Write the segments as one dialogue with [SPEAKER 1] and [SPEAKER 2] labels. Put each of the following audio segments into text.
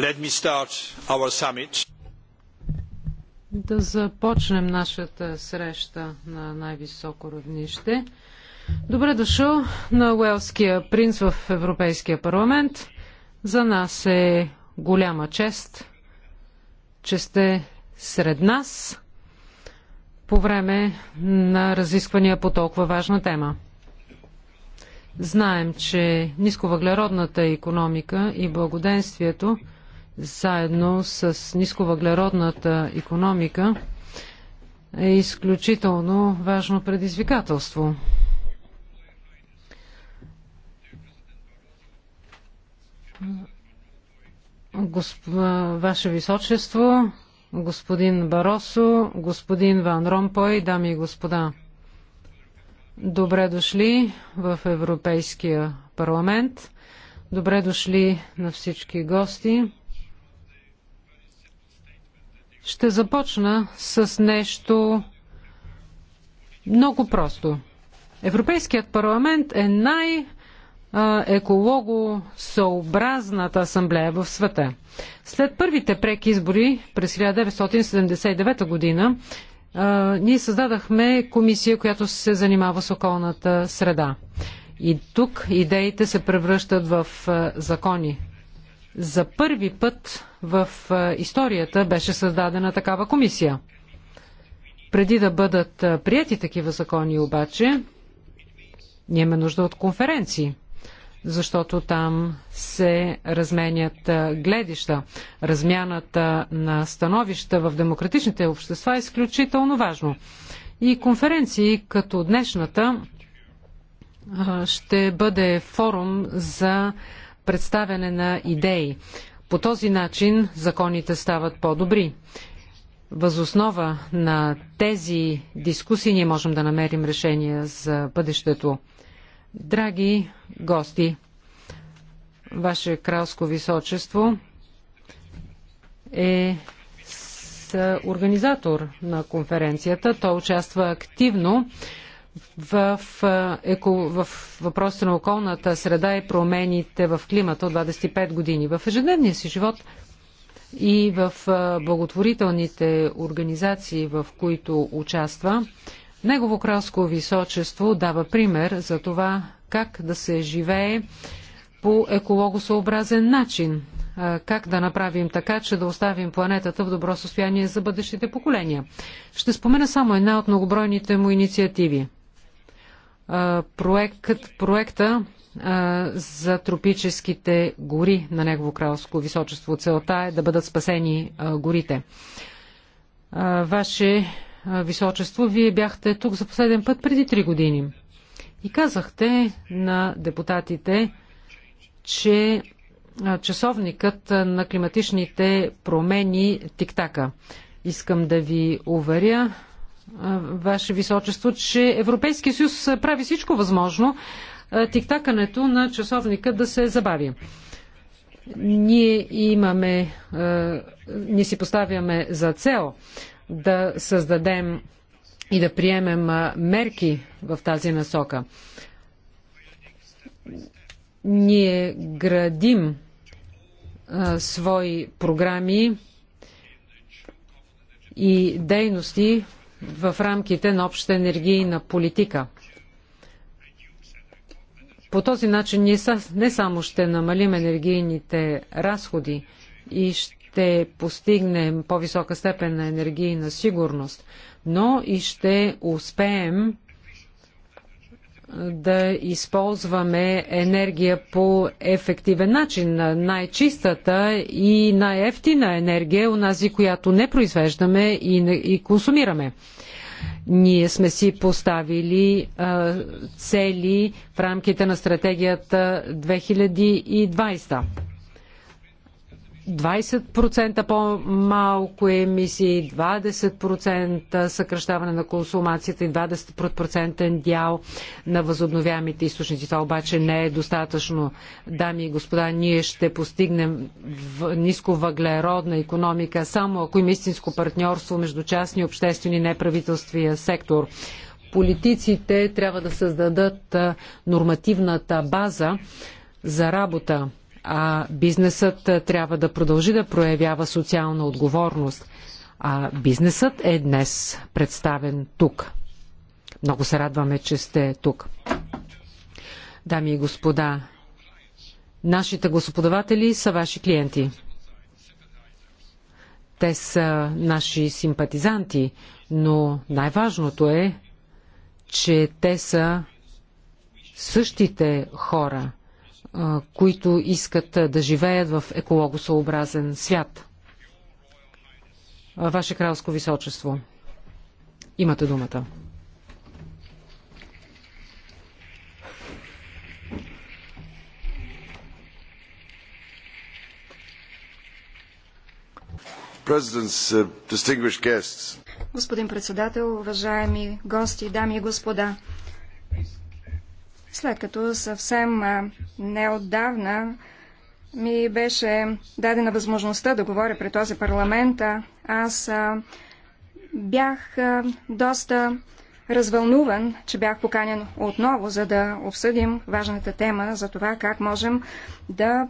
[SPEAKER 1] Let me start our summit.
[SPEAKER 2] Да започнем нашата среща на най-високо равнище. Добре дошъл на Уелския принц в Европейския парламент. За нас е голяма чест, че сте сред нас по време на разисквания по толкова важна тема. Знаем, че нисковъглеродната економика и благоденствието – заедно с нисковъглеродната економика е изключително важно предизвикателство. Госп... Ваше Височество, господин Баросо, господин Ван Ромпой, дами и господа. Добре дошли в Европейския парламент. Добре дошли на всички гости. Ще започна с нещо много просто. Европейският парламент е най- екологосъобразната асамблея в света. След първите преки избори през 1979 година ние създадахме комисия, която се занимава с околната среда. И тук идеите се превръщат в закони. За първи път в е, историята беше създадена такава комисия. Преди да бъдат е, прияти такива закони обаче, ние имаме нужда от конференции, защото там се разменят е, гледища. Размяната на становища в демократичните общества е изключително важно. И конференции като днешната ще бъде форум за представяне на идеи. По този начин законите стават по-добри. Възоснова на тези дискусии ние можем да намерим решения за бъдещето. Драги гости, Ваше кралско височество е организатор на конференцията. Той участва активно в, еко, в въпросите на околната среда и промените в климата от 25 години. В ежедневния си живот и в благотворителните организации, в които участва, Негово кралско височество дава пример за това как да се живее по екологосъобразен начин, как да направим така, че да оставим планетата в добро състояние за бъдещите поколения. Ще спомена само една от многобройните му инициативи – проект, проекта за тропическите гори на Негово кралско височество. Целта е да бъдат спасени горите. Ваше височество, вие бяхте тук за последен път преди три години и казахте на депутатите, че часовникът на климатичните промени тиктака. Искам да ви уверя, Ваше Височество, че Европейския съюз прави всичко възможно тиктакането на часовника да се забави. Ние имаме, ние си поставяме за цел да създадем и да приемем мерки в тази насока. Ние градим свои програми и дейности в рамките на обща енергийна политика. По този начин ние не само ще намалим енергийните разходи и ще постигнем по-висока степен на енергийна сигурност, но и ще успеем да използваме енергия по ефективен начин. Най-чистата и най-ефтина енергия е унази, която не произвеждаме и, не, и консумираме. Ние сме си поставили а, цели в рамките на стратегията 2020. 20% по-малко емисии, 20% съкръщаване на консумацията и 20% дял на възобновяемите източници. Това обаче не е достатъчно. Дами и господа, ние ще постигнем нисковъглеродна економика само ако има истинско партньорство между частни, обществени и неправителствия сектор. Политиците трябва да създадат нормативната база за работа а бизнесът е, трябва да продължи да проявява социална отговорност. А бизнесът е днес представен тук. Много се радваме, че сте тук. Дами и господа, нашите господаватели са ваши клиенти. Те са наши симпатизанти, но най-важното е, че те са същите хора които искат да живеят в екологосъобразен свят. Ваше кралско височество, имате думата. Uh,
[SPEAKER 3] Господин председател, уважаеми гости, дами и господа, след като съвсем неотдавна ми беше дадена възможността да говоря пред този парламент, аз бях доста развълнуван, че бях поканен отново, за да обсъдим важната тема за това как можем да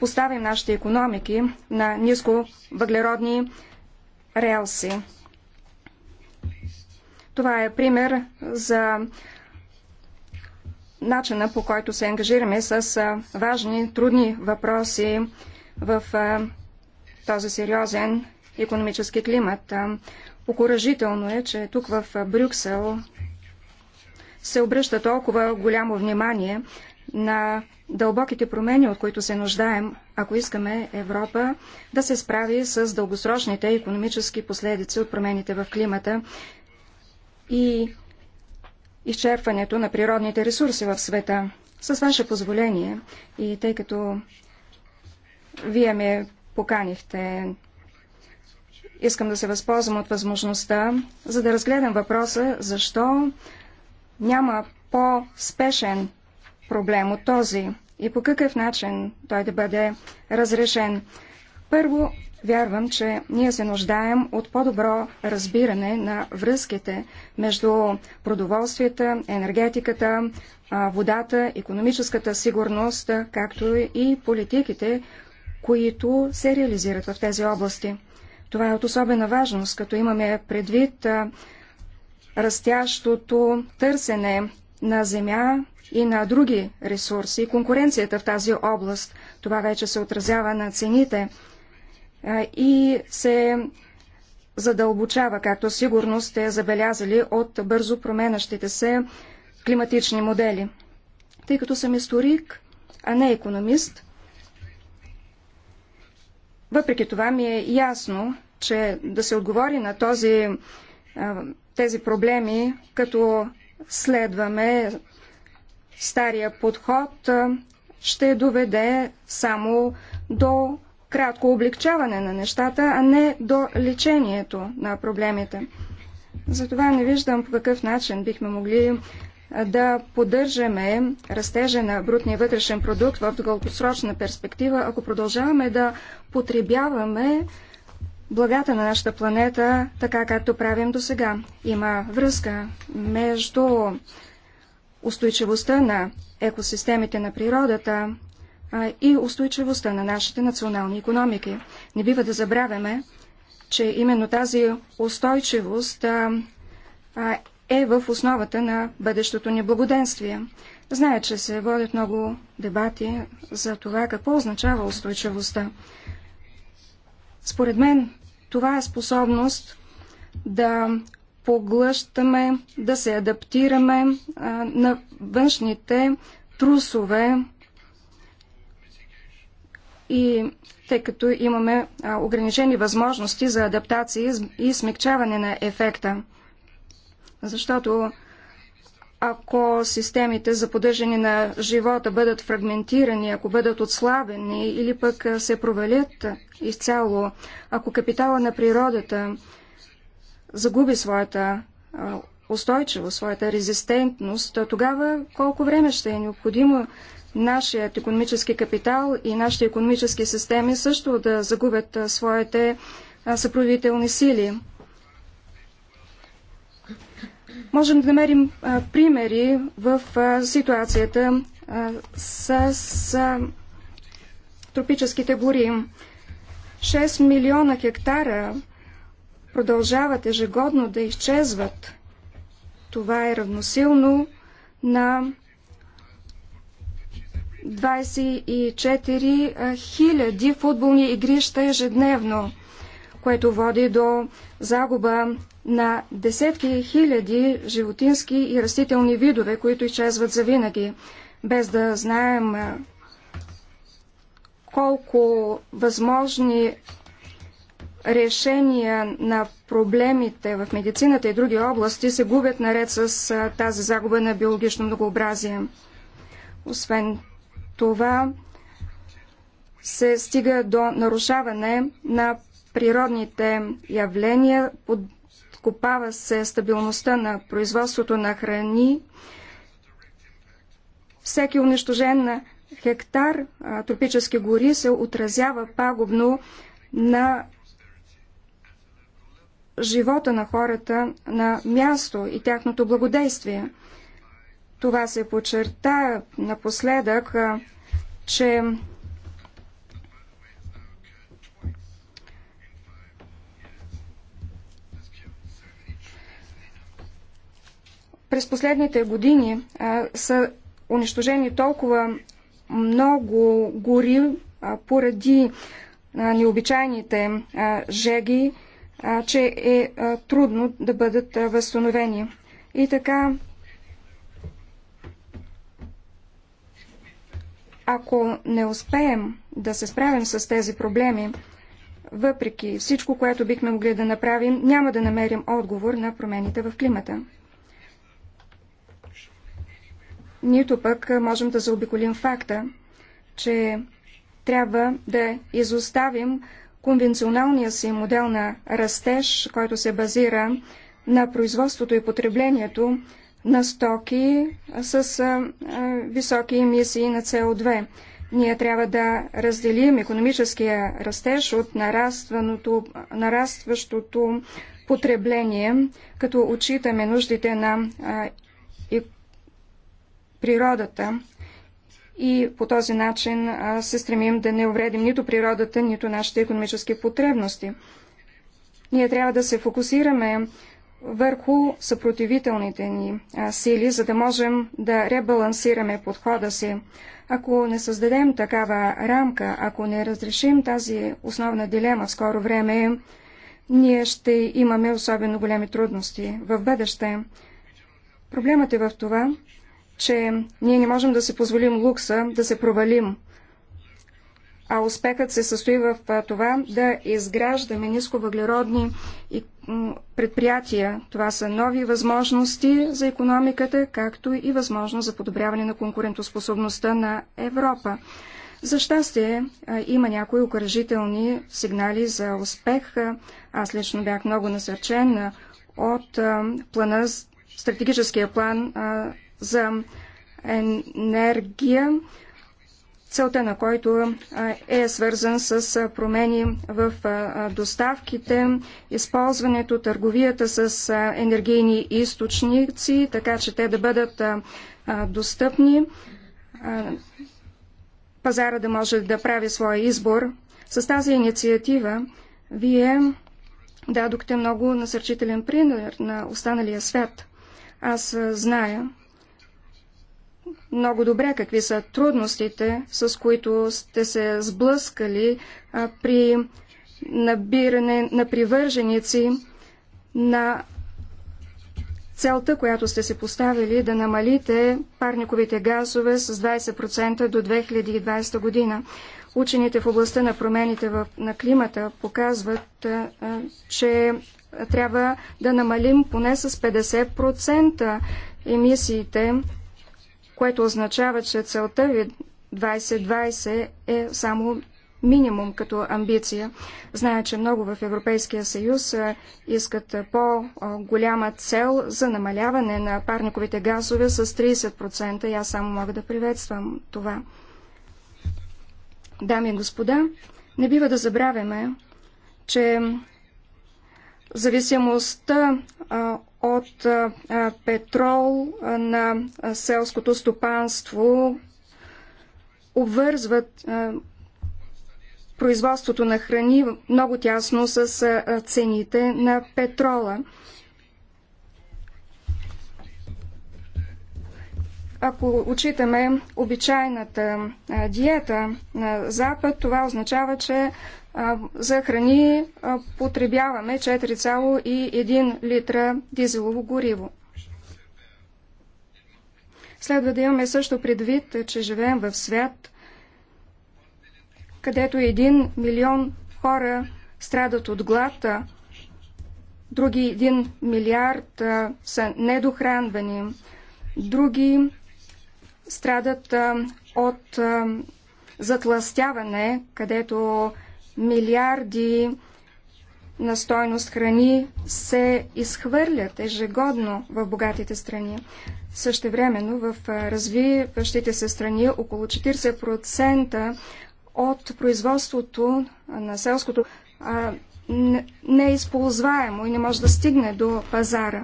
[SPEAKER 3] поставим нашите економики на ниско въглеродни релси. Това е пример за начина по който се ангажираме с важни, трудни въпроси в този сериозен економически климат. Окоръжително е, че тук в Брюксел се обръща толкова голямо внимание на дълбоките промени, от които се нуждаем, ако искаме Европа да се справи с дългосрочните економически последици от промените в климата и изчерпването на природните ресурси в света. С ваше позволение и тъй като вие ме поканихте, искам да се възползвам от възможността, за да разгледам въпроса, защо няма по-спешен проблем от този и по какъв начин той да бъде разрешен. Първо, Вярвам, че ние се нуждаем от по-добро разбиране на връзките между продоволствията, енергетиката, водата, економическата сигурност, както и политиките, които се реализират в тези области. Това е от особена важност, като имаме предвид растящото търсене на земя и на други ресурси, конкуренцията в тази област. Това вече се отразява на цените и се задълбочава, както сигурно сте забелязали от бързо променящите се климатични модели. Тъй като съм историк, а не економист, въпреки това ми е ясно, че да се отговори на този, тези проблеми, като следваме стария подход, ще доведе само до кратко облегчаване на нещата, а не до лечението на проблемите. Затова не виждам по какъв начин бихме могли да поддържаме растежа на брутния вътрешен продукт в дългосрочна перспектива, ако продължаваме да потребяваме благата на нашата планета, така както правим до сега. Има връзка между устойчивостта на екосистемите на природата и устойчивостта на нашите национални економики. Не бива да забравяме, че именно тази устойчивост е в основата на бъдещото ни благоденствие. Зная, че се водят много дебати за това какво означава устойчивостта. Според мен това е способност да поглъщаме, да се адаптираме на външните трусове и тъй като имаме ограничени възможности за адаптации и смягчаване на ефекта. Защото ако системите за поддържане на живота бъдат фрагментирани, ако бъдат отслабени или пък се провалят изцяло, ако капитала на природата загуби своята устойчивост, своята резистентност, тогава колко време ще е необходимо нашият економически капитал и нашите економически системи също да загубят своите съправителни сили. Можем да намерим примери в ситуацията с тропическите гори. 6 милиона хектара продължават ежегодно да изчезват. Това е равносилно на 24 хиляди футболни игрища ежедневно, което води до загуба на десетки хиляди животински и растителни видове, които изчезват завинаги, без да знаем колко възможни решения на проблемите в медицината и други области се губят наред с тази загуба на биологично многообразие. Освен това се стига до нарушаване на природните явления, подкопава се стабилността на производството на храни. Всеки унищожен хектар тропически гори се отразява пагубно на живота на хората на място и тяхното благодействие. Това се подчерта напоследък, че през последните години са унищожени толкова много гори поради необичайните жеги, че е трудно да бъдат възстановени. И така Ако не успеем да се справим с тези проблеми, въпреки всичко, което бихме могли да направим, няма да намерим отговор на промените в климата. Нито пък можем да заобиколим факта, че трябва да изоставим конвенционалния си модел на растеж, който се базира на производството и потреблението, на стоки с високи емисии на СО2. Ние трябва да разделим економическия растеж от нарастващото потребление, като отчитаме нуждите на природата и по този начин се стремим да не увредим нито природата, нито нашите економически потребности. Ние трябва да се фокусираме върху съпротивителните ни сили, за да можем да ребалансираме подхода си. Ако не създадем такава рамка, ако не разрешим тази основна дилема в скоро време, ние ще имаме особено големи трудности в бъдеще. Проблемът е в това, че ние не можем да се позволим лукса да се провалим а успехът се състои в това да изграждаме нисковъглеродни предприятия. Това са нови възможности за економиката, както и възможност за подобряване на конкурентоспособността на Европа. За щастие има някои укоръжителни сигнали за успех. Аз лично бях много насърчен от плана, стратегическия план за енергия, целта на който е свързан с промени в доставките, използването, търговията с енергийни източници, така че те да бъдат достъпни, пазара да може да прави своя избор. С тази инициатива вие дадохте много насърчителен пример на останалия свят. Аз зная, много добре какви са трудностите, с които сте се сблъскали а, при набиране на привърженици на целта, която сте се поставили да намалите парниковите газове с 20% до 2020 година. Учените в областта на промените в, на климата показват, а, че трябва да намалим поне с 50% емисиите което означава, че целта ви 2020 е само минимум като амбиция. Зная, че много в Европейския съюз искат по-голяма цел за намаляване на парниковите газове с 30% и аз само мога да приветствам това. Дами и господа, не бива да забравяме, че зависимостта от петрол на селското стопанство обвързват производството на храни много тясно с цените на петрола. Ако учитаме обичайната диета на Запад, това означава, че за храни потребяваме 4,1 литра дизелово гориво. Следва да имаме също предвид, че живеем в свят, където 1 милион хора страдат от глад, други 1 милиард са недохранвани, други страдат от затластяване, където милиарди на стойност храни се изхвърлят ежегодно в богатите страни. Същевременно в развиващите се страни около 40% от производството на селското а, не е използваемо и не може да стигне до пазара.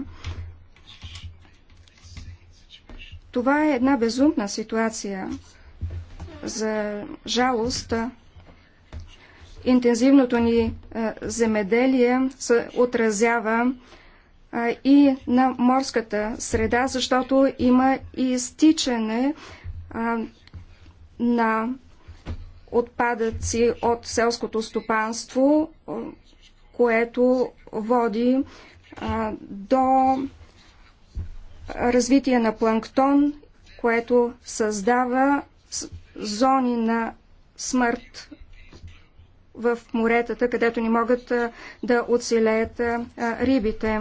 [SPEAKER 3] Това е една безумна ситуация. За жалост, интензивното ни е, земеделие се отразява е, и на морската среда, защото има и изтичане е, на отпадъци от селското стопанство, което води до развитие на планктон, което създава зони на смърт в моретата, където не могат да оцелеят рибите.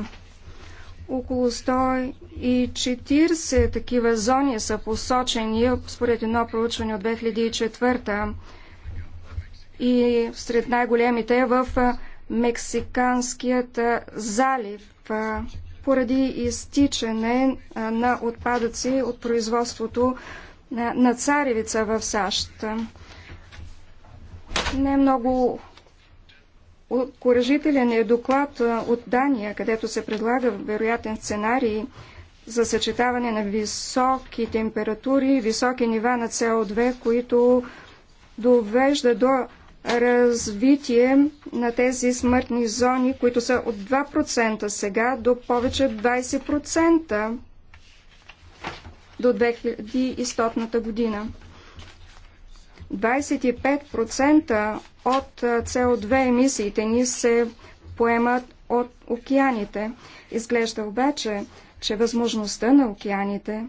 [SPEAKER 3] Около 140 такива зони са посочени според едно проучване от 2004 и сред най-големите е в Мексиканският залив поради изтичане на отпадъци от производството на царевица в САЩ не е много коръжителен е доклад от Дания, където се предлага вероятен сценарий за съчетаване на високи температури, високи нива на СО2, които довежда до развитие на тези смъртни зони, които са от 2% сега до повече 20% до 2100 година. 25% от CO2 емисиите ни се поемат от океаните. Изглежда обаче, че възможността на океаните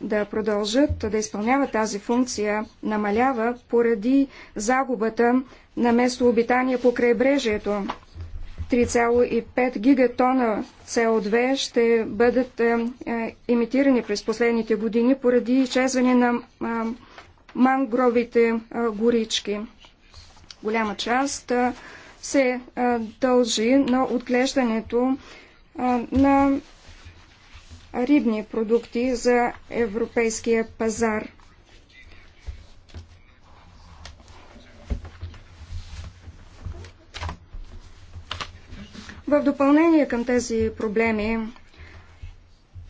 [SPEAKER 3] да продължат да изпълняват тази функция намалява поради загубата на местообитание по крайбрежието. 3,5 гигатона со 2 ще бъдат имитирани е, е, през последните години поради изчезване на мангровите горички. Голяма част се дължи на отглеждането на рибни продукти за европейския пазар. В допълнение към тези проблеми,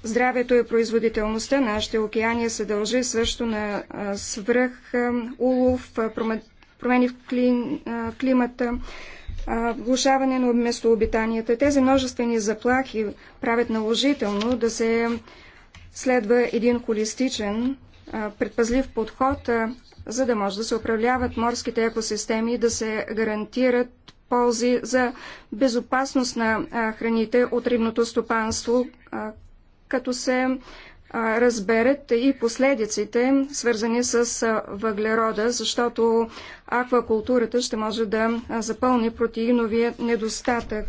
[SPEAKER 3] Здравето и производителността на нашите океани се дължи също на свръх улов, промени в, климата, влушаване на местообитанията. Тези множествени заплахи правят наложително да се следва един холистичен, предпазлив подход, за да може да се управляват морските екосистеми и да се гарантират ползи за безопасност на храните от рибното стопанство, като се разберат и последиците, свързани с въглерода, защото аквакултурата ще може да запълни протеиновия недостатък.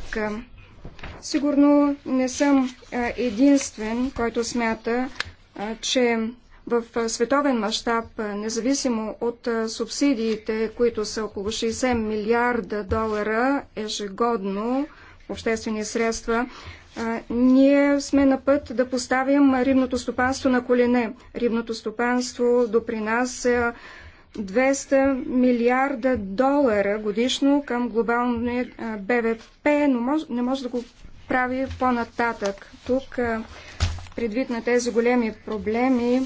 [SPEAKER 3] Сигурно не съм единствен, който смята, че в световен мащаб, независимо от субсидиите, които са около 60 милиарда долара ежегодно обществени средства, ние сме на път да поставим рибното стопанство на колене. Рибното стопанство допринася 200 милиарда долара годишно към глобалния БВП, но не може да го прави по-нататък. Тук, предвид на тези големи проблеми,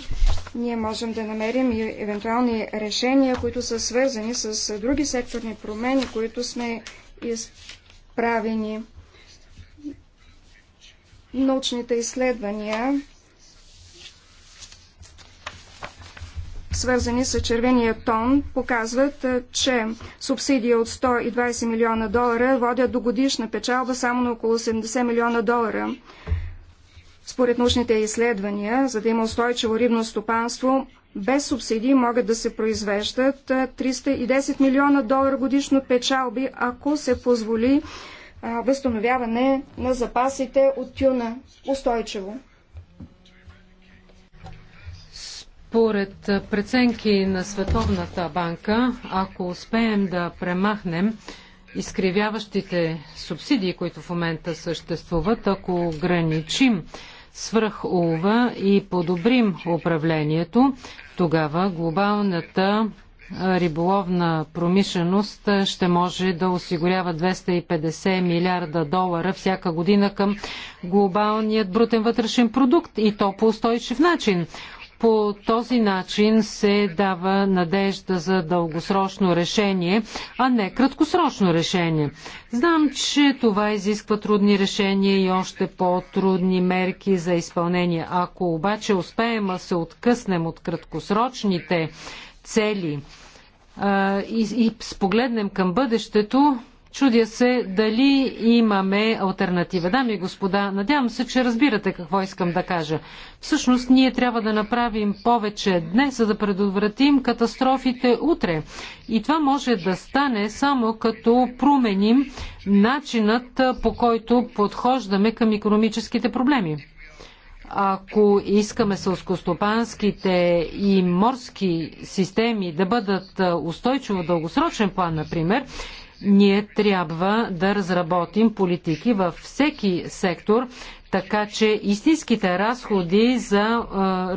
[SPEAKER 3] ние можем да намерим и евентуални решения, които са свързани с други секторни промени, които сме изправени научните изследвания, свързани с червения тон, показват, че субсидии от 120 милиона долара водят до годишна печалба само на около 70 милиона долара. Според научните изследвания, за да има устойчиво рибно стопанство, без субсидии могат да се произвеждат 310 милиона долара годишно печалби, ако се позволи възстановяване на запасите от тюна устойчиво. Според
[SPEAKER 2] преценки на Световната банка, ако успеем да премахнем изкривяващите субсидии, които в момента съществуват, ако ограничим свръхулова и подобрим управлението, тогава глобалната риболовна промишленост ще може да осигурява 250 милиарда долара всяка година към глобалният брутен вътрешен продукт и то по устойчив начин. По този начин се дава надежда за дългосрочно решение, а не краткосрочно решение. Знам, че това изисква трудни решения и още по-трудни мерки за изпълнение. Ако обаче успеем да се откъснем от краткосрочните цели и, и спогледнем към бъдещето, чудя се дали имаме альтернатива. Дами и господа, надявам се, че разбирате какво искам да кажа. Всъщност, ние трябва да направим повече днес, за да предотвратим катастрофите утре. И това може да стане само като променим начинът по който подхождаме към економическите проблеми. Ако искаме сълскостопанските и морски системи да бъдат устойчиво в дългосрочен план, например, ние трябва да разработим политики във всеки сектор, така че истинските разходи за е,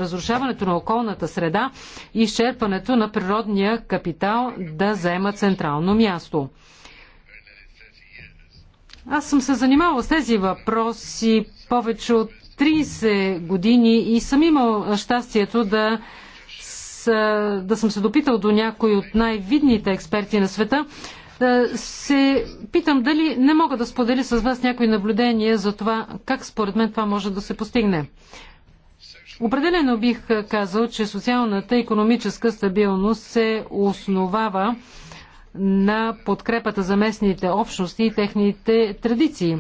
[SPEAKER 2] разрушаването на околната среда и изчерпването на природния капитал да заема централно място. Аз съм се занимавала с тези въпроси повече от 30 години и съм имал щастието да, с, да съм се допитал до някои от най-видните експерти на света, се питам дали не мога да споделя с вас някои наблюдения за това как според мен това може да се постигне. Определено бих казал, че социалната и економическа стабилност се основава на подкрепата за местните общности и техните традиции,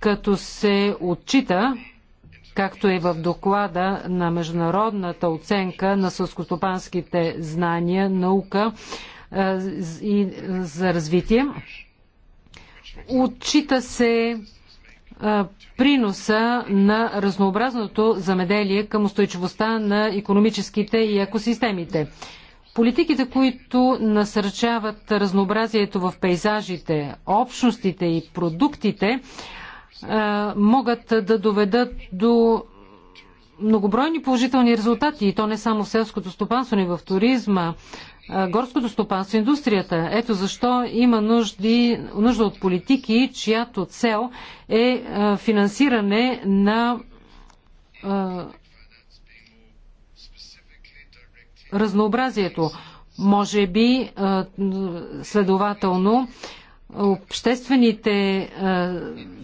[SPEAKER 2] като се отчита както и в доклада на международната оценка на сълскостопанските знания, наука е, и за развитие. Отчита се е, приноса на разнообразното замеделие към устойчивостта на економическите и екосистемите. Политиките, които насърчават разнообразието в пейзажите, общностите и продуктите, могат да доведат до многобройни положителни резултати, и то не само в селското стопанство, но в туризма, горското стопанство, индустрията. Ето защо има нужди, нужда от политики, чиято цел е финансиране на разнообразието. Може би, следователно, обществените е,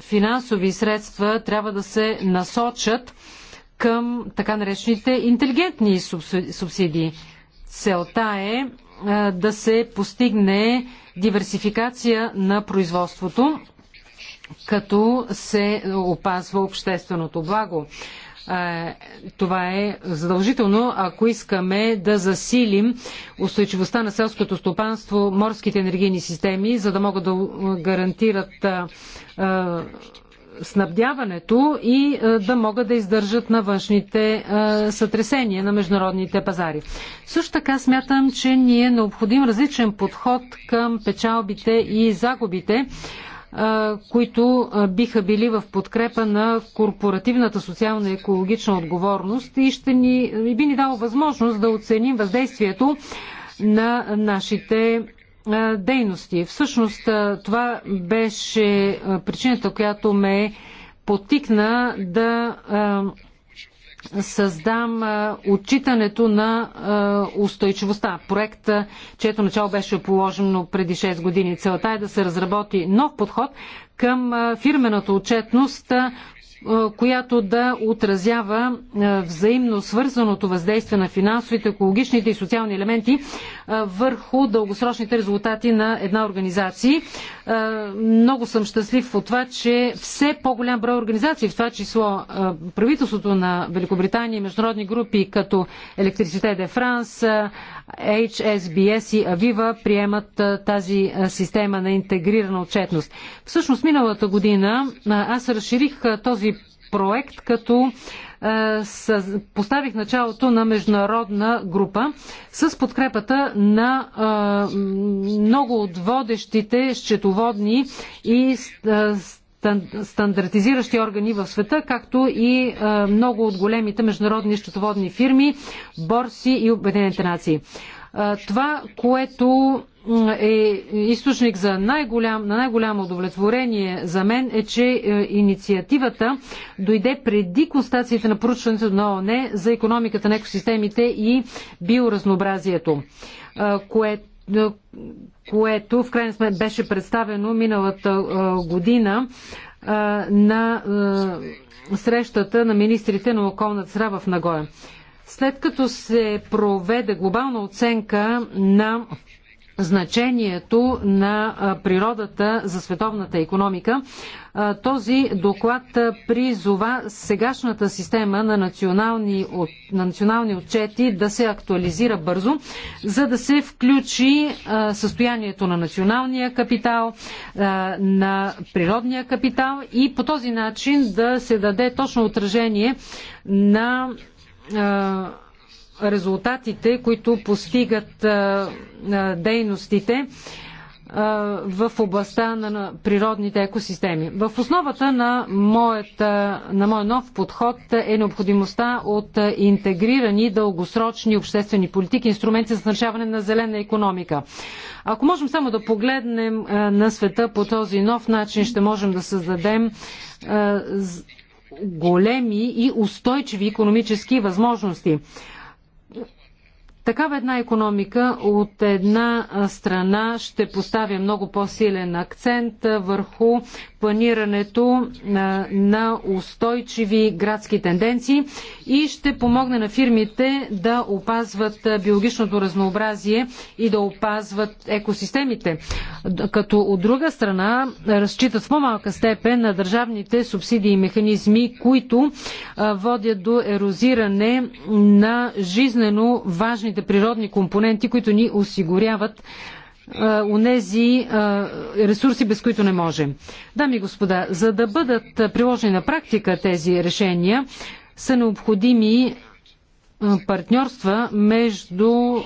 [SPEAKER 2] финансови средства трябва да се насочат към така наречените интелигентни субсидии. Целта е, е да се постигне диверсификация на производството, като се опазва общественото благо. Това е задължително, ако искаме да засилим устойчивостта на селското стопанство, морските енергийни системи, за да могат да гарантират снабдяването и да могат да издържат на външните сътресения на международните пазари. Също така смятам, че ни е необходим различен подход към печалбите и загубите които биха били в подкрепа на корпоративната социална и екологична отговорност и ще ни, и би ни дало възможност да оценим въздействието на нашите дейности. Всъщност това беше причината, която ме потикна да създам отчитането на устойчивостта. Проект, чието начало беше положено преди 6 години. Целта е да се разработи нов подход към фирмената отчетност, която да отразява взаимно свързаното въздействие на финансовите, екологичните и социални елементи върху дългосрочните резултати на една организация. Много съм щастлив от това, че все по-голям брой организации, в това число правителството на Великобритания и международни групи като Електриците де Франс, HSBS и Авива приемат тази система на интегрирана отчетност. Всъщност миналата година аз разширих този проект, като е, поставих началото на международна група с подкрепата на е, много от водещите счетоводни и е, стандартизиращи органи в света, както и много от големите международни счетоводни фирми, борси и Обединените нации. Това, което е източник за най-голям, на най-голямо удовлетворение за мен е, че е, инициативата дойде преди констациите на проучването на ООН за економиката на екосистемите и биоразнообразието, е, което е, което в крайна сметка беше представено миналата година на срещата на министрите на околната среда в Нагоя. След като се проведе глобална оценка на значението на природата за световната економика. Този доклад призова сегашната система на национални, на национални отчети да се актуализира бързо, за да се включи състоянието на националния капитал, на природния капитал и по този начин да се даде точно отражение на резултатите, които постигат дейностите в областта на природните екосистеми. В основата на, моята, на моят нов подход е необходимостта от интегрирани дългосрочни обществени политики, инструменти за значаване на зелена економика. Ако можем само да погледнем на света по този нов начин, ще можем да създадем големи и устойчиви економически възможности. Такава една економика от една страна ще поставя много по-силен акцент върху планирането на устойчиви градски тенденции и ще помогне на фирмите да опазват биологичното разнообразие и да опазват екосистемите. Като от друга страна разчитат в по-малка степен на държавните субсидии и механизми, които водят до ерозиране на жизнено важни важните природни компоненти, които ни осигуряват онези ресурси, без които не можем. Дами и господа, за да бъдат приложени на практика тези решения, са необходими партньорства между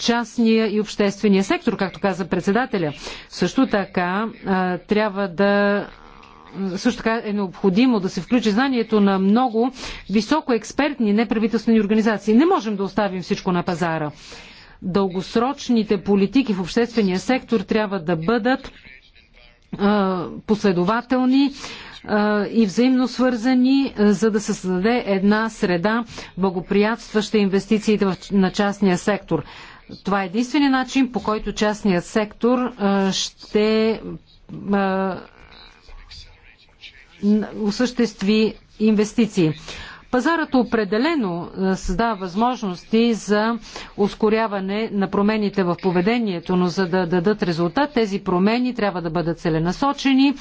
[SPEAKER 2] частния и обществения сектор, както каза председателя. Също така трябва да също така е необходимо да се включи знанието на много високо експертни неправителствени организации. Не можем да оставим всичко на пазара. Дългосрочните политики в обществения сектор трябва да бъдат последователни и взаимно свързани, за да се създаде една среда, благоприятстваща инвестициите на частния сектор. Това е единствения начин, по който частният сектор ще осъществи инвестиции. Пазарът определено създава възможности за ускоряване на промените в поведението, но за да дадат резултат, тези промени трябва да бъдат целенасочени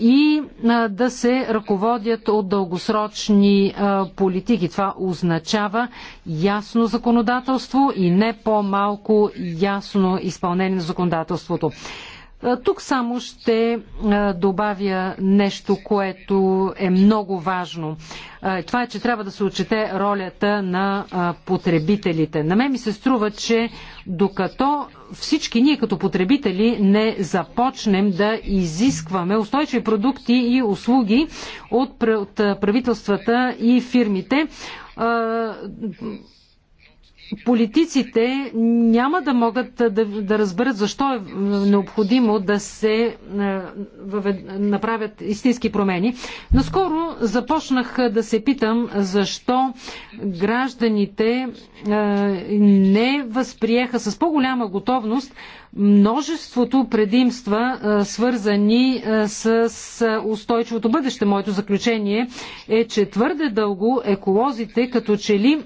[SPEAKER 2] и да се ръководят от дългосрочни политики. Това означава ясно законодателство и не по-малко ясно изпълнение на законодателството. Тук само ще добавя нещо, което е много важно. Това е, че трябва да се отчете ролята на потребителите. На мен ми се струва, че докато всички ние като потребители не започнем да изискваме устойчиви продукти и услуги от правителствата и фирмите, политиците няма да могат да, да разберат защо е необходимо да се е, направят истински промени. Наскоро започнах да се питам защо гражданите е, не възприеха с по-голяма готовност множеството предимства, е, свързани с устойчивото бъдеще. Моето заключение е, че твърде дълго еколозите като че ли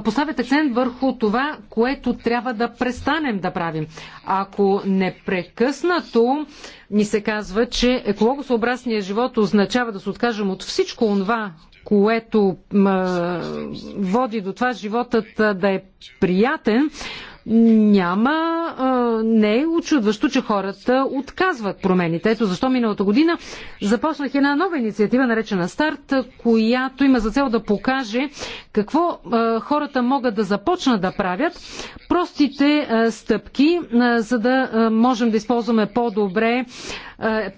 [SPEAKER 2] поставят акцент върху това, което трябва да престанем да правим. Ако непрекъснато ни се казва, че екологосъобразният живот означава да се откажем от всичко това, което води до това животът да е приятен, няма, не е очудващо, че хората отказват промените. Ето защо миналата година започнах една нова инициатива, наречена Старт, която има за цел да покаже какво хората могат да започнат да правят, простите стъпки, за да можем да използваме по-добре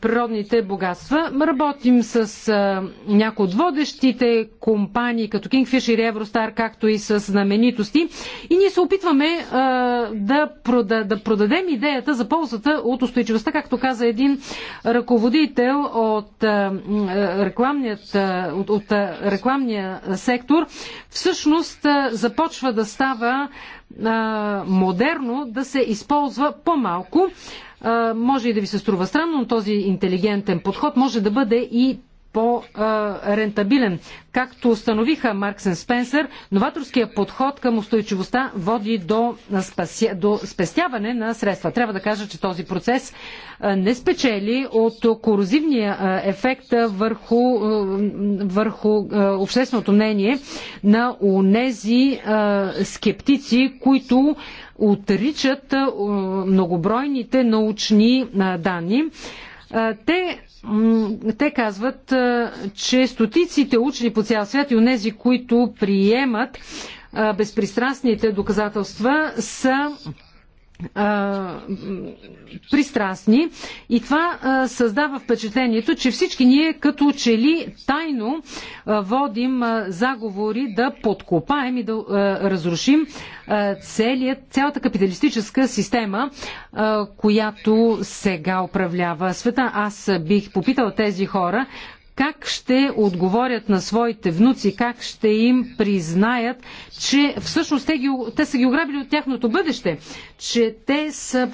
[SPEAKER 2] природните богатства. Работим с някои от водещите компании, като Kingfisher и Евростар, както и с знаменитости. И ние се опитваме да, прода, да продадем идеята за ползата от устойчивостта, както каза един ръководител от, рекламният, от, от рекламния сектор. Всъщност започва да става модерно да се използва по-малко. Може и да ви се струва странно, но този интелигентен подход може да бъде и по-рентабилен. Както установиха Марксен Спенсър, новаторския подход към устойчивостта води до, спася, до спестяване на средства. Трябва да кажа, че този процес не спечели от корозивния ефект върху, върху общественото мнение на унези скептици, които отричат многобройните научни данни. Те те казват, че стотиците учени по цял свят и онези, които приемат безпристрастните доказателства, са пристрастни и това а, създава впечатлението, че всички ние като че ли тайно а, водим а, заговори да подкопаем и да разрушим целият, цялата капиталистическа система, която сега управлява света. Аз бих попитала тези хора как ще отговорят на своите внуци, как ще им признаят, че всъщност те, ги, те са ги ограбили от тяхното бъдеще, че те са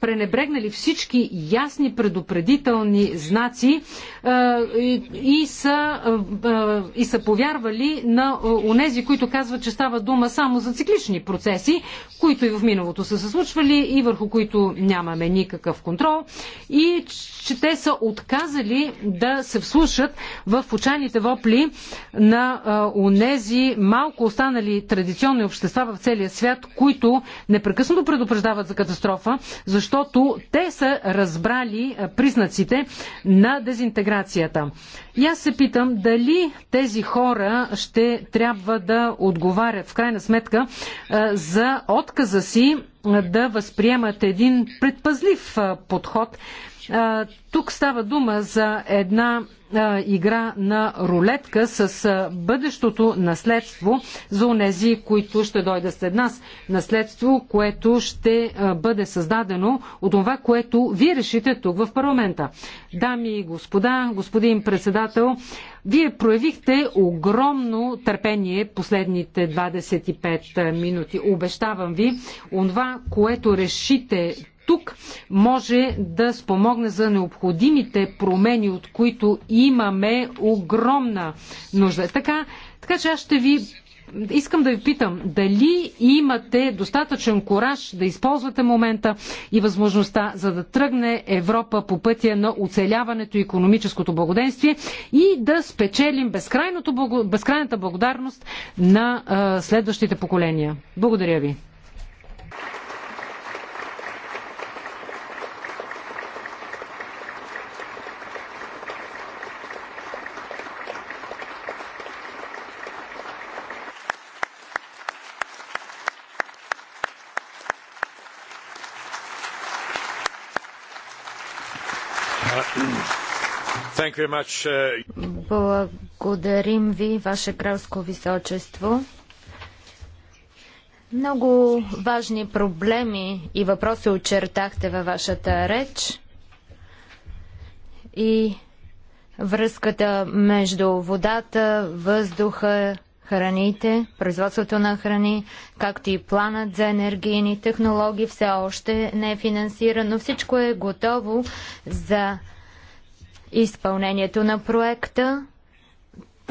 [SPEAKER 2] пренебрегнали всички ясни предупредителни знаци е, и, и, са, е, и са повярвали на онези, които казват, че става дума само за циклични процеси, които и в миналото са се случвали и върху които нямаме никакъв контрол и че те са отказали да се вслушат слушат в случайните вопли на онези малко останали традиционни общества в целия свят, които непрекъснато предупреждават за катастрофа, защото те са разбрали признаците на дезинтеграцията. И аз се питам дали тези хора ще трябва да отговарят в крайна сметка за отказа си да възприемат един предпазлив подход тук става дума за една игра на рулетка с бъдещото наследство за онези, които ще дойдат след нас. Наследство, което ще бъде създадено от това, което вие решите тук в парламента. Дами и господа, господин председател, вие проявихте огромно търпение последните 25 минути. Обещавам ви, онова, което решите тук може да спомогне за необходимите промени, от които имаме огромна нужда. Така, така че аз ще ви искам да ви питам, дали имате достатъчен кораж да използвате момента и възможността, за да тръгне Европа по пътя на оцеляването и економическото благоденствие и да спечелим безкрайната благодарност на следващите поколения. Благодаря ви. Uh,
[SPEAKER 1] Благодарим ви, Ваше кралско височество. Много важни проблеми и въпроси очертахте във вашата реч и връзката между водата, въздуха, храните, производството на храни, както и планът за енергийни технологии все още не е финансиран, но всичко е готово за изпълнението на проекта.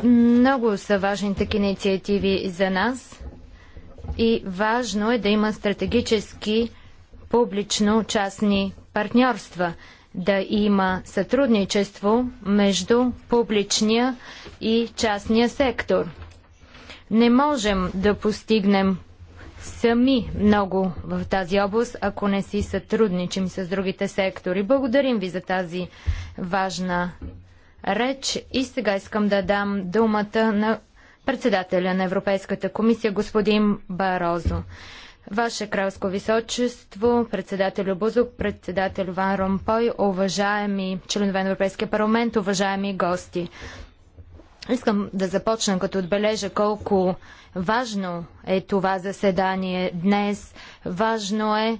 [SPEAKER 1] Много са важни таки инициативи за нас и важно е да има стратегически публично-частни партньорства, да има сътрудничество между публичния и частния сектор. Не можем да постигнем сами много в тази област, ако не си сътрудничим с другите сектори. Благодарим ви за тази важна реч и сега искам да дам думата на председателя на Европейската комисия, господин Барозо. Ваше кралско височество, председател Бузок, председател Ван Ромпой, уважаеми членове на Европейския парламент, уважаеми гости. Искам да започна като отбележа колко важно е това заседание днес. Важно е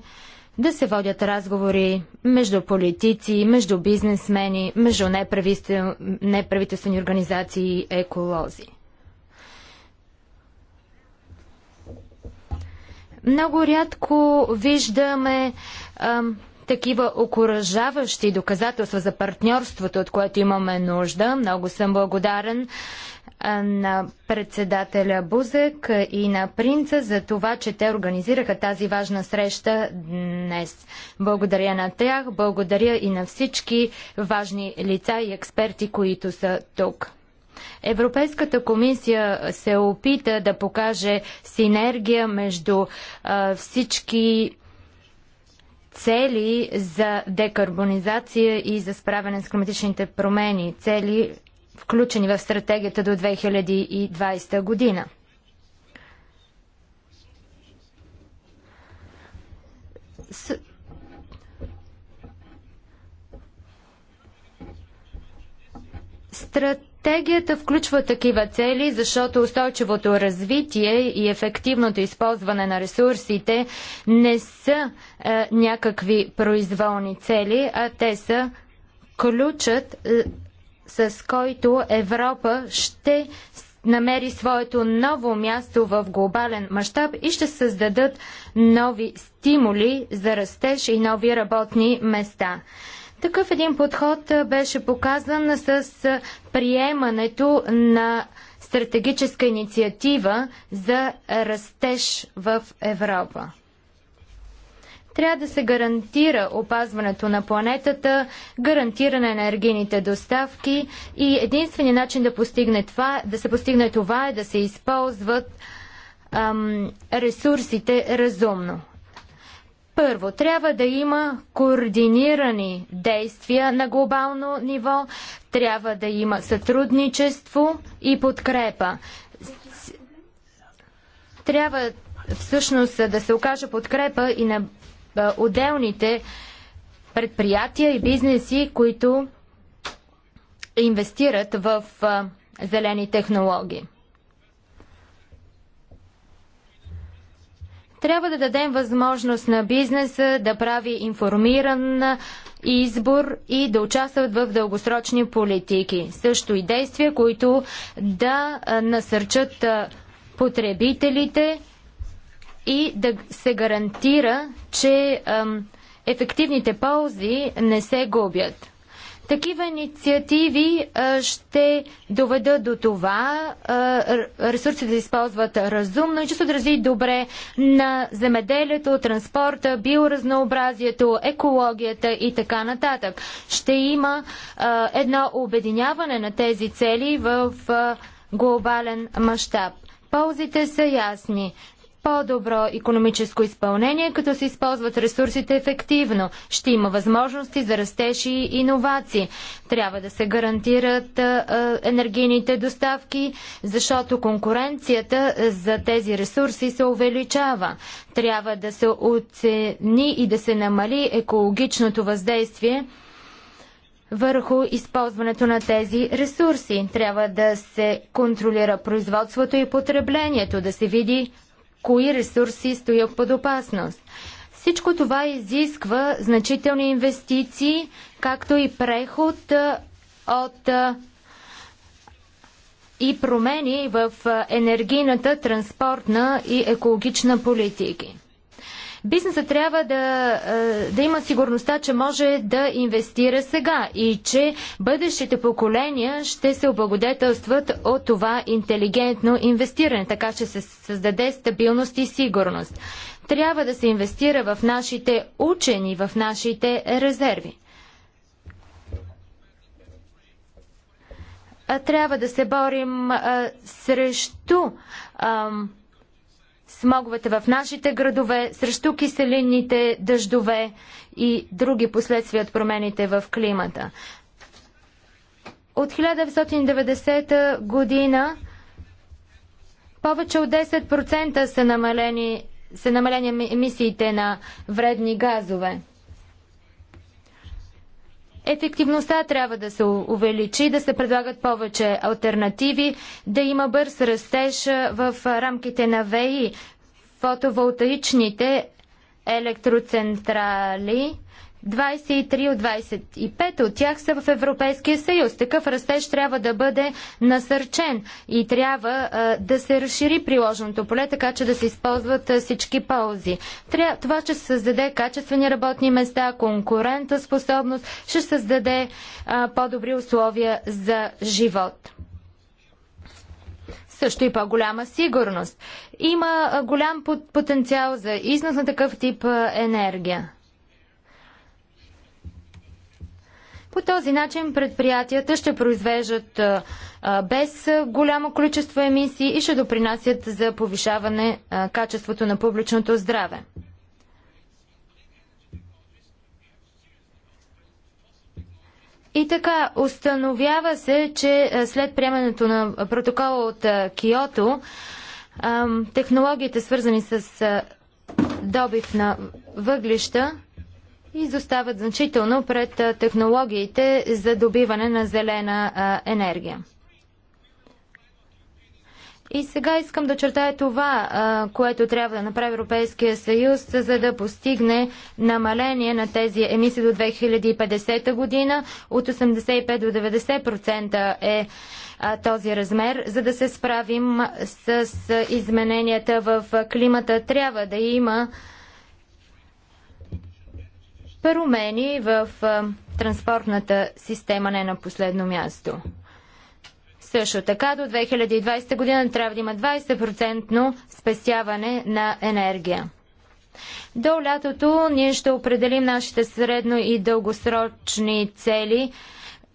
[SPEAKER 1] да се водят разговори между политици, между бизнесмени, между неправителствени организации и еколози. Много рядко виждаме ам, такива окоръжаващи доказателства за партньорството, от което имаме нужда. Много съм благодарен на председателя Бузек и на принца за това, че те организираха тази важна среща днес. Благодаря на тях, благодаря и на всички важни лица и експерти, които са тук. Европейската комисия се опита да покаже синергия между а, всички цели за декарбонизация и за справяне с климатичните промени, цели включени в стратегията до 2020 година. С... Страт... Стратегията включва такива цели, защото устойчивото развитие и ефективното използване на ресурсите не са е, някакви произволни цели, а те са ключът, е, с който Европа ще намери своето ново място в глобален мащаб и ще създадат нови стимули за растеж и нови работни места. Такъв един подход беше показан с приемането на стратегическа инициатива за растеж в Европа. Трябва да се гарантира опазването на планетата, гарантиране на енергийните доставки и единственият начин да, постигне това, да се постигне това е да се използват ам, ресурсите разумно. Първо, трябва да има координирани действия на глобално ниво, трябва да има сътрудничество и подкрепа. Трябва всъщност да се окаже подкрепа и на отделните предприятия и бизнеси, които инвестират в зелени технологии. Трябва да дадем възможност на бизнеса да прави информиран избор и да участват в дългосрочни политики. Също и действия, които да насърчат потребителите и да се гарантира, че ефективните ползи не се губят. Такива инициативи ще доведат до това ресурсите да използват разумно и че се отрази добре на земеделието, транспорта, биоразнообразието, екологията и така нататък. Ще има едно обединяване на тези цели в глобален мащаб. Ползите са ясни по-добро економическо изпълнение, като се използват ресурсите ефективно. Ще има възможности за растеж и иновации. Трябва да се гарантират енергийните доставки, защото конкуренцията за тези ресурси се увеличава. Трябва да се оцени и да се намали екологичното въздействие върху използването на тези ресурси. Трябва да се контролира производството и потреблението, да се види кои ресурси стоят под опасност. Всичко това изисква значителни инвестиции, както и преход от и промени в енергийната, транспортна и екологична политики. Бизнесът трябва да, е, да има сигурността, че може да инвестира сега и че бъдещите поколения ще се облагодетелстват от това интелигентно инвестиране, така че се създаде стабилност и сигурност. Трябва да се инвестира в нашите учени, в нашите резерви. трябва да се борим а, срещу а, смоговете в нашите градове, срещу киселинните дъждове и други последствия от промените в климата. От 1990 година повече от 10% са намалени, са намалени емисиите на вредни газове. Ефективността трябва да се увеличи, да се предлагат повече альтернативи, да има бърз растеж в рамките на ВЕИ, фотоволтаичните електроцентрали 23 от 25 от тях са в Европейския съюз. Такъв растеж трябва да бъде насърчен и трябва а, да се разшири приложеното поле, така че да се използват а, всички ползи. Тря... Това ще създаде качествени работни места, конкурента способност, ще създаде по-добри условия за живот също и по-голяма сигурност. Има голям потенциал за износ на такъв тип енергия. По този начин предприятията ще произвеждат без голямо количество емисии и ще допринасят за повишаване качеството на публичното здраве. И така, установява се, че след приемането на протокола от Киото, технологиите свързани с добив на въглища изостават значително пред технологиите за добиване на зелена енергия. И сега искам да чертая това, което трябва да направи Европейския съюз, за да постигне намаление на тези емисии до 2050 година. От 85 до 90% е този размер. За да се справим с измененията в климата, трябва да има промени в транспортната система не на последно място. Също така до 2020 година трябва да има 20% спестяване на енергия. До лятото ние ще определим нашите средно и дългосрочни цели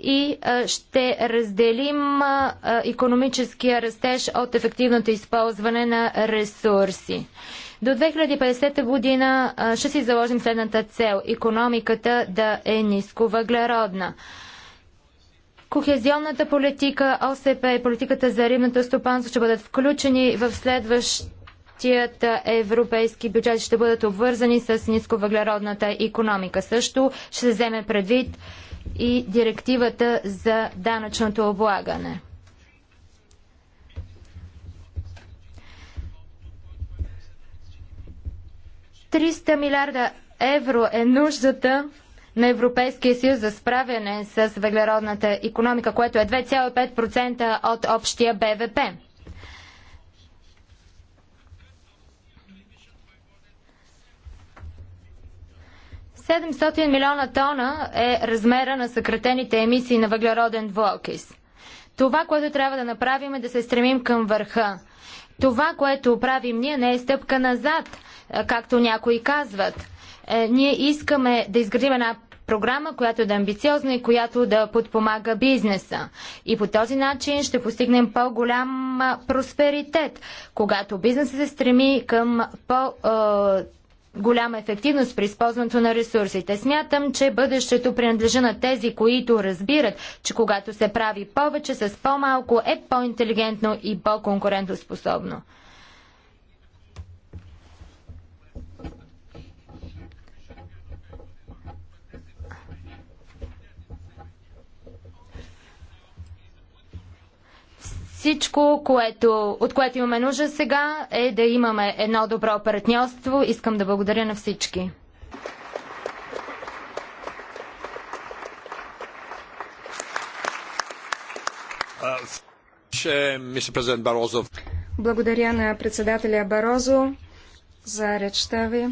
[SPEAKER 1] и ще разделим економическия растеж от ефективното използване на ресурси. До 2050 година ще си заложим следната цел – економиката да е нисковъглеродна. Кохезионната политика, ОСП и политиката за рибното стопанство ще бъдат включени в следващият европейски бюджет, ще бъдат обвързани с нисковъглеродната економика. Също ще се вземе предвид и директивата за данъчното облагане. 300 милиарда евро е нуждата на Европейския съюз за справяне с въглеродната економика, което е 2,5% от общия БВП. Седемстотин милиона тона е размера на съкратените емисии на въглероден двуокис. Това, което трябва да направим е да се стремим към върха. Това, което правим ние, не е стъпка назад – е, както някои казват. Е, ние искаме да изградим една програма, която да е амбициозна и която да подпомага бизнеса. И по този начин ще постигнем по-голям просперитет, когато бизнесът се стреми към по- голяма ефективност при използването на ресурсите. Смятам, че бъдещето принадлежи на тези, които разбират, че когато се прави повече с по-малко е по-интелигентно и по-конкурентоспособно. Всичко, което, от което имаме нужда сега, е да имаме едно добро партньорство. Искам да благодаря на всички.
[SPEAKER 3] Благодаря на председателя Барозо за речта ви,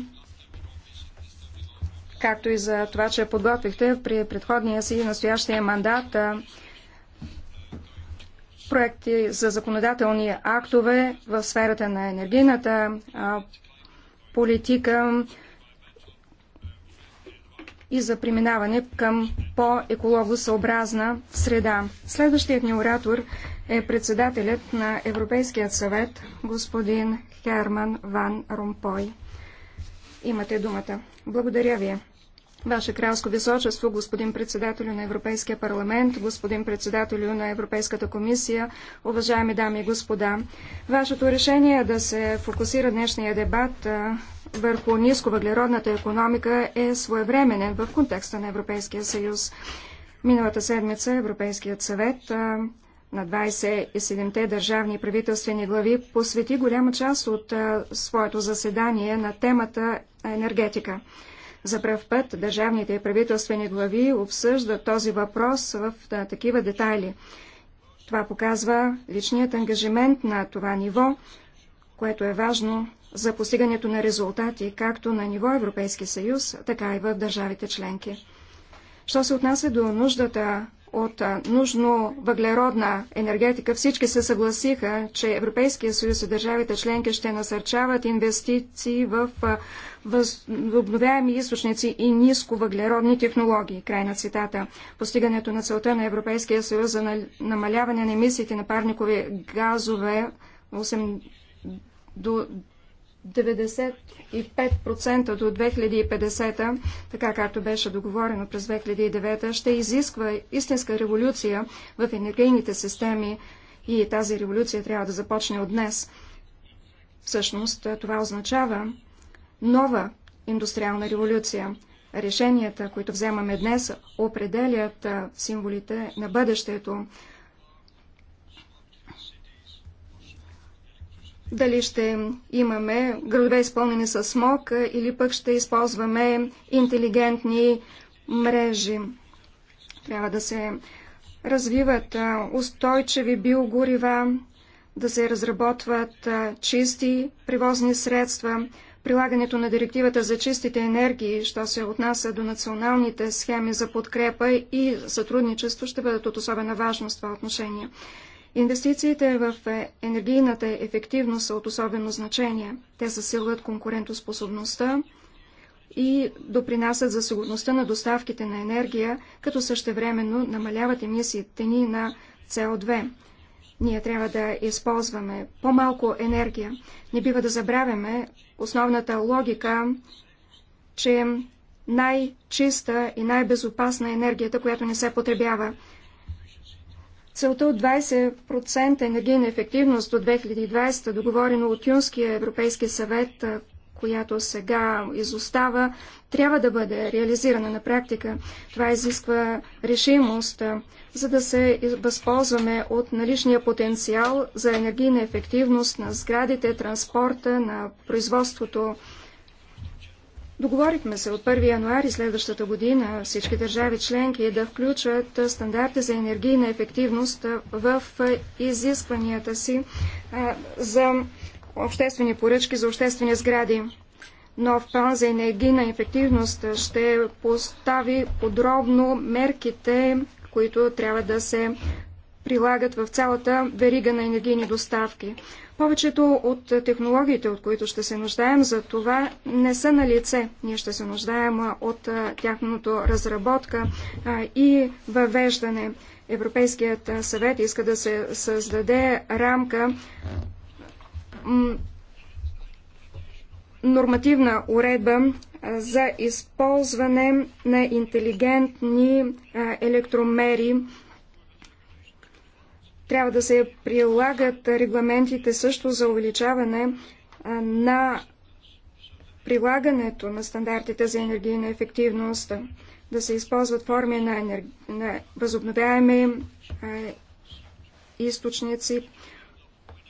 [SPEAKER 3] както и за това, че подготвихте при предходния си настоящия мандат проекти за законодателни актове в сферата на енергийната политика и за преминаване към по-екологосъобразна среда. Следващият ни оратор е председателят на Европейският съвет, господин Херман Ван Ромпой. Имате думата. Благодаря ви. Ваше кралско височество, господин председателю на Европейския парламент, господин председателю на Европейската комисия, уважаеми дами и господа, Вашето решение е да се фокусира днешния дебат върху нисковъглеродната економика е своевременен в контекста на Европейския съюз. Миналата седмица Европейският съвет на 27-те държавни правителствени глави посвети голяма част от своето заседание на темата енергетика. За пръв път държавните и правителствени глави обсъждат този въпрос в такива детайли. Това показва личният ангажимент на това ниво, което е важно за постигането на резултати както на ниво Европейски съюз, така и в държавите членки. Що се отнася до нуждата от нужно въглеродна енергетика, всички се съгласиха, че Европейския съюз и държавите членки ще насърчават инвестиции в възобновяеми източници и ниско въглеродни технологии. Край на цитата. Постигането на целта на Европейския съюз за намаляване на емисиите на парникови газове 8 до 95% до 2050, така както беше договорено през 2009, ще изисква истинска революция в енергийните системи и тази революция трябва да започне от днес. Всъщност това означава нова индустриална революция. Решенията, които вземаме днес, определят символите на бъдещето. Дали ще имаме градове изпълнени с смог или пък ще използваме интелигентни мрежи. Трябва да се развиват устойчиви биогорива, да се разработват чисти превозни средства, прилагането на директивата за чистите енергии, що се отнася до националните схеми за подкрепа и сътрудничество, ще бъдат от особена важност в това отношение. Инвестициите в е, енергийната ефективност са от особено значение. Те засилват конкурентоспособността и допринасят за сигурността на доставките на енергия, като същевременно намаляват емисиите ни на CO2. Ние трябва да използваме по-малко енергия. Не бива да забравяме основната логика, че най-чиста и най-безопасна е енергията, която не се потребява. Целта от 20% енергийна ефективност до 2020, договорено от Юнския Европейски съвет, която сега изостава, трябва да бъде реализирана на практика. Това изисква решимост за да се възползваме от наличния потенциал за енергийна ефективност на сградите, транспорта, на производството. Договорихме се от 1 януари следващата година всички държави членки да включат стандарти за енергийна ефективност в изискванията си за обществени поръчки за обществени сгради. Нов план за енергийна ефективност ще постави подробно мерките които трябва да се прилагат в цялата верига на енергийни доставки. Повечето от технологиите, от които ще се нуждаем за това, не са на лице. Ние ще се нуждаем от тяхното разработка и въвеждане. Европейският съвет иска да се създаде рамка нормативна уредба за използване на интелигентни електромери. Трябва да се прилагат регламентите също за увеличаване на прилагането на стандартите за енергийна ефективност, да се използват форми на, енер... на възобновяеми е, източници,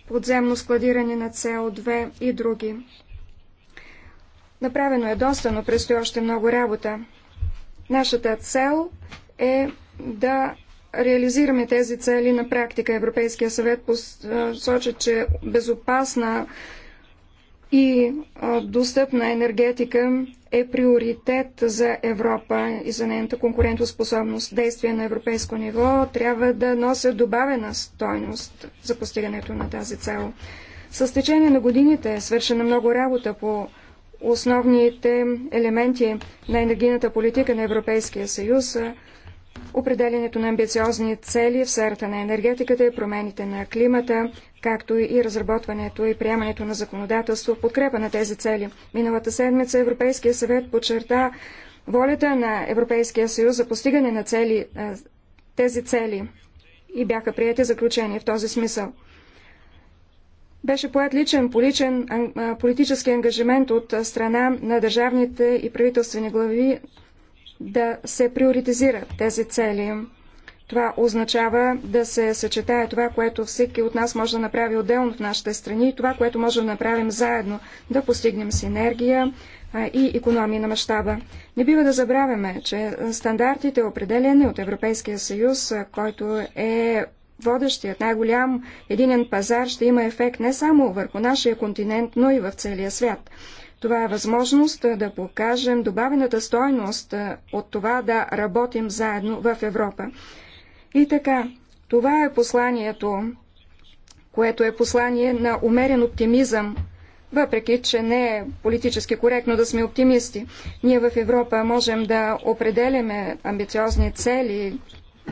[SPEAKER 3] подземно складиране на CO2 и други. Направено е доста, но предстои още много работа. Нашата цел е да реализираме тези цели на практика. Европейския съвет посочи, че е безопасна и достъпна енергетика е приоритет за Европа и за нейната конкурентоспособност. Действия на европейско ниво трябва да носят добавена стойност за постигането на тази цел. С течение на годините е свършена много работа по основните елементи на енергийната политика на Европейския съюз, определенето на амбициозни цели в сферата на енергетиката и промените на климата, както и разработването и приемането на законодателство в подкрепа на тези цели. Миналата седмица Европейския съвет подчерта волята на Европейския съюз за постигане на цели, тези цели и бяха прияти заключения в този смисъл. Беше поет личен поличен, политически ангажимент от страна на държавните и правителствени глави да се приоритизират тези цели. Това означава да се съчетае това, което всеки от нас може да направи отделно в нашите страни и това, което може да направим заедно, да постигнем синергия и економии на мащаба. Не бива да забравяме, че стандартите, определени от Европейския съюз, който е водещият най-голям единен пазар ще има ефект не само върху нашия континент, но и в целия свят. Това е възможност да покажем добавената стойност от това да работим заедно в Европа. И така, това е посланието, което е послание на умерен оптимизъм, въпреки че не е политически коректно да сме оптимисти. Ние в Европа можем да определяме амбициозни цели,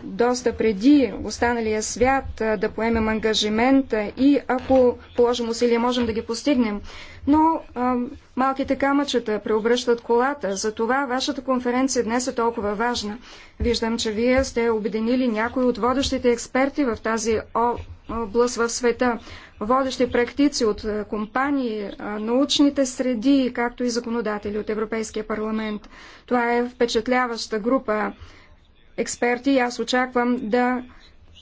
[SPEAKER 3] доста преди останалия свят да поемем ангажимент и ако положим усилия, можем да ги постигнем. Но а, малките камъчета преобръщат колата. Затова вашата конференция днес е толкова важна. Виждам, че вие сте обединили някои от водещите експерти в тази област в света. Водещи практици от компании, научните среди, както и законодатели от Европейския парламент. Това е впечатляваща група експерти и аз очаквам да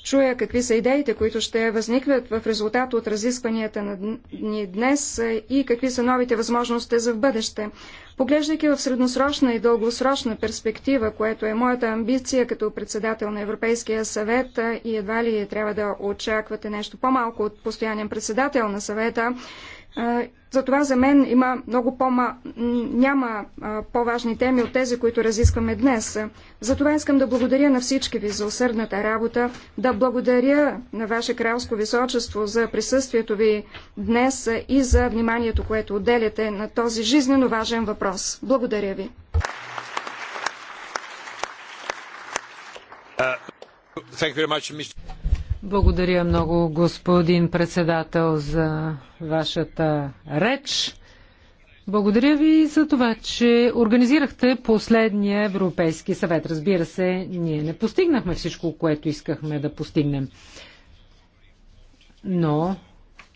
[SPEAKER 3] чуя какви са идеите, които ще възникват в резултат от разискванията на ни днес и какви са новите възможности за в бъдеще. Поглеждайки в средносрочна и дългосрочна перспектива, което е моята амбиция като председател на Европейския съвет и едва ли трябва да очаквате нещо по-малко от постоянен председател на съвета, затова за мен има много по няма по-важни теми от тези, които разискваме днес. Затова искам да благодаря на всички ви за усърдната работа, да благодаря на Ваше кралско височество за присъствието ви днес и за вниманието, което отделяте на този жизненно важен въпрос. Благодаря ви.
[SPEAKER 1] Uh,
[SPEAKER 3] благодаря много, господин
[SPEAKER 2] председател, за вашата реч. Благодаря ви за това, че организирахте последния Европейски съвет. Разбира се, ние не постигнахме всичко, което искахме да постигнем. Но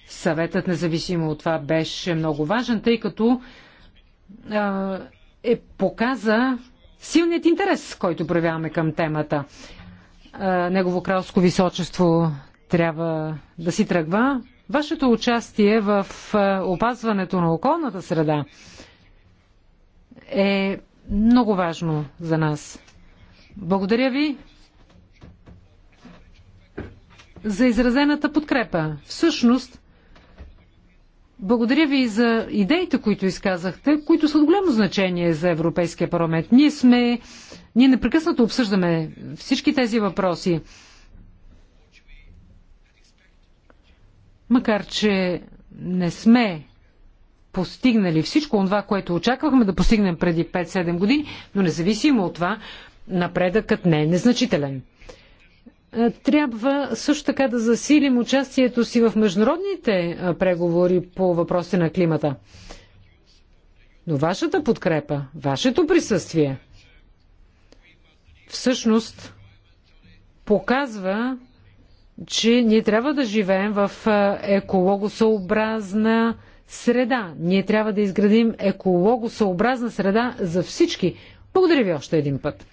[SPEAKER 2] съветът, независимо от това, беше много важен, тъй като е, показа силният интерес, който проявяваме към темата. Негово кралско височество трябва да си тръгва. Вашето участие в опазването на околната среда е много важно за нас. Благодаря ви за изразената подкрепа. Всъщност, благодаря ви за идеите, които изказахте, които са от голямо значение за Европейския парламент. Ние сме ние непрекъснато обсъждаме всички тези въпроси. Макар, че не сме постигнали всичко това, което очаквахме да постигнем преди 5-7 години, но независимо от това, напредъкът не е незначителен. Е, трябва също така да засилим участието си в международните е, преговори по въпросите на климата. Но вашата подкрепа, вашето присъствие – всъщност показва, че ние трябва да живеем в екологосъобразна среда. Ние трябва да изградим екологосъобразна среда за всички. Благодаря ви още един път.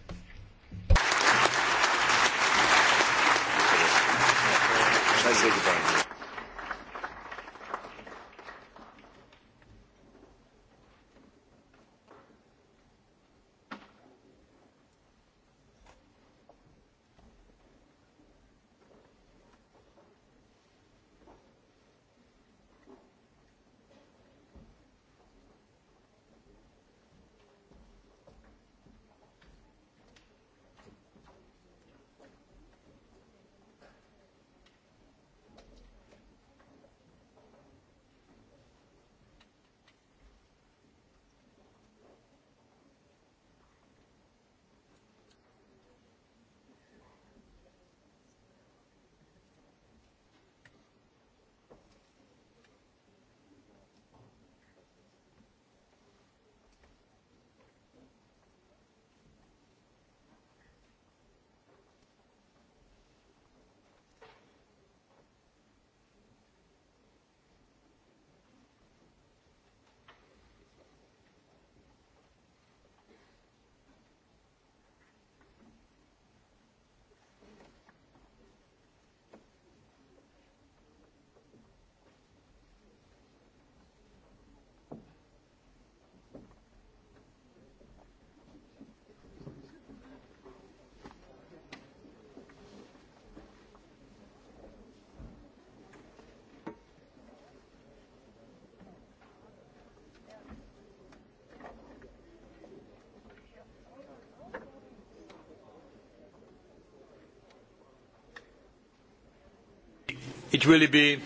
[SPEAKER 1] It will be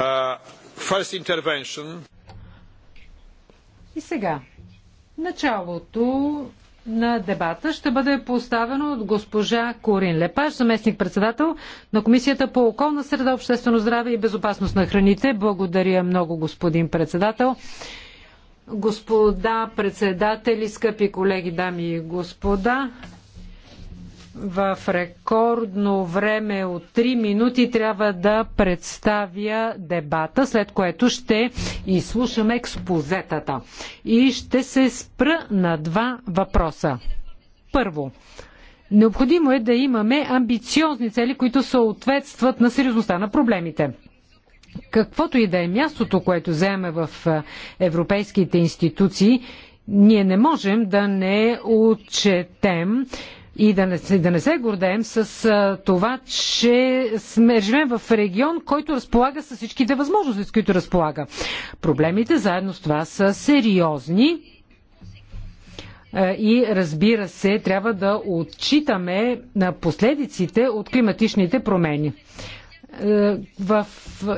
[SPEAKER 1] uh, first intervention.
[SPEAKER 2] И сега, началото на дебата ще бъде поставено от госпожа Корин Лепаш, заместник-председател на Комисията по околна среда, обществено здраве и безопасност на храните. Благодаря много, господин председател. Господа председатели, скъпи колеги, дами и господа, в рекордно време от 3 минути трябва да представя дебата, след което ще изслушам експозетата. И ще се спра на два въпроса. Първо, необходимо е да имаме амбициозни цели, които съответстват на сериозността на проблемите каквото и да е мястото, което заеме в европейските институции, ние не можем да не отчетем и да не, да не се гордеем с а, това, че сме, живеем в регион, който разполага с всичките възможности, с които разполага. Проблемите заедно с това са сериозни и разбира се, трябва да отчитаме последиците от климатичните промени. Е, в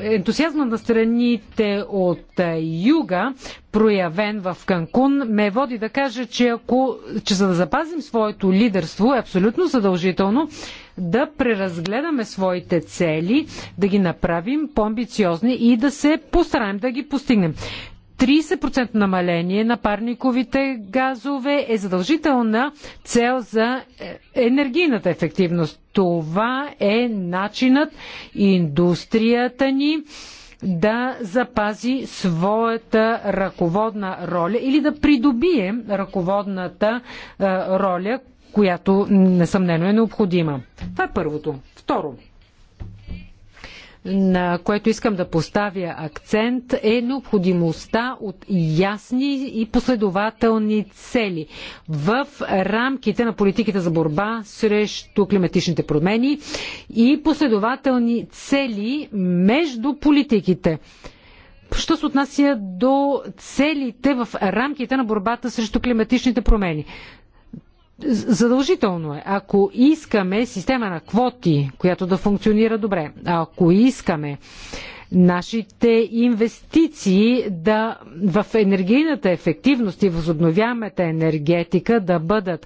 [SPEAKER 2] ентусиазма на страните от е, юга, проявен в Канкун, ме води да кажа, че, ако, че за да запазим своето лидерство е абсолютно задължително да преразгледаме своите цели, да ги направим по-амбициозни и да се постараем да ги постигнем. 30% намаление на парниковите газове е задължителна цел за е, енергийната ефективност. Това е начинът индустрията ни да запази своята ръководна роля или да придобие ръководната е, роля, която несъмнено е необходима. Това е първото. Второ, на което искам да поставя акцент, е необходимостта от ясни и последователни цели в рамките на политиките за борба срещу климатичните промени и последователни цели между политиките. Що се отнася до целите в рамките на борбата срещу климатичните промени? Задължително е. Ако искаме система на квоти, която да функционира добре, ако искаме нашите инвестиции да, в енергийната ефективност и възобновяемата енергетика да бъдат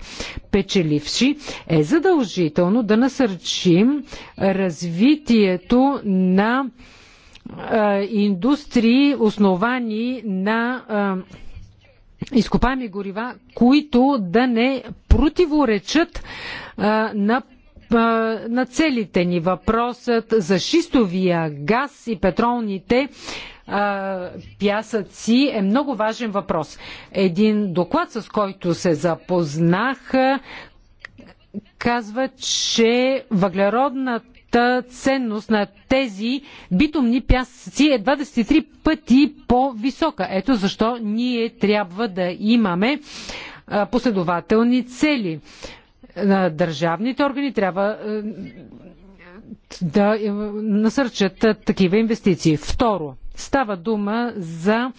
[SPEAKER 2] печеливши, е задължително да насърчим развитието на е, индустрии, основани на е, изкопаеми горива, които да не противоречат а, на на целите ни. Въпросът за шистовия газ и петролните а, пясъци е много важен въпрос. Един доклад, с който се запознах, казва, че въглеродната ценност на тези битумни пясъци е 23 пъти по-висока. Ето защо ние трябва да имаме последователни цели. Държавните органи трябва да насърчат такива инвестиции. Второ, Става дума за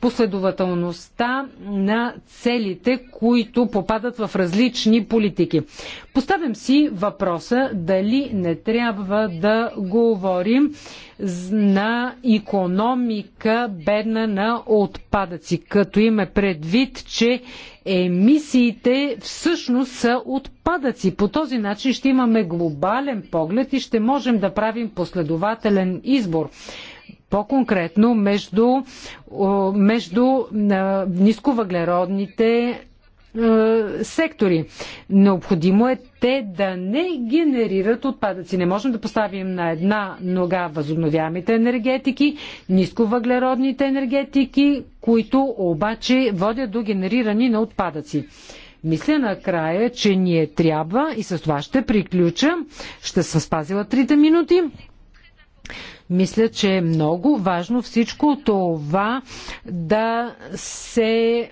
[SPEAKER 2] последователността на целите, които попадат в различни политики. Поставям си въпроса дали не трябва да говорим на економика бедна на отпадъци, като има предвид, че емисиите всъщност са отпадъци. По този начин ще имаме глобален поглед и ще можем да правим последователен избор по-конкретно между, между нисковъглеродните сектори. Необходимо е те да не генерират отпадъци. Не можем да поставим на една нога възобновяемите енергетики, нисковъглеродните енергетики, които обаче водят до генерирани на отпадъци. Мисля накрая, че ние трябва и с това ще приключа. Ще съм спазила трите минути. Мисля, че е много важно всичко това да се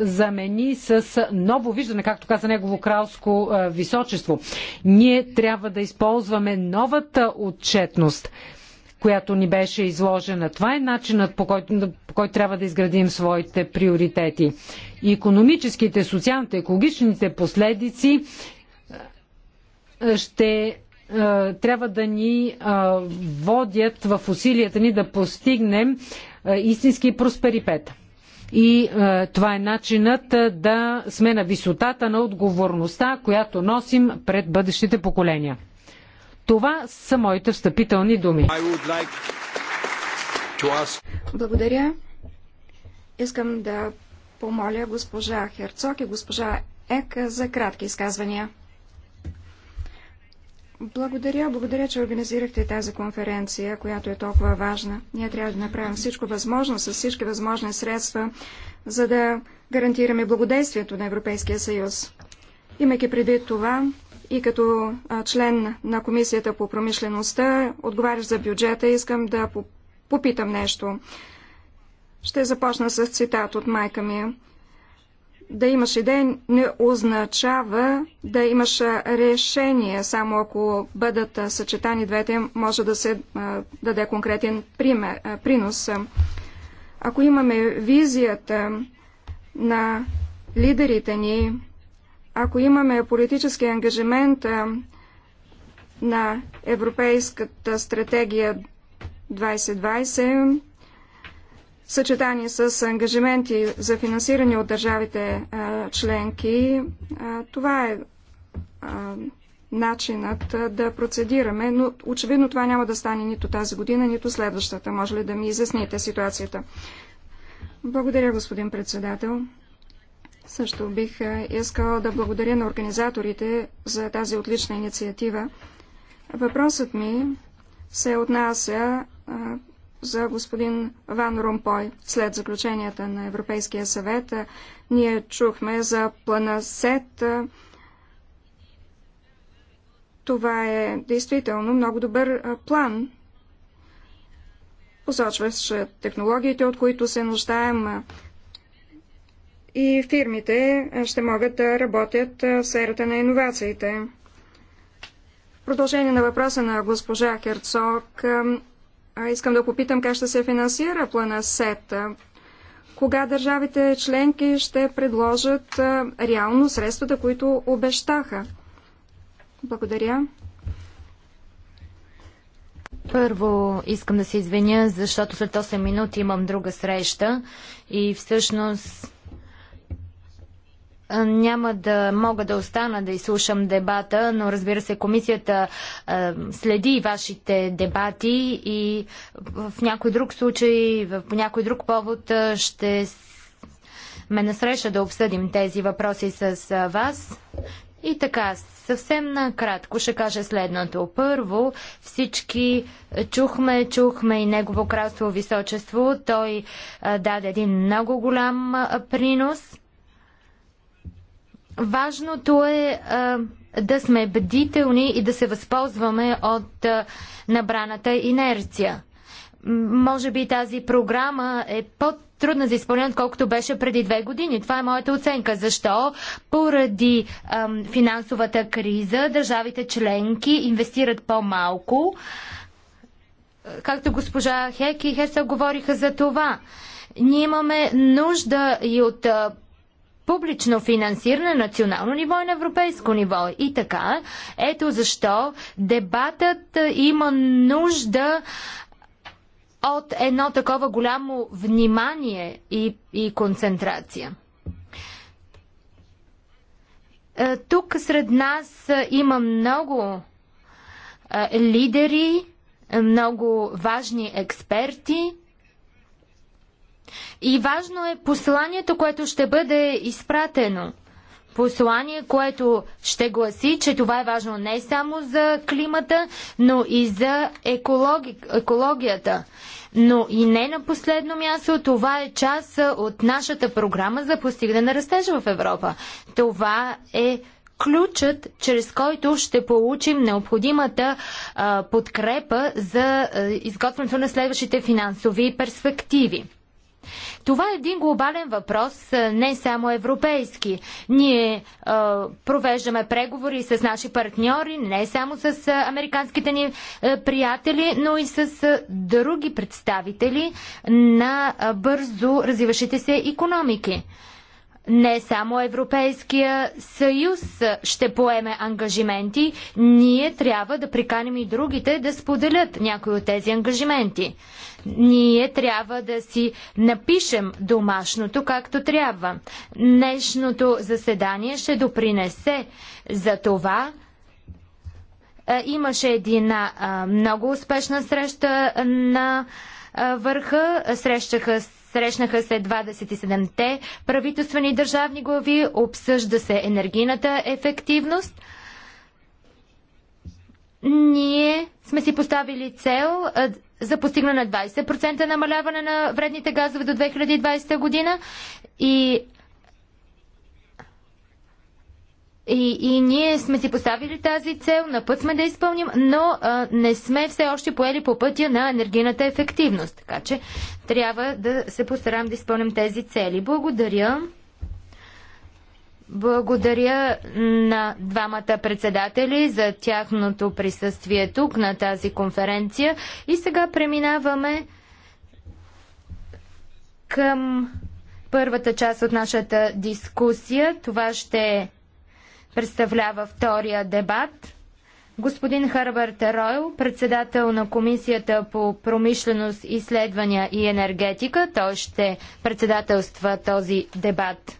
[SPEAKER 2] замени с ново виждане, както каза негово кралско височество. Ние трябва да използваме новата отчетност, която ни беше изложена. Това е начинът по който, по който трябва да изградим своите приоритети. И економическите, социалните, екологичните последици ще е, трябва да ни е, водят в усилията ни да постигнем е, истински просперипет. И това е начинът да сме на висотата на отговорността, която носим пред бъдещите поколения. Това са моите встъпителни думи.
[SPEAKER 3] Благодаря. Искам да помоля госпожа Херцог и госпожа Ек за кратки изказвания. Благодаря, благодаря, че организирахте тази конференция, която е толкова важна. Ние трябва да направим всичко възможно, с всички възможни средства, за да гарантираме благодействието на Европейския съюз. Имайки предвид това, и като член на Комисията по промишлеността, отговарящ за бюджета, искам да попитам нещо. Ще започна с цитат от майка ми да имаш идея не означава да имаш решение. Само ако бъдат съчетани двете, може да се даде конкретен пример, принос. Ако имаме визията на лидерите ни, ако имаме политически ангажимент на Европейската стратегия 2020, съчетани с ангажименти за финансиране от държавите членки, това е начинът да процедираме, но очевидно това няма да стане нито тази година, нито следващата. Може ли да ми изясните ситуацията? Благодаря, господин председател. Също бих искала да благодаря на организаторите за тази отлична инициатива. Въпросът ми се отнася за господин Ван Ромпой След заключенията на Европейския съвет ние чухме за плана СЕТ. Това е действително много добър план. Посочваш технологиите, от които се нуждаем и фирмите ще могат да работят в сферата на иновациите. В продължение на въпроса на госпожа Херцог, а искам да попитам как ще се финансира плана СЕТ. Кога държавите членки ще предложат реално средствата, които обещаха? Благодаря.
[SPEAKER 1] Първо искам да се извиня, защото след 8 минути имам друга среща и всъщност няма да мога да остана да изслушам дебата, но разбира се, комисията следи вашите дебати и в някой друг случай, в някой друг повод ще ме насреща да обсъдим тези въпроси с вас. И така, съвсем накратко ще кажа следното. Първо, всички чухме, чухме и негово кралство височество. Той е, даде един много голям принос – Важното е а, да сме бдителни и да се възползваме от а, набраната инерция. Може би тази програма е по-трудна за изпълнение, колкото беше преди две години. Това е моята оценка. Защо? Поради ам, финансовата криза държавите членки инвестират по-малко. Както госпожа Хек и Херсел говориха за това. Ние имаме нужда и от публично финансиране на национално ниво и на европейско ниво. И така, ето защо дебатът е, има нужда от едно такова голямо внимание и, и концентрация. Е, тук сред нас има много е, лидери, много важни експерти. И важно е посланието, което ще бъде изпратено. Послание, което ще гласи, че това е важно не само за климата, но и за екологи... екологията. Но и не на последно място, това е част от нашата програма за постигане на растежа в Европа. Това е ключът, чрез който ще получим необходимата а, подкрепа за а, изготвянето на следващите финансови перспективи. Това е един глобален въпрос, не само европейски. Ние а, е, провеждаме преговори с наши партньори, не само с американските ни е, приятели, но и с е, други представители на бързо развиващите се економики. Не само Европейския съюз ще поеме ангажименти, ние трябва да приканим и другите да споделят някои от тези ангажименти. Ние трябва да си напишем домашното както трябва. Днешното заседание ще допринесе за това, е, Имаше една е, много успешна среща е, на върха. Срещаха, срещнаха се 27-те правителствени държавни глави. Обсъжда се енергийната ефективност. Ние сме си поставили цел за постигане на 20% намаляване на вредните газове до 2020 година и и, и ние сме си поставили тази цел, на път сме да изпълним, но а, не сме все още поели по пътя на енергийната ефективност. Така че трябва да се постараем да изпълним тези цели. Благодаря. Благодаря на двамата председатели за тяхното присъствие тук на тази конференция. И сега преминаваме към първата част от нашата дискусия. Това ще представлява втория дебат. Господин Харбърт Ройл, председател на Комисията по промишленост, изследвания и енергетика, той ще председателства този дебат.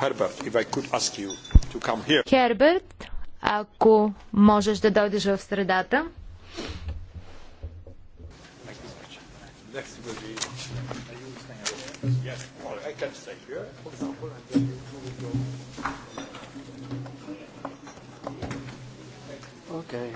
[SPEAKER 1] Herbert, if I could ask you to come here. Herbert, ако можеш да дойдеш в средата. Okay.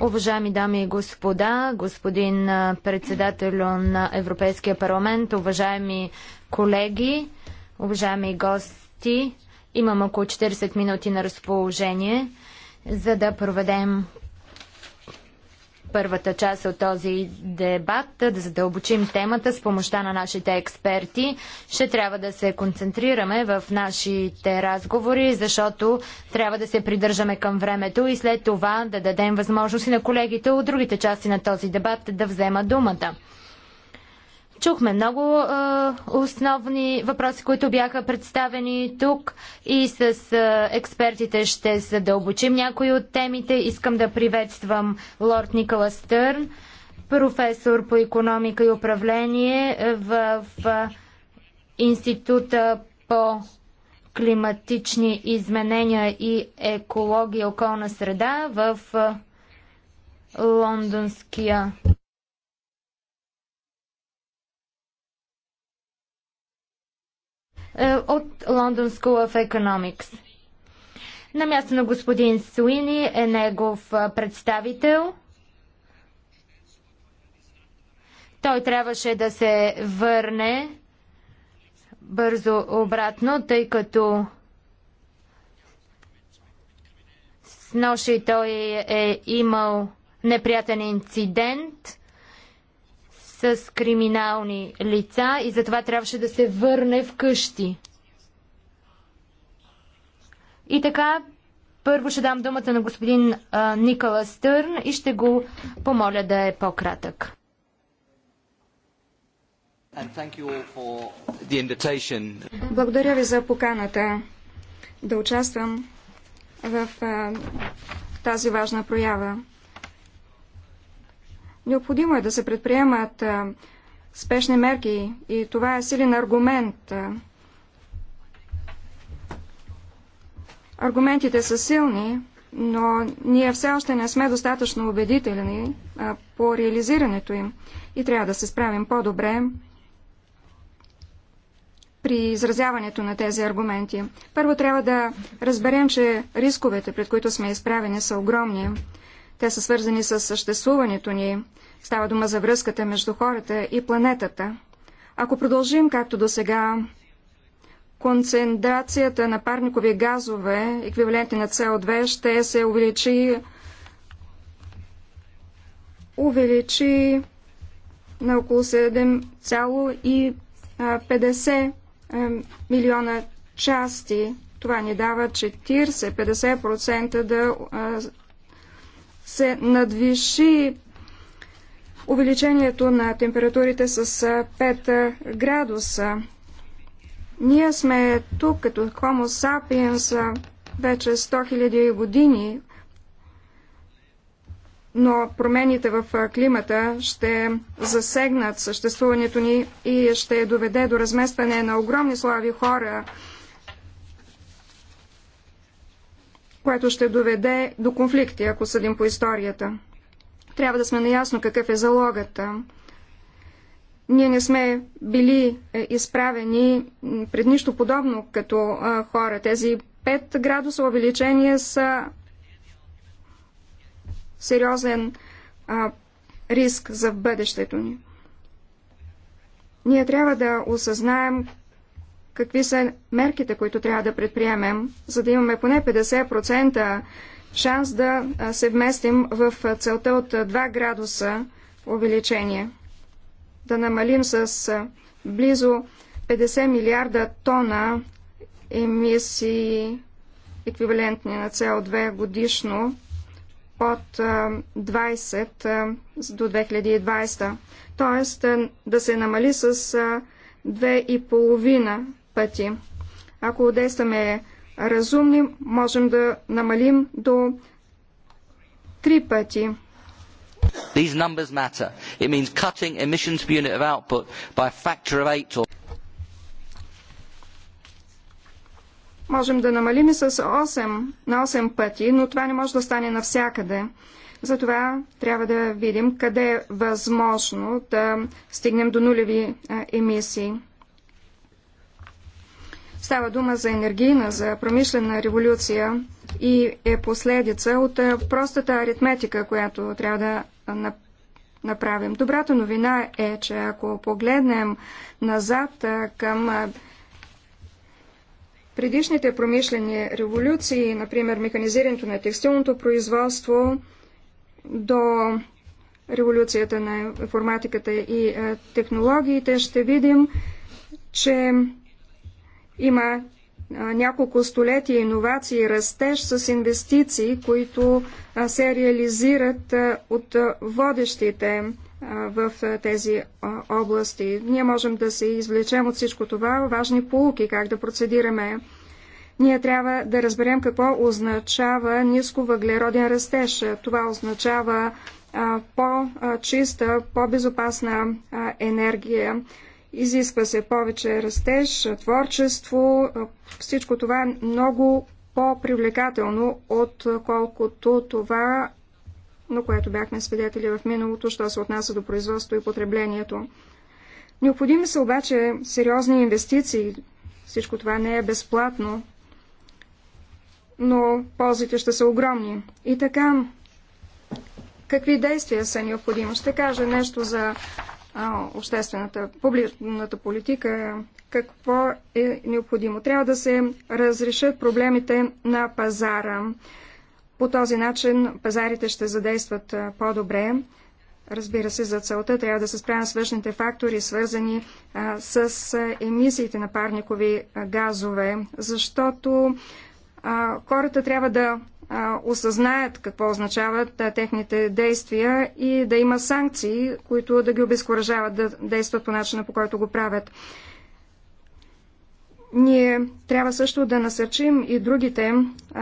[SPEAKER 1] Уважаеми дами и господа, господин председател на Европейския парламент, уважаеми колеги, уважаеми гости, имам около 40 минути на разположение, за да проведем първата част от този дебат, да задълбочим темата с помощта на нашите експерти. Ще трябва да се концентрираме в нашите разговори, защото трябва да се придържаме към времето и след това да дадем възможност и на колегите от другите части на този дебат да вземат думата. Чухме много е, основни въпроси, които бяха представени тук и с е, експертите ще задълбочим някои от темите. Искам да приветствам лорд Никола Стърн, професор по економика и управление в, в Института по климатични изменения и екология околна среда в Лондонския Е, от London School of Economics. На място на господин Суини е негов е, представител. Той трябваше да се върне бързо обратно, тъй като с нощи той е имал неприятен инцидент с криминални лица и затова трябваше да се върне вкъщи. И така, първо ще дам думата на господин а, Никола Стърн и ще го помоля да е по-кратък.
[SPEAKER 3] Благодаря ви за поканата да участвам в а, тази важна проява. Необходимо е да се предприемат спешни мерки и това е силен аргумент. Аргументите са силни, но ние все още не сме достатъчно убедителни по реализирането им и трябва да се справим по-добре при изразяването на тези аргументи. Първо трябва да разберем, че рисковете, пред които сме изправени, са огромни. Те са свързани с съществуването ни. Става дума за връзката между хората и планетата. Ако продължим както до сега, концентрацията на парникови газове, еквиваленти на со 2 ще се увеличи увеличи на около 7,50 е, милиона части. Това ни дава 40-50% да се надвиши увеличението на температурите с 5 градуса. Ние сме тук като Homo sapiens вече 100 000 години, но промените в климата ще засегнат съществуването ни и ще доведе до разместване на огромни слави хора което ще доведе до конфликти, ако съдим по историята. Трябва да сме наясно какъв е залогът. Ние не сме били е, изправени пред нищо подобно като хора. Тези 5 градуса увеличение са сериозен а, риск за бъдещето ни. Ние трябва да осъзнаем какви са мерките, които трябва да предприемем, за да имаме поне 50% шанс да се вместим в целта от 2 градуса увеличение. Да намалим с близо 50 милиарда тона емисии еквивалентни на CO2 годишно под 20 до 2020. Тоест да се намали с 2,5 пъти. Ако действаме разумни, можем да намалим до три пъти.
[SPEAKER 2] These numbers matter. It means cutting emissions per unit of output by a factor of eight or
[SPEAKER 3] Можем да намалим с 8 на 8 пъти, но това не може да стане навсякъде. Затова трябва да видим къде е възможно да стигнем до нулеви емисии. Става дума за енергийна, за промишлена революция и е последица от е, простата аритметика, която трябва да е, направим. Добрата новина е, че ако погледнем назад е, към предишните промишлени революции, например механизирането на текстилното производство до революцията на информатиката и технологиите, ще видим, че има няколко столетия иновации и растеж с инвестиции, които се реализират от водещите в тези области. Ние можем да се извлечем от всичко това важни полуки, как да процедираме. Ние трябва да разберем какво означава ниско въглероден растеж. Това означава по-чиста, по-безопасна енергия. Изисква се повече растеж, творчество. Всичко това е много по-привлекателно, отколкото това, на което бяхме свидетели в миналото, що се отнася до производство и потреблението. Необходими са обаче сериозни инвестиции. Всичко това не е безплатно, но ползите ще са огромни. И така, какви действия са необходими? Ще кажа нещо за обществената, публичната политика, какво е необходимо. Трябва да се разрешат проблемите на пазара. По този начин пазарите ще задействат по-добре. Разбира се, за целта трябва да се справим с външните фактори, свързани а, с емисиите на парникови газове, защото а, хората трябва да осъзнаят какво означават техните действия и да има санкции, които да ги обезкуражават да действат по начина, по който го правят. Ние трябва също да насърчим и другите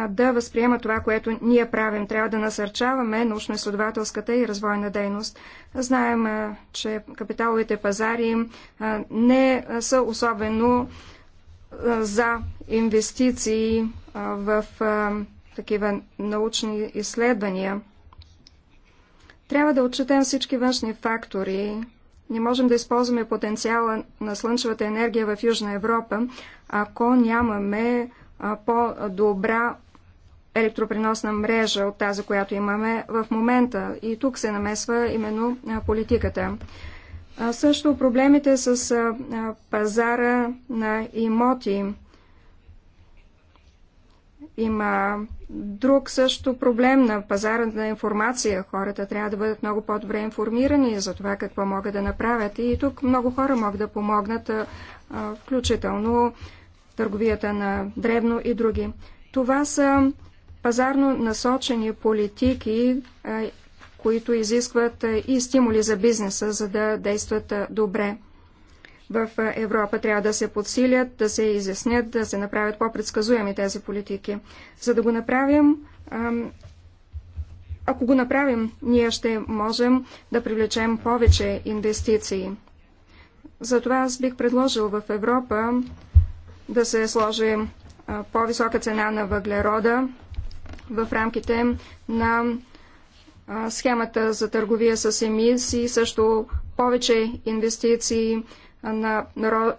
[SPEAKER 3] да възприемат това, което ние правим. Трябва да насърчаваме научно-изследователската и развойна дейност. Знаем, че капиталовите пазари не са особено за инвестиции в такива научни изследвания. Трябва да отчетем всички външни фактори. Не можем да използваме потенциала на слънчевата енергия в Южна Европа, ако нямаме по-добра електропреносна мрежа от тази, която имаме в момента. И тук се намесва именно политиката. Също проблемите с пазара на имоти. Има друг също проблем на пазара на информация. Хората трябва да бъдат много по-добре информирани за това какво могат да направят. И тук много хора могат да помогнат, включително търговията на дребно и други. Това са пазарно насочени политики, които изискват и стимули за бизнеса, за да действат добре в Европа трябва да се подсилят, да се изяснят, да се направят по-предсказуеми тези политики. За да го направим, ако го направим, ние ще можем да привлечем повече инвестиции. Затова аз бих предложил в Европа да се сложи по-висока цена на въглерода в рамките на схемата за търговия с емисии, също повече инвестиции на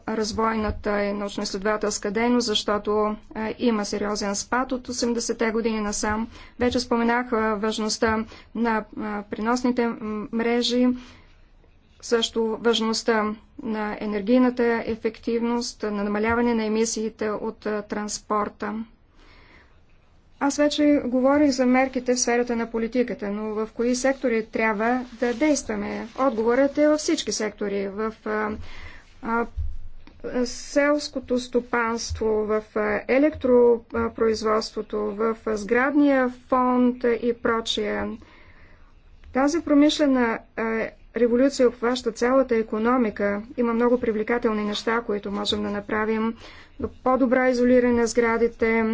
[SPEAKER 3] развойната и научно-изследователска дейност, защото е, има сериозен спад от 80-те години насам. Вече споменах е, важността на е, приносните мрежи, също важността на енергийната ефективност, на намаляване на емисиите от транспорта. Аз вече говорих за мерките в сферата на политиката, но в кои сектори трябва да действаме? Отговорът е във всички сектори. В селското стопанство, в електропроизводството, в сградния фонд и прочие. Тази промишлена революция обхваща цялата економика. Има много привлекателни неща, които можем да направим. По-добра изолиране на сградите,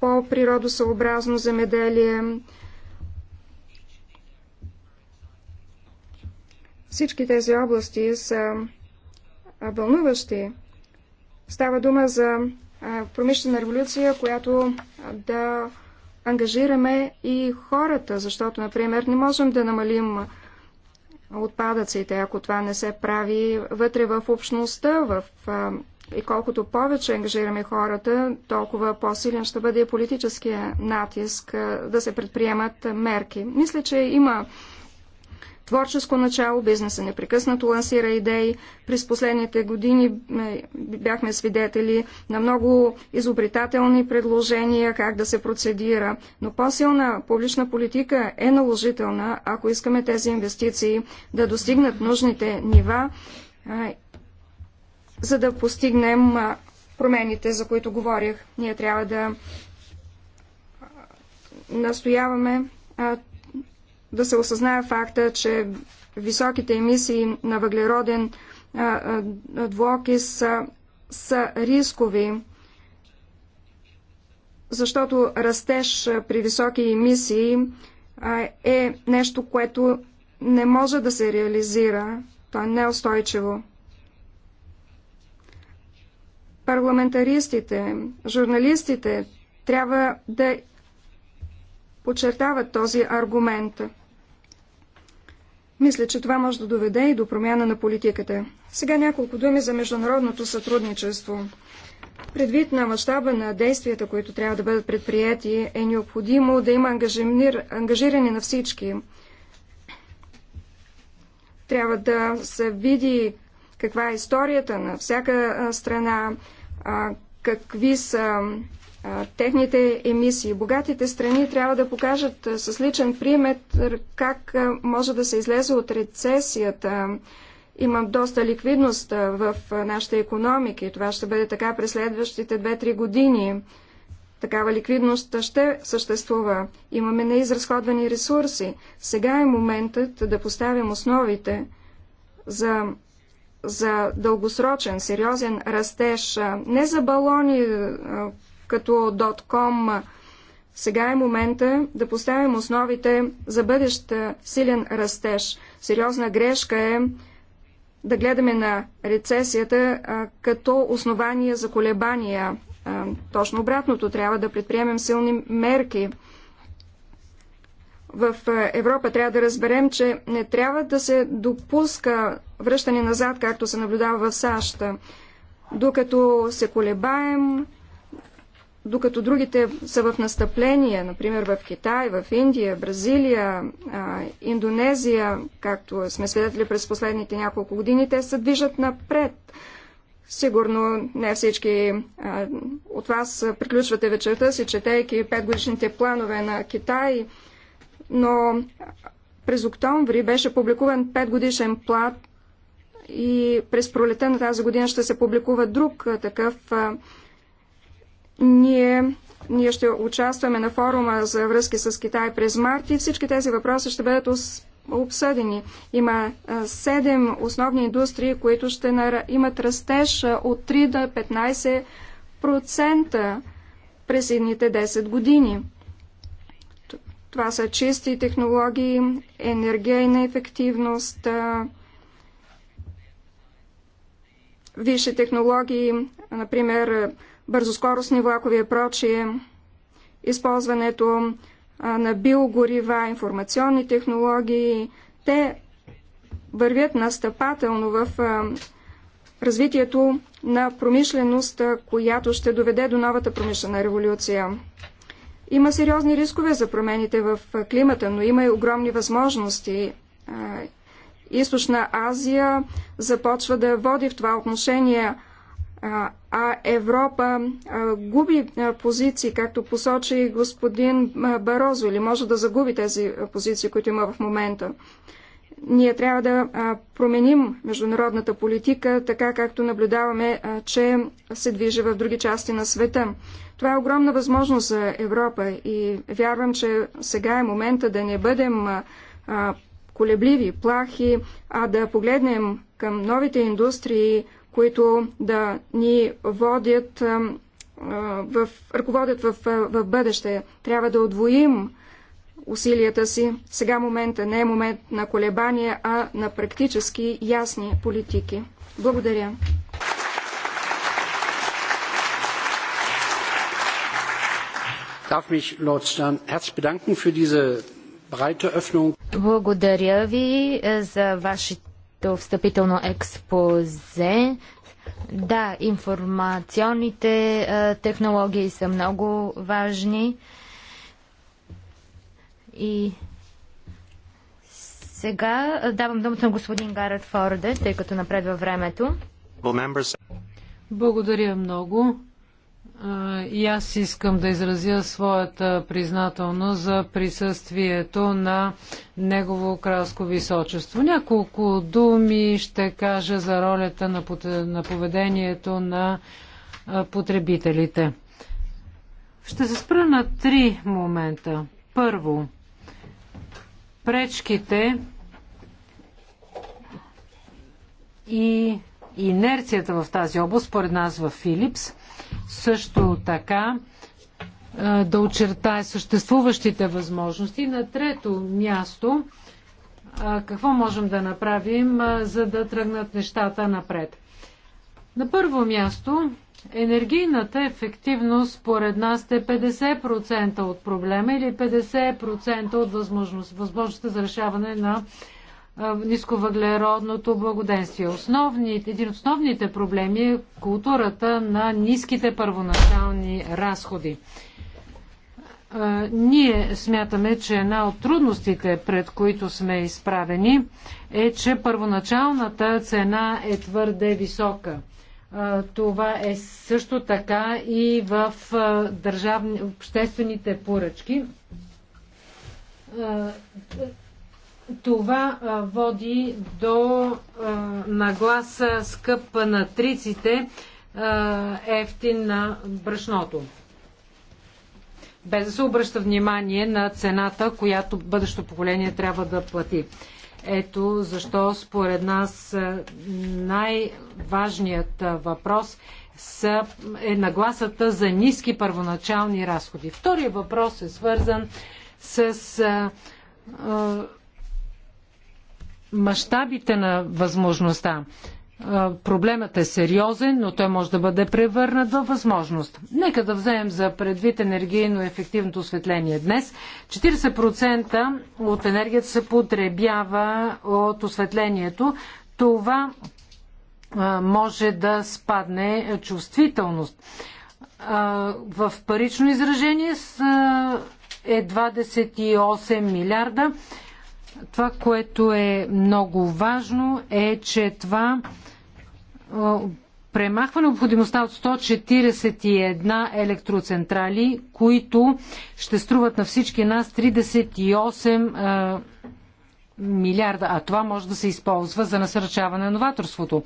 [SPEAKER 3] по-природосъобразно земеделие. Всички тези области са вълнуващи. Става дума за промишлена революция, която да ангажираме и хората, защото, например, не можем да намалим отпадъците, ако това не се прави вътре в общността, в и колкото повече ангажираме хората, толкова по-силен ще бъде политическия натиск да се предприемат мерки. Мисля, че има творческо начало, бизнеса непрекъснато лансира идеи. През последните години бяхме свидетели на много изобретателни предложения как да се процедира. Но по-силна публична политика е наложителна, ако искаме тези инвестиции да достигнат нужните нива, за да постигнем промените, за които говорих. Ние трябва да настояваме да се осъзнае факта, че високите емисии на въглероден двуокис са, са рискови, защото растеж при високи емисии е нещо, което не може да се реализира. То е неустойчиво. Парламентаристите, журналистите трябва да подчертават този аргумент – мисля, че това може да доведе и до промяна на политиката. Сега няколко думи за международното сътрудничество. Предвид на мащаба на действията, които трябва да бъдат предприяти, е необходимо да има ангажиране на всички. Трябва да се види каква е историята на всяка страна, какви са техните емисии. Богатите страни трябва да покажат с личен примет как може да се излезе от рецесията. Имам доста ликвидност в нашите економики. Това ще бъде така през следващите 2-3 години. Такава ликвидност ще съществува. Имаме неизразходвани ресурси. Сега е моментът да поставим основите за за дългосрочен, сериозен растеж, не за балони, като .com. Сега е момента да поставим основите за бъдещ силен растеж. Сериозна грешка е да гледаме на рецесията а, като основание за колебания. А, точно обратното, трябва да предприемем силни мерки. В Европа трябва да разберем, че не трябва да се допуска връщане назад, както се наблюдава в САЩ. Докато се колебаем, докато другите са в настъпление, например в Китай, в Индия, Бразилия, Индонезия, както сме свидетели през последните няколко години, те се движат напред. Сигурно не всички а, от вас приключвате вечерта си, четейки петгодишните планове на Китай, но през октомври беше публикуван петгодишен план и през пролета на тази година ще се публикува друг такъв. А, ние, ние ще участваме на форума за връзки с Китай през март и всички тези въпроси ще бъдат обсъдени. Има седем основни индустрии, които ще имат растеж от 3 до 15% през едните 10 години. Това са чисти технологии, енергийна ефективност, висши технологии, например бързоскоростни влакове и прочие, използването на биогорива, информационни технологии, те вървят настъпателно в развитието на промишленост, която ще доведе до новата промишлена революция. Има сериозни рискове за промените в климата, но има и огромни възможности. Източна Азия започва да води в това отношение а Европа губи позиции, както посочи господин Барозо, или може да загуби тези позиции, които има в момента. Ние трябва да променим международната политика, така както наблюдаваме, че се движи в други части на света. Това е огромна възможност за Европа и вярвам, че сега е момента да не бъдем колебливи, плахи, а да погледнем към новите индустрии, които да ни водят в, ръководят в, в бъдеще. Трябва да отвоим усилията си. Сега момента не е момент на колебания, а на практически ясни политики. Благодаря.
[SPEAKER 1] Благодаря ви е, за вашите моето встъпително експозе. Да, информационните а, е, технологии са много важни и сега давам думата на господин Гарет Форде, тъй като напредва времето. Благодаря много. И аз
[SPEAKER 2] искам да изразя своята признателност за присъствието на Негово кралско височество. Няколко думи ще кажа за ролята на, поведението на потребителите. Ще се спра на три момента. Първо, пречките и инерцията в тази област, според нас в Филипс – също така да очертае съществуващите възможности. На трето място, какво можем да направим, за да тръгнат нещата напред? На първо място, енергийната ефективност според нас е 50% от проблема или 50% от възможност, възможността за решаване на нисковъглеродното благоденствие. Основните, един от основните проблеми е културата на ниските първоначални разходи. Ние смятаме, че една от трудностите, пред които сме изправени, е, че първоначалната цена е твърде висока. Това е също така и в държавни, обществените поръчки това води до нагласа скъп на триците, ефтин на брашното. Без да се обръща внимание на цената, която бъдещото поколение трябва да плати. Ето защо според нас най-важният въпрос са, е нагласата за ниски първоначални разходи. Втория въпрос е свързан с а, а, мащабите на възможността. Проблемът е сериозен, но той може да бъде превърнат във възможност. Нека да вземем за предвид енергийно ефективното осветление днес. 40% от енергията се потребява от осветлението. Това може да спадне чувствителност. В парично изражение е 28 милиарда. Това, което е много важно, е, че това премахва необходимостта от 141 електроцентрали, които ще струват на всички нас 38 милиарда, а това може да се използва за насърчаване на новаторството.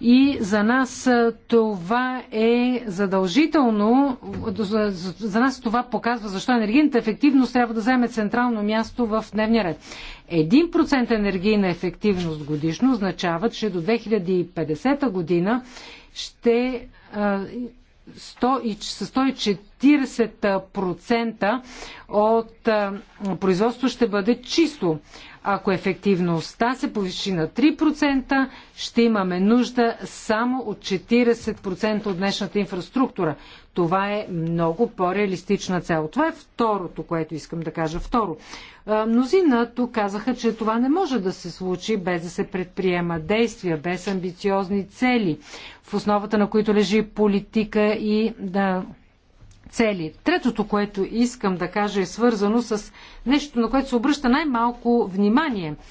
[SPEAKER 2] И за нас това е задължително, за нас това показва защо енергийната ефективност трябва да вземе централно място в дневния ред. 1% енергийна ефективност годишно означава, че до 2050 година ще с 140% от производството ще бъде чисто. Ако ефективността се повиши на 3%, ще имаме нужда само от 40% от днешната инфраструктура. Това е много по-реалистична цел. Това е второто, което искам да кажа. Второ, мнозина тук казаха, че това не може да се случи без да се предприема действия, без амбициозни цели, в основата на които лежи политика и да цели. Третото, което искам да кажа е свързано с нещо, на което се обръща най-малко внимание –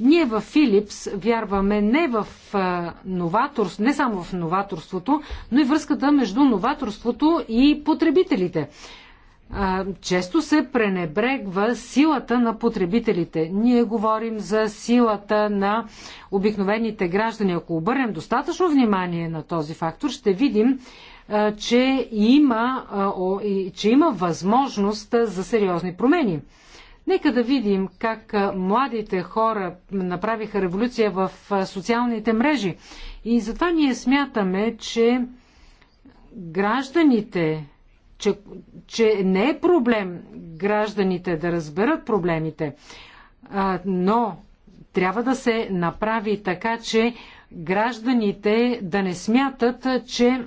[SPEAKER 2] ние в Филипс вярваме не в новаторство, не само в новаторството, но и връзката между новаторството и потребителите. Често се пренебрегва силата на потребителите. Ние говорим за силата на обикновените граждани. Ако обърнем достатъчно внимание на този фактор, ще видим, че има, че има възможност за сериозни промени. Нека да видим как младите хора направиха революция в социалните мрежи. И затова ние смятаме, че гражданите, че, че не е проблем гражданите да разберат проблемите, а, но трябва да се направи така, че гражданите да не смятат, че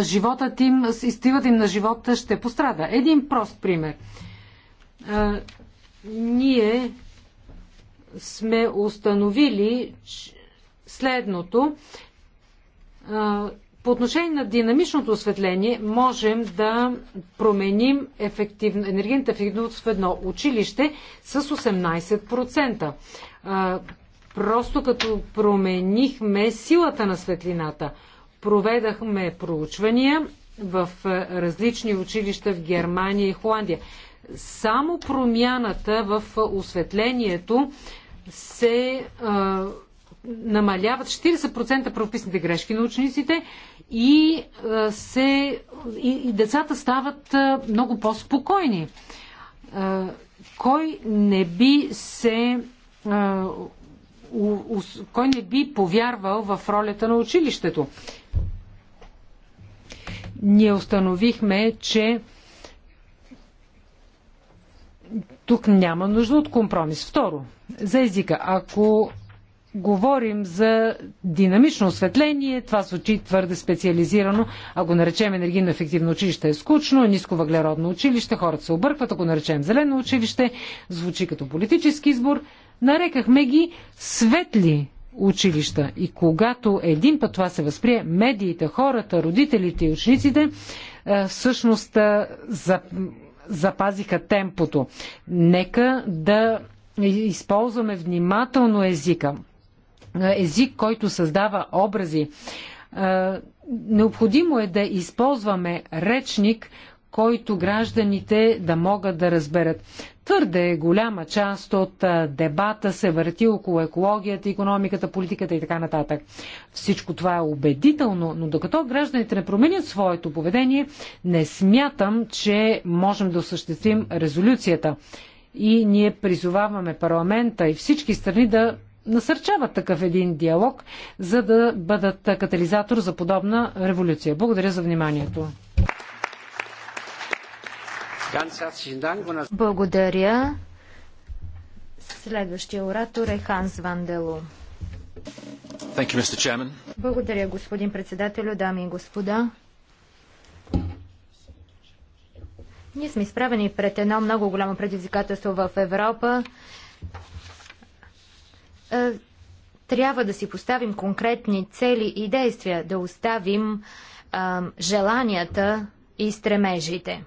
[SPEAKER 2] животът им, стилът им на живота ще пострада. Един прост пример – а, ние сме установили следното. А, по отношение на динамичното осветление можем да променим ефективно, енергийната ефективност в едно училище с 18%. А, просто като променихме силата на светлината. Проведахме проучвания в различни училища в Германия и Холандия. Само промяната в осветлението се а, намаляват 40% правописните грешки на учениците и, а, се, и, и децата стават а, много по-спокойни. кой не би се а, у, у, кой не би повярвал в ролята на училището? Ние установихме, че тук няма нужда от компромис. Второ, за езика. Ако говорим за динамично осветление, това звучи твърде специализирано. Ако наречем енергийно ефективно училище е скучно, ниско въглеродно училище, хората се объркват. Ако наречем зелено училище, звучи като политически избор. Нарекахме ги светли училища. И когато един път това се възприе, медиите, хората, родителите и учениците е, всъщност е, за запазиха темпото. Нека да използваме внимателно езика. Език, който създава образи. Необходимо е да използваме речник, който гражданите да могат да разберат. Твърде голяма част от дебата се върти около екологията, економиката, политиката и така нататък. Всичко това е убедително, но докато гражданите не променят своето поведение, не смятам, че можем да осъществим резолюцията. И ние призоваваме парламента и всички страни да насърчават такъв един диалог, за да бъдат катализатор за подобна революция. Благодаря за вниманието.
[SPEAKER 1] Благодаря. Следващия оратор е Ханс Вандело.
[SPEAKER 2] You,
[SPEAKER 1] Благодаря, господин председателю, дами и господа. Ние сме изправени пред едно много голямо предизвикателство в Европа. Е, трябва да си поставим конкретни цели и действия, да оставим желанията и стремежите.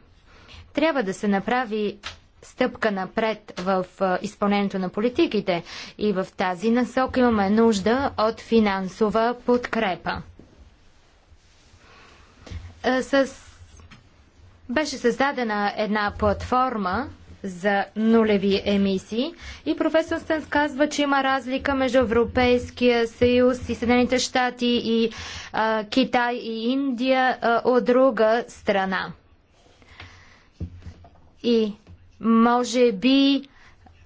[SPEAKER 1] Трябва да се направи стъпка напред в изпълнението на политиките и в тази насок имаме нужда от финансова подкрепа. С... Беше създадена една платформа за нулеви емисии и професор Стенс казва, че има разлика между Европейския съюз и Съединените щати и а, Китай и Индия а, от друга страна. И може би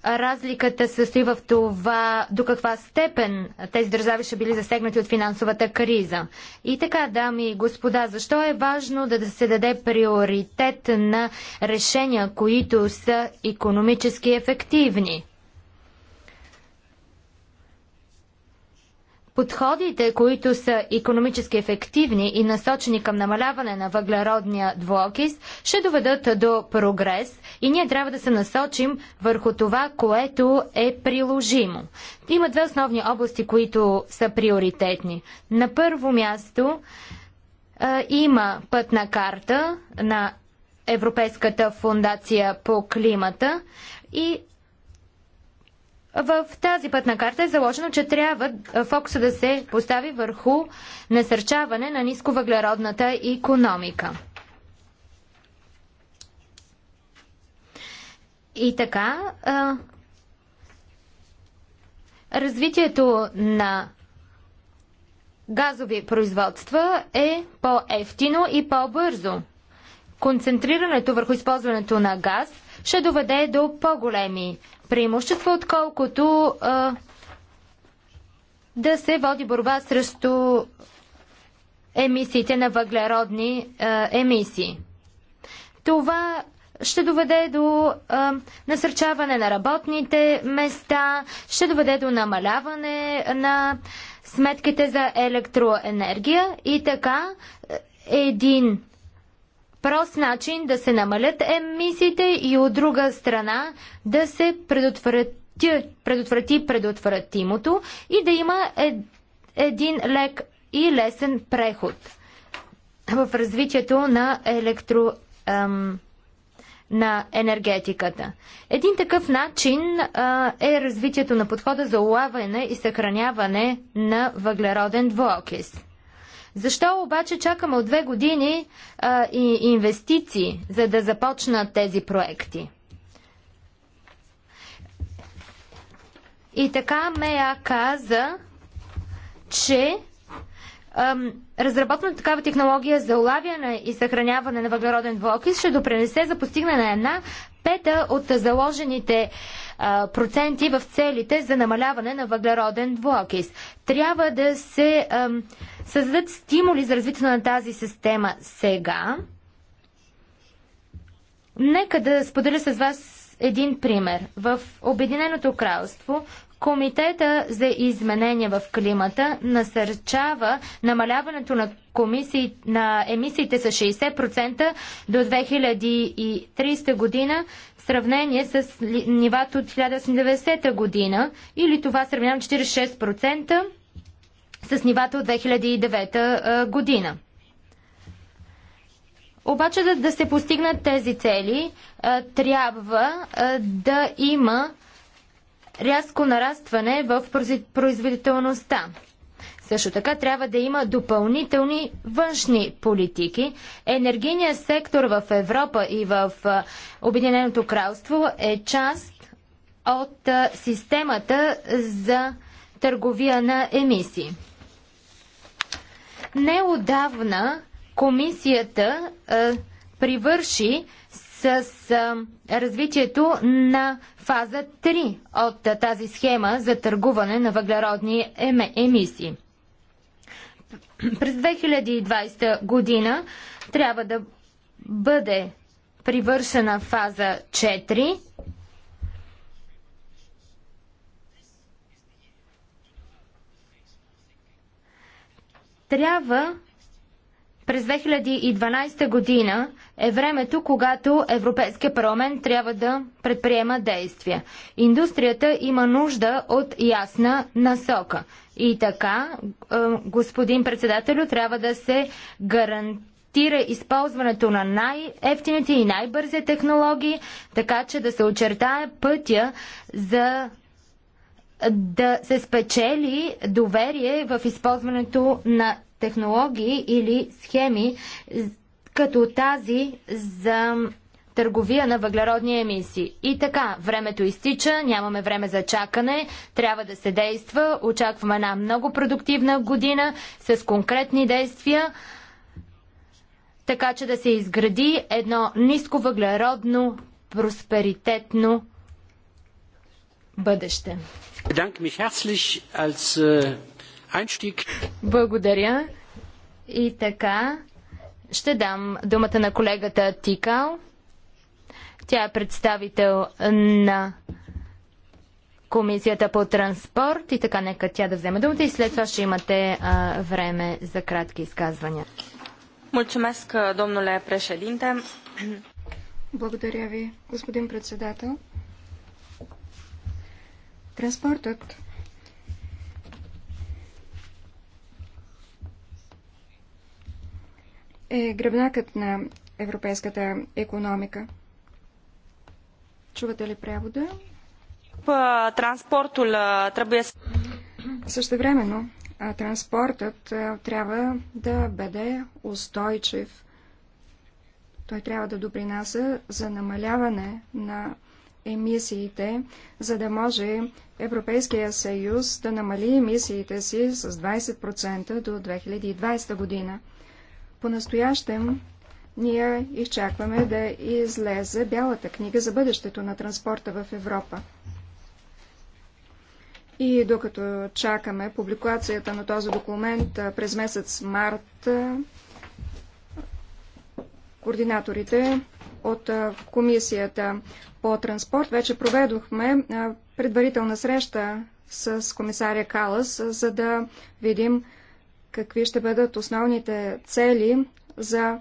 [SPEAKER 1] разликата състои в това до каква степен тези държави ще били засегнати от финансовата криза. И така, дами и господа, защо е важно да се даде приоритет на решения, които са економически ефективни? Подходите, които са економически ефективни и насочени към намаляване на въглеродния двуокис, ще доведат до прогрес и ние трябва да се насочим върху това, което е приложимо. Има две основни области, които са приоритетни. На първо място е, има пътна карта на Европейската фундация по климата и в тази пътна карта е заложено, че трябва фокуса да се постави върху насърчаване на нисковъглеродната економика. И така, развитието на газови производства е по-ефтино и по-бързо. Концентрирането върху използването на газ ще доведе до по-големи преимущество, отколкото а, да се води борба срещу емисиите на въглеродни а, емисии. Това ще доведе до а, насърчаване на работните места, ще доведе до намаляване на сметките за електроенергия и така един прост начин да се намалят емисиите и от друга страна да се предотврати, предотврати предотвратимото и да има е, един лек и лесен преход в развитието на електро. Ем, на енергетиката. Един такъв начин а, е развитието на подхода за улавяне и съхраняване на въглероден двуокис. Защо обаче чакаме от две години а, и инвестиции, за да започнат тези проекти? И така Мея каза, че ам, разработна такава технология за улавяне и съхраняване на въглероден двуокис ще допринесе за постигане на една пета от заложените проценти в целите за намаляване на въглероден двуокис. Трябва да се създадат стимули за развитието на тази система сега. Нека да споделя с вас един пример. В Обединеното кралство Комитета за изменения в климата насърчава намаляването на, комисии, на емисиите с 60% до 2030 година сравнение с нивата от 1990 година или това сравнявам 46% с нивата от 2009 година. Обаче да, да се постигнат тези цели, а, трябва а, да има рязко нарастване в производителността. Също така трябва да има допълнителни външни политики. Енергийният сектор в Европа и в Обединеното кралство е част от системата за търговия на емисии. Неодавна комисията е, привърши с е, развитието на фаза 3 от е, тази схема за търгуване на въглеродни емисии. През 2020 година трябва да бъде привършена фаза 4. Трябва през 2012 година е времето, когато Европейския парламент трябва да предприема действия. Индустрията има нужда от ясна насока. И така, е, господин председателю, трябва да се гарантира използването на най-ефтините и най-бързи технологии, така че да се очертае пътя за да се спечели доверие в използването на технологии или схеми, като тази за търговия на въглеродни емисии. И така, времето изтича, нямаме време за чакане, трябва да се действа. Очакваме една много продуктивна година с конкретни действия, така че да се изгради едно ниско въглеродно, просперитетно бъдеще.
[SPEAKER 2] Bedanke mich herzlich als
[SPEAKER 1] благодаря. И така, ще дам думата на колегата Тикал. Тя е представител на Комисията по транспорт и така нека тя да вземе думата и след това ще имате а, време за кратки изказвания.
[SPEAKER 2] Мулцумеск, домнуле președинте.
[SPEAKER 3] Благодаря ви, господин председател. Транспортът е гръбнакът на европейската економика. Чувате ли превода?
[SPEAKER 2] Транспортul trebuie
[SPEAKER 3] Също времено, транспортът трябва да бъде устойчив. Той трябва да допринася за намаляване на емисиите, за да може Европейския съюз да намали емисиите си с 20% до 2020 година. По-настоящем ние изчакваме да излезе бялата книга за бъдещето на транспорта в Европа. И докато чакаме публикацията на този документ през месец март, координаторите от Комисията по транспорт вече проведохме предварителна среща с комисаря Калас, за да видим какви ще бъдат основните цели за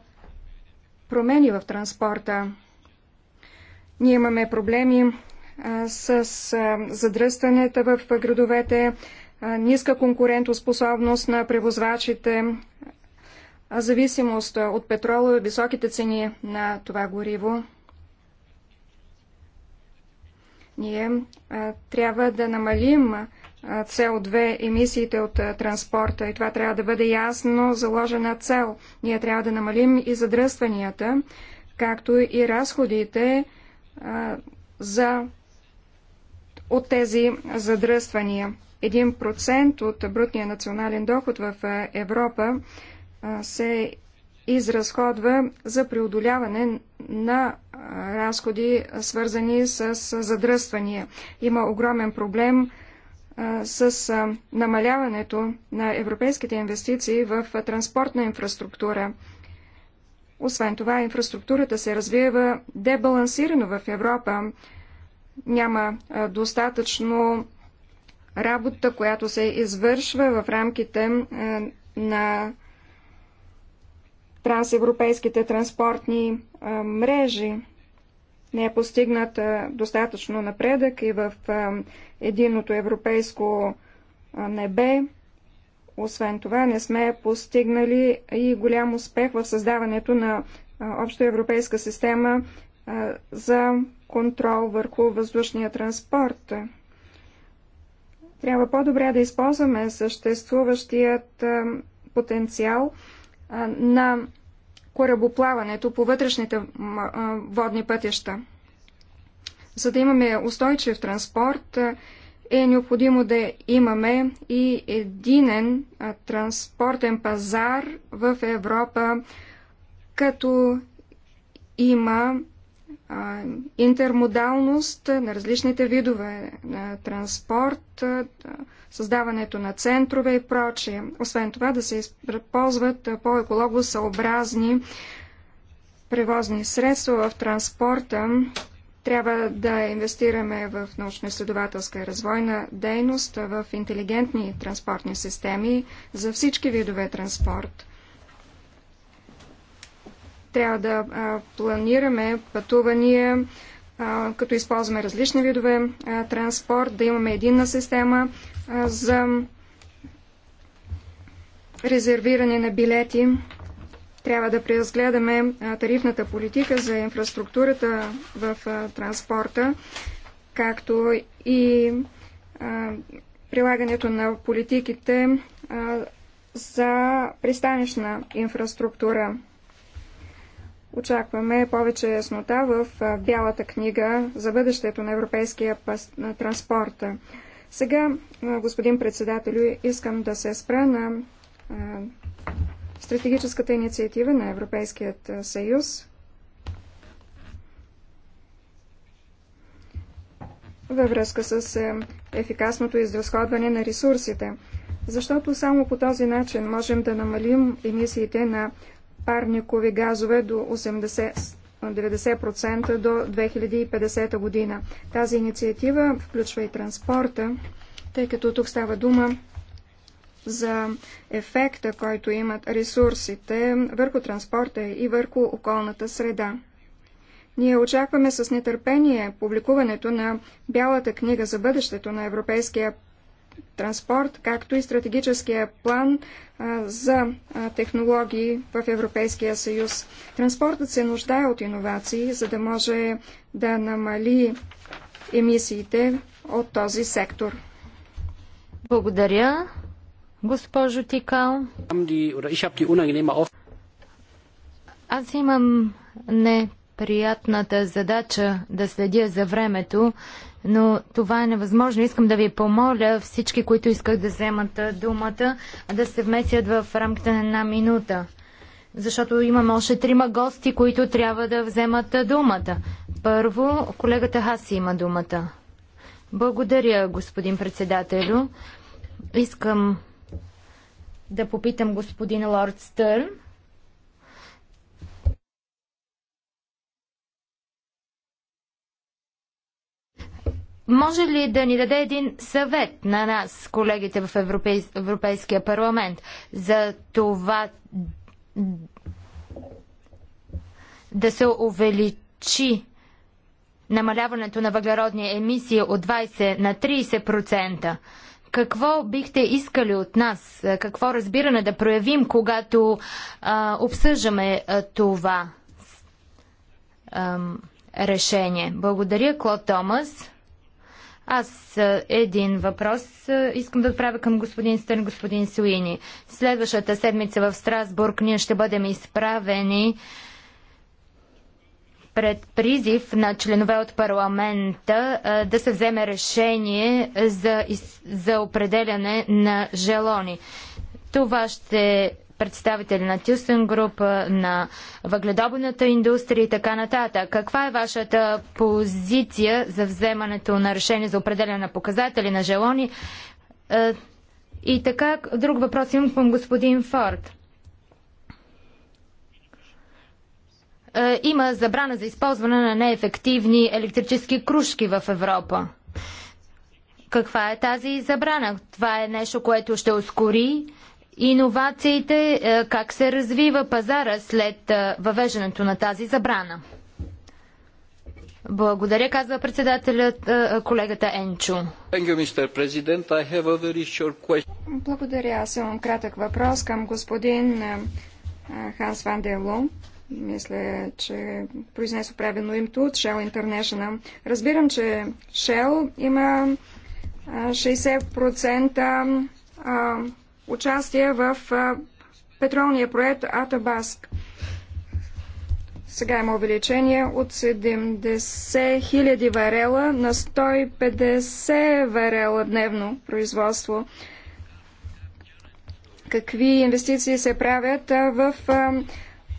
[SPEAKER 3] промени в транспорта. Ние имаме проблеми с задръстванията в градовете, ниска конкурентоспособност на превозвачите, зависимост от петрола и високите цени на това гориво. Ние трябва да намалим CO2 емисиите от транспорта и това трябва да бъде ясно заложена цел. Ние трябва да намалим и задръстванията, както и разходите а, за от тези задръствания. Един процент от брутния национален доход в Европа а, се изразходва за преодоляване на разходи, свързани с задръствания. Има огромен проблем с намаляването на европейските инвестиции в транспортна инфраструктура. Освен това, инфраструктурата се развива дебалансирано в Европа. Няма достатъчно работа, която се извършва в рамките на трансевропейските транспортни мрежи не е постигнат достатъчно напредък и в единното европейско небе. Освен това, не сме постигнали и голям успех в създаването на обща европейска система за контрол върху въздушния транспорт. Трябва по-добре да използваме съществуващият потенциал на корабоплаването по вътрешните водни пътища. За да имаме устойчив транспорт, е необходимо да имаме и единен транспортен пазар в Европа, като има интермодалност на различните видове на транспорт, създаването на центрове и прочие. Освен това да се използват по-екологосъобразни превозни средства в транспорта. Трябва да инвестираме в научно-изследователска и развойна дейност, в интелигентни транспортни системи за всички видове транспорт – трябва да планираме пътувания, като използваме различни видове транспорт, да имаме единна система за резервиране на билети. Трябва да преразгледаме тарифната политика за инфраструктурата в транспорта, както и прилагането на политиките за пристанищна инфраструктура. Очакваме повече яснота в Бялата книга за бъдещето на европейския транспорта. Сега, господин председател, искам да се спра на стратегическата инициатива на Европейският съюз. във връзка с ефикасното изразходване на ресурсите, защото само по този начин можем да намалим емисиите на парникови газове до 80, 90% до 2050 година. Тази инициатива включва и транспорта, тъй като тук става дума за ефекта, който имат ресурсите върху транспорта и върху околната среда. Ние очакваме с нетърпение публикуването на Бялата книга за бъдещето на Европейския транспорт, както и стратегическия план за технологии в Европейския съюз. Транспортът се нуждае от иновации, за да може да намали емисиите от този сектор. Благодаря, госпожо Тикал.
[SPEAKER 1] Аз имам неприятната задача да следя за времето но това е невъзможно. Искам да ви помоля всички, които искат да вземат думата, да се вместят в рамките на една минута. Защото имаме още трима гости, които трябва да вземат думата. Първо, колегата Хаси има думата. Благодаря, господин председателю. Искам да попитам господин Лорд Стърн Може ли да ни даде един съвет на нас, колегите в Европейс... Европейския парламент, за това да се увеличи намаляването на въглеродни емисии от 20 на 30%? Какво бихте искали от нас? Какво разбиране да проявим, когато а, обсъждаме а, това а, решение? Благодаря, Клод Томас. Аз един въпрос искам да отправя към господин Стън господин Суини. Следващата седмица в Страсбург ние ще бъдем изправени пред призив на членове от парламента да се вземе решение за, за определяне на желони. Това ще представители на Тюстен Груп, на въгледобната индустрия и така нататък. Каква е вашата позиция за вземането на решение за определяне на показатели на желони? Е, и така, друг въпрос имам към господин Форд. Е, има забрана за използване на неефективни електрически кружки в Европа. Каква е тази забрана? Това е нещо, което ще ускори иновациите, е, как се развива пазара след е, въвеждането на тази забрана. Благодаря, казва председателят е, колегата Енчо.
[SPEAKER 3] Благодаря. Аз имам кратък въпрос към господин Ханс Ван Дело. Мисля, че произнесо правилно името от Shell International. Разбирам, че Shell има 60% участие в петролния проект Атабаск. Сега има увеличение от 70 000 варела на 150 варела дневно производство. Какви инвестиции се правят в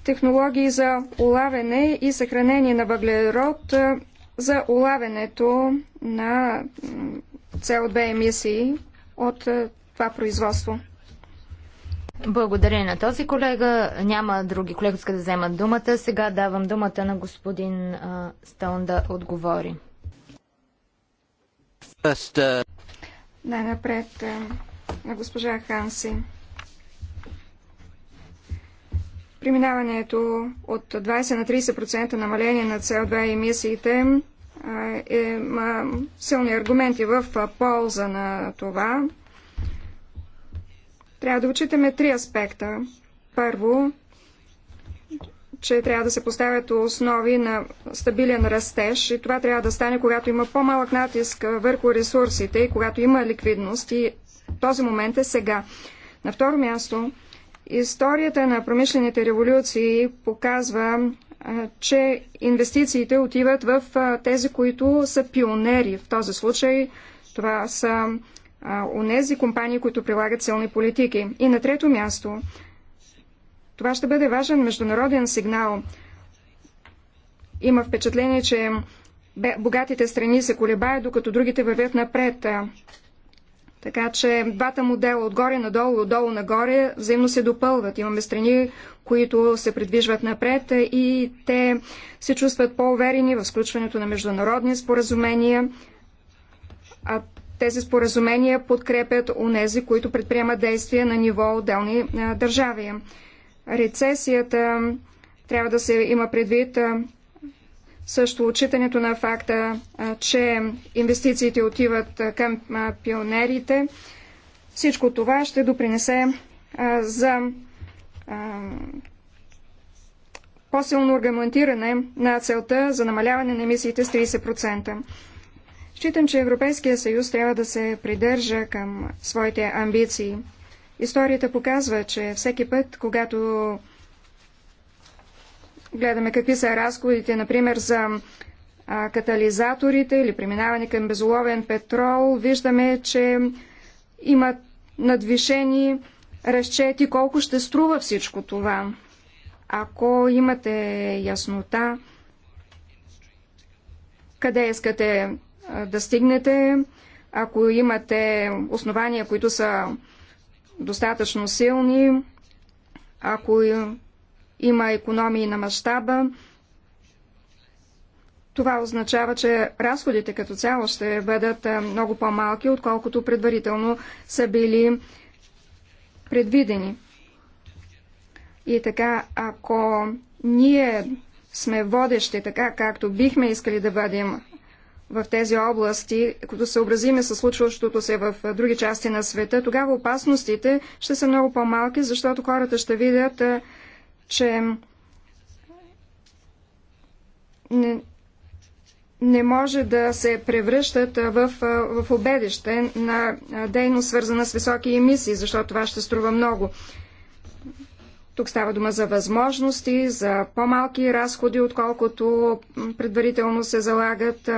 [SPEAKER 3] технологии за улавяне и съхранение на въглерод за улавянето на CO2 емисии от това производство? Благодаря
[SPEAKER 1] на този колега. Няма други колеги, които да вземат думата. Сега давам думата на господин а, Стоун да отговори.
[SPEAKER 2] Uh,
[SPEAKER 3] Най-напред на госпожа Ханси. Преминаването от 20 на 30% намаление на CO2 емисиите е, има силни аргументи в полза на това. Трябва да отчитаме три аспекта. Първо, че трябва да се поставят основи на стабилен растеж и това трябва да стане, когато има по-малък натиск върху ресурсите и когато има ликвидност и този момент е сега. На второ място, историята на промишлените революции показва, че инвестициите отиват в тези, които са пионери. В този случай това са онези компании, които прилагат силни политики. И на трето място, това ще бъде важен международен сигнал. Има впечатление, че богатите страни се колебаят, докато другите вървят напред. Така че двата модела отгоре надолу, отдолу нагоре взаимно се допълват. Имаме страни, които се придвижват напред и те се чувстват по-уверени в сключването на международни споразумения. А тези споразумения подкрепят унези, които предприемат действия на ниво отделни държави. Рецесията трябва да се има предвид също отчитането на факта, че инвестициите отиват към пионерите. Всичко това ще допринесе за по-силно аргументиране на целта за намаляване на емисиите с 30%. Считам, че Европейския съюз трябва да се придържа към своите амбиции. Историята показва, че всеки път, когато гледаме какви са разходите, например, за катализаторите или преминаване към безоловен петрол, виждаме, че има надвишени разчети колко ще струва всичко това. Ако имате яснота къде искате да стигнете, ако имате основания, които са достатъчно силни, ако има економии на мащаба, това означава, че разходите като цяло ще бъдат много по-малки, отколкото предварително са били предвидени. И така, ако ние сме водещи така, както бихме искали да бъдем, в тези области, като съобразиме с случващото се в други части на света, тогава опасностите ще са много по-малки, защото хората ще видят, че не, не може да се превръщат в, в обедище на дейност, свързана с високи емисии, защото това ще струва много. Тук става дума за възможности, за по-малки разходи, отколкото предварително се залагат.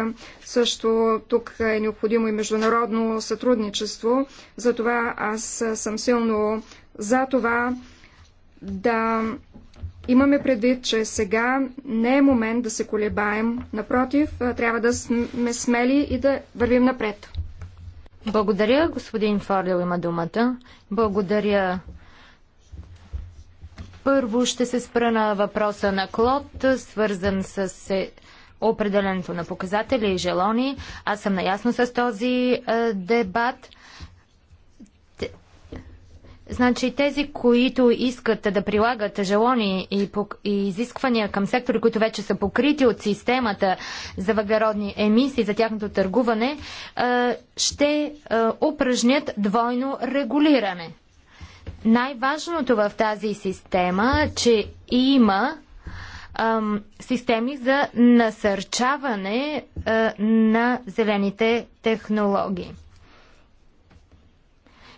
[SPEAKER 3] Също тук е необходимо и международно сътрудничество. Затова аз съм силно за това да имаме предвид, че сега не е момент да се колебаем. Напротив, трябва да сме смели и да вървим напред. Благодаря, господин Фордел, има думата. Благодаря,
[SPEAKER 1] първо ще се спра на въпроса на Клод, свързан с е, определенето на показатели и желони. Аз съм наясно с този е, дебат. Значи тези, които искат да прилагат желони и, и изисквания към сектори, които вече са покрити от системата за въглеродни емисии, за тяхното търгуване, е, ще е, упражнят двойно регулиране. Най-важното в тази система, че има ам, системи за насърчаване а, на зелените технологии.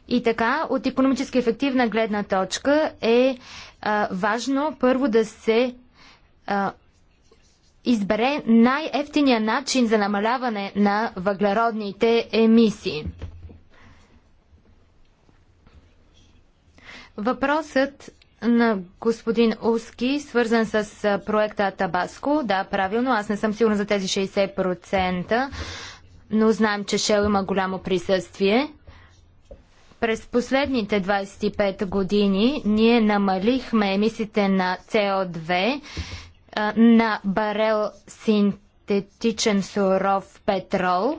[SPEAKER 1] И така, от економически ефективна гледна точка е а, важно първо да се а, избере най-ефтиния начин за намаляване на въглеродните емисии. Въпросът на господин Уски, свързан с проекта Табаско. Да, правилно, аз не съм сигурна за тези 60%, но знаем, че Шел има голямо присъствие. През последните 25 години ние намалихме емисиите на CO2 на барел синтетичен суров петрол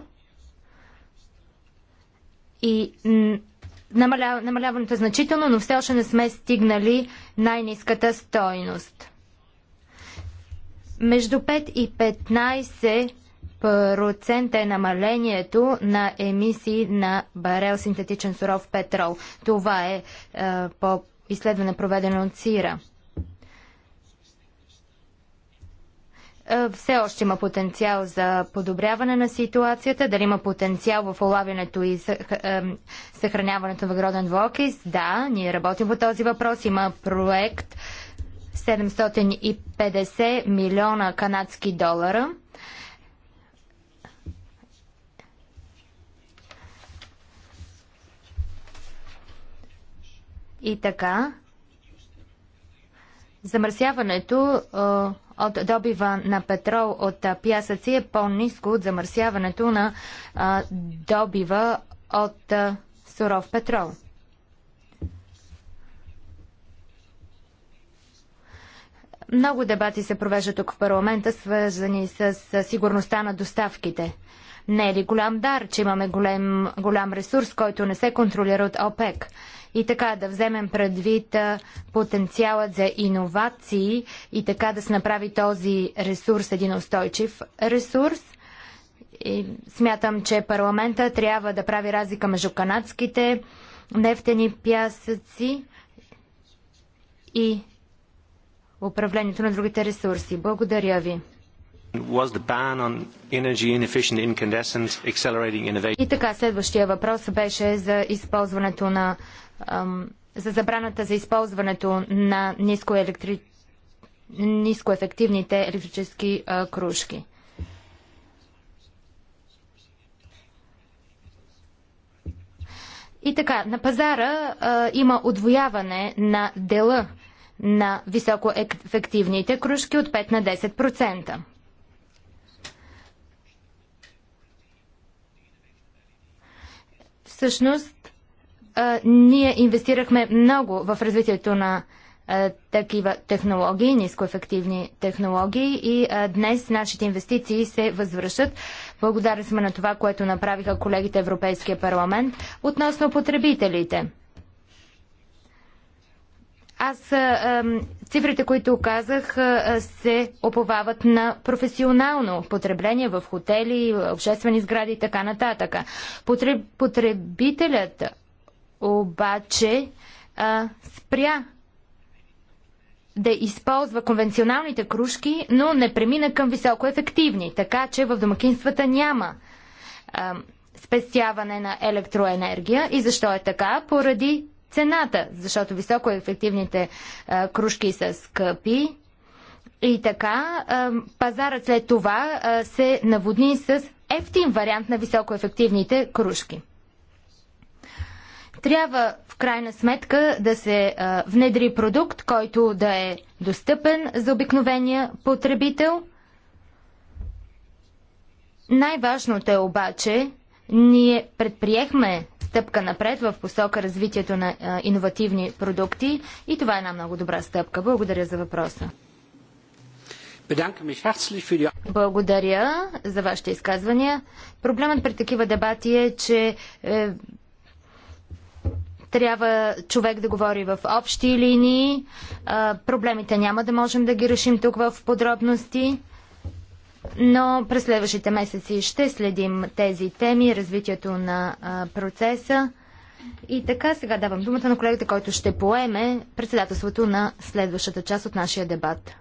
[SPEAKER 1] и намаля, намаляването е значително, но все още не сме стигнали най-низката стойност. Между 5 и 15 процент е намалението на емисии на барел синтетичен суров петрол. Това е, е по изследване проведено от СИРА. Е, все още има потенциал за подобряване на ситуацията, дали има потенциал в улавянето и е, съхраняването на въгроден двуокис. Да, ние работим по този въпрос. Има проект 750 милиона канадски долара. И така, замърсяването е, от добива на петрол от пясъци е по-низко от замърсяването на добива от суров петрол. Много дебати се провеждат тук в парламента, свързани с сигурността на доставките. Не е ли голям дар, че имаме голем, голям ресурс, който не се контролира от ОПЕК? И така да вземем предвид потенциалът за иновации и така да се направи този ресурс един устойчив ресурс – и смятам, че парламента трябва да прави разлика между канадските нефтени пясъци и управлението на другите ресурси. Благодаря ви. Was the ban on energy inefficient incandescent accelerating innovation? И така, следващия въпрос беше за използването на за забраната за използването на нискоелектри... нискоефективните електрически а, кружки. И така, на пазара а, има отвояване на дела на високоефективните кружки от 5 на 10%. Всъщност, а, ние инвестирахме много в развитието на а, такива технологии, нискоефективни технологии и а, днес нашите инвестиции се възвръщат. Благодаря сме на това, което направиха колегите Европейския парламент относно потребителите. Аз цифрите, които казах, се оповават на професионално потребление в хотели, обществени сгради и така нататък. Потребителят обаче спря да използва конвенционалните кружки, но не премина към високоефективни, така че в домакинствата няма спестяване на електроенергия. И защо е така? Поради цената, защото високоефективните кружки са скъпи. И така, пазарът след това се наводни с ефтин вариант на високоефективните кружки. Трябва в крайна сметка да се внедри продукт, който да е достъпен за обикновения потребител. Най-важното е обаче, ние предприехме стъпка напред в посока развитието на иновативни продукти и това е една много добра стъпка. Благодаря за въпроса. Благодаря за вашите изказвания. Проблемът при такива дебати е, че е, трябва човек да говори в общи линии. Е, проблемите няма да можем да ги решим тук в подробности но през следващите месеци ще следим тези теми, развитието на процеса. И така, сега давам думата на колегата, който ще поеме председателството на следващата част от нашия дебат.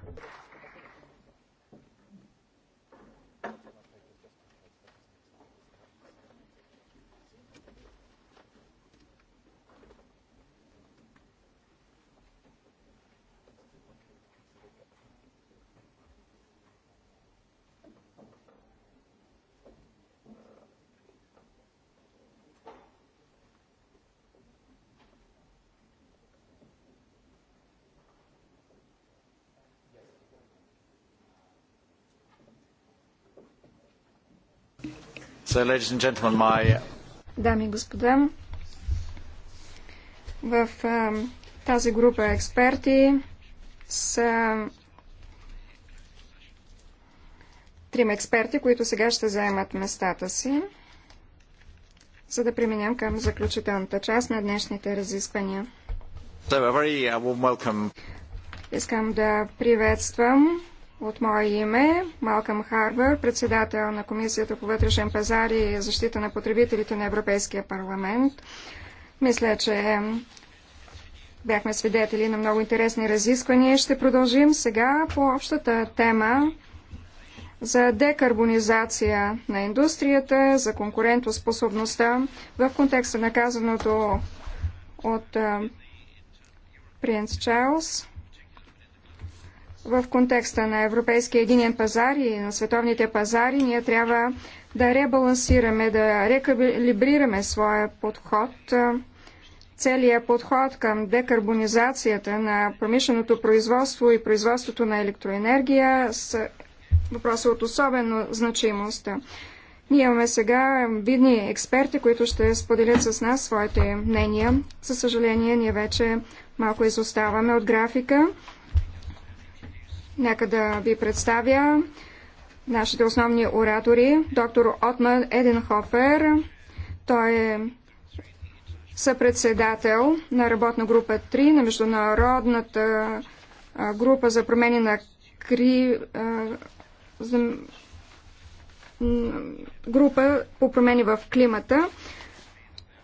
[SPEAKER 3] So, my... Дами и господа, в а, тази група експерти са трима експерти, които сега ще заемат местата си, за да преминем към заключителната част на днешните разисквания. So, very, uh, Искам да приветствам от мое име Малкам Харбър, председател на Комисията по вътрешен пазар и защита на потребителите на Европейския парламент. Мисля, че бяхме свидетели на много интересни разисквания. Ще продължим сега по общата тема за декарбонизация на индустрията, за конкурентоспособността в контекста на казаното от принц Чарлз в контекста на Европейския единен пазар и на световните пазари, ние трябва да ребалансираме, да рекалибрираме своя подход, целият подход към декарбонизацията на промишленото производство и производството на електроенергия с въпроса от особено значимост. Ние имаме сега видни експерти, които ще споделят с нас своите мнения. За съжаление, ние вече малко изоставаме от графика. Нека да ви представя нашите основни оратори. Доктор Отман Еденхофер. Той е съпредседател на работна група 3 на Международната група за промени на кри... група по промени в климата.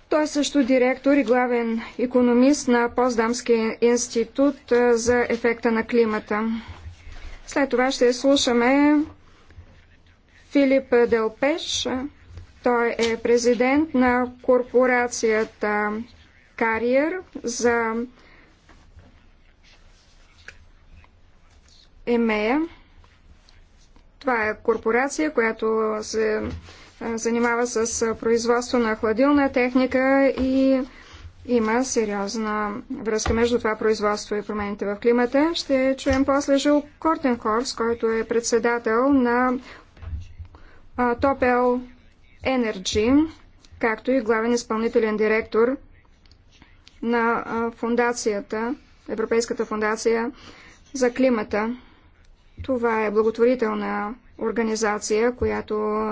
[SPEAKER 3] Той е също директор и главен економист на Поздамския институт за ефекта на климата. След това ще слушаме Филип Делпеш. Той е президент на корпорацията Кариер за ЕМЕЯ. Това е корпорация, която се занимава с производство на хладилна техника и има сериозна връзка между това производство и промените в климата. Ще чуем после Жил Кортенхорс, който е председател на Топел Енерджи, както и главен изпълнителен директор на фундацията, Европейската фундация за климата. Това е благотворителна организация, която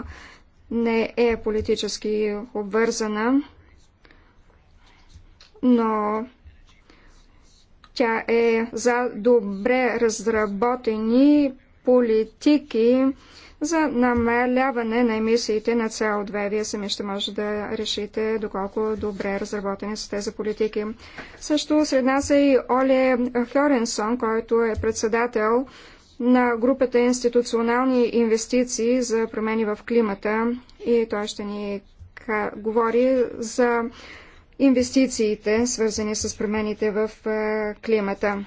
[SPEAKER 3] не е политически обвързана но тя е за добре разработени политики за намаляване на емисиите на CO2. Вие сами ще може да решите доколко добре разработени са тези политики. Също сред нас е и Оле Хьоренсон, който е председател на групата Институционални инвестиции за промени в климата и той ще ни говори за инвестициите, свързани с промените в климата.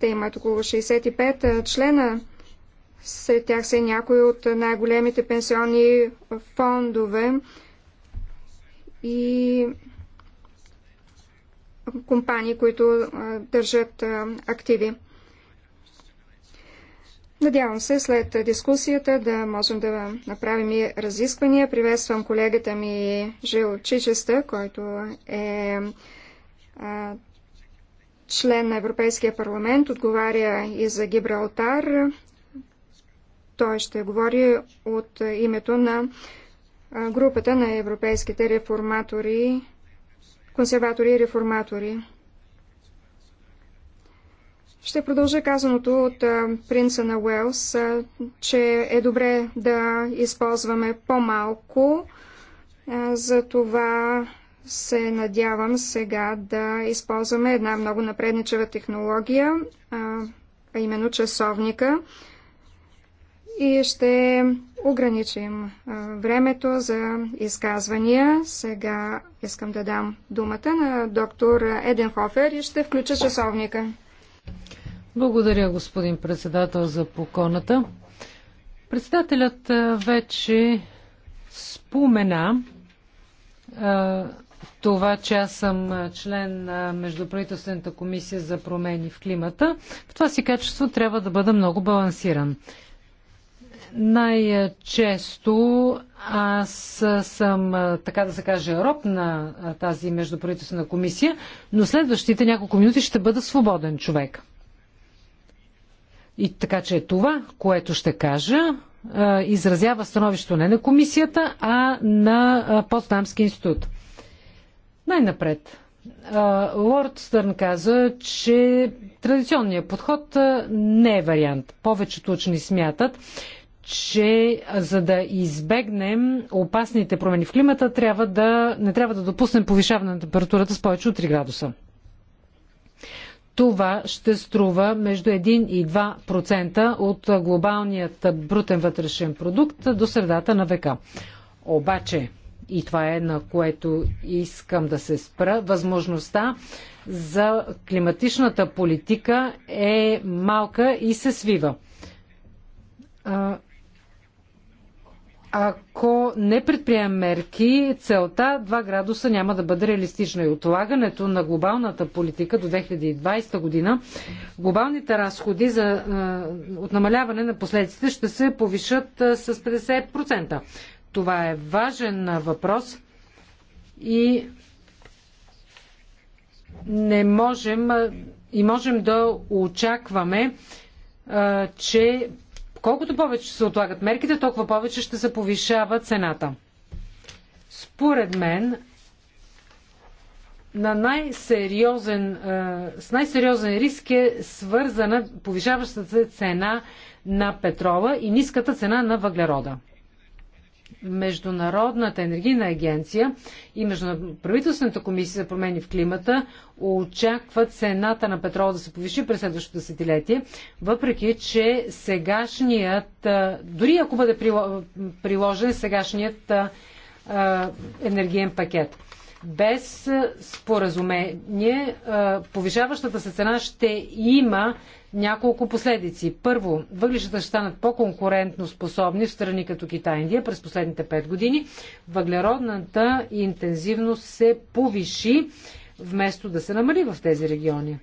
[SPEAKER 3] Те имат около 65 члена. Сред тях са някои от най-големите пенсионни фондове и компании, които държат активи. Надявам се след дискусията да можем да направим и разисквания. Приветствам колегата ми Жил Чичеста, който е а, член на Европейския парламент, отговаря и за Гибралтар. Той ще говори от името на групата на европейските реформатори, консерватори и реформатори. Ще продължа казаното от принца на Уелс, че е добре да използваме по-малко. За това се надявам сега да използваме една много напредничева технология, а именно часовника. И ще ограничим времето за изказвания. Сега искам да дам думата на доктор Еденхофер и ще включа часовника.
[SPEAKER 2] Благодаря, господин председател, за поконата. Председателят вече спомена това, че аз съм член на Междуправителствената комисия за промени в климата. В това си качество трябва да бъда много балансиран. Най-често аз съм, така да се каже, роб на тази междуправителствена комисия, но следващите няколко минути ще бъда свободен човек. И така че това, което ще кажа, изразява становището не на комисията, а на Потсдамски институт. Най-напред. Лорд Стърн каза, че традиционният подход не е вариант. Повечето учени смятат, че за да избегнем опасните промени в климата, трябва да, не трябва да допуснем повишаване на температурата с повече от 3 градуса това ще струва между 1 и 2% от глобалният брутен вътрешен продукт до средата на века. Обаче, и това е на което искам да се спра, възможността за климатичната политика е малка и се свива ако не предприемем мерки, целта 2 градуса няма да бъде реалистична и отлагането на глобалната политика до 2020 година, глобалните разходи за е, от намаляване на последиците ще се повишат с 50%. Това е важен въпрос и не можем и можем да очакваме, е, че колкото повече се отлагат мерките, толкова повече ще се повишава цената. Според мен, на най-сериозен, е, с най-сериозен риск е свързана повишаващата цена на петрола и ниската цена на въглерода. Международната енергийна агенция и Международната комисия за промени в климата очакват цената на петрола да се повиши през следващото десетилетие, въпреки че сегашният, дори ако бъде приложен сегашният енергиен пакет. Без споразумение повишаващата се цена ще има няколко последици. Първо, въглищата ще станат по-конкурентно способни в страни като Китай и Индия през последните 5 години. Въглеродната интензивност се повиши вместо да се намали в тези региони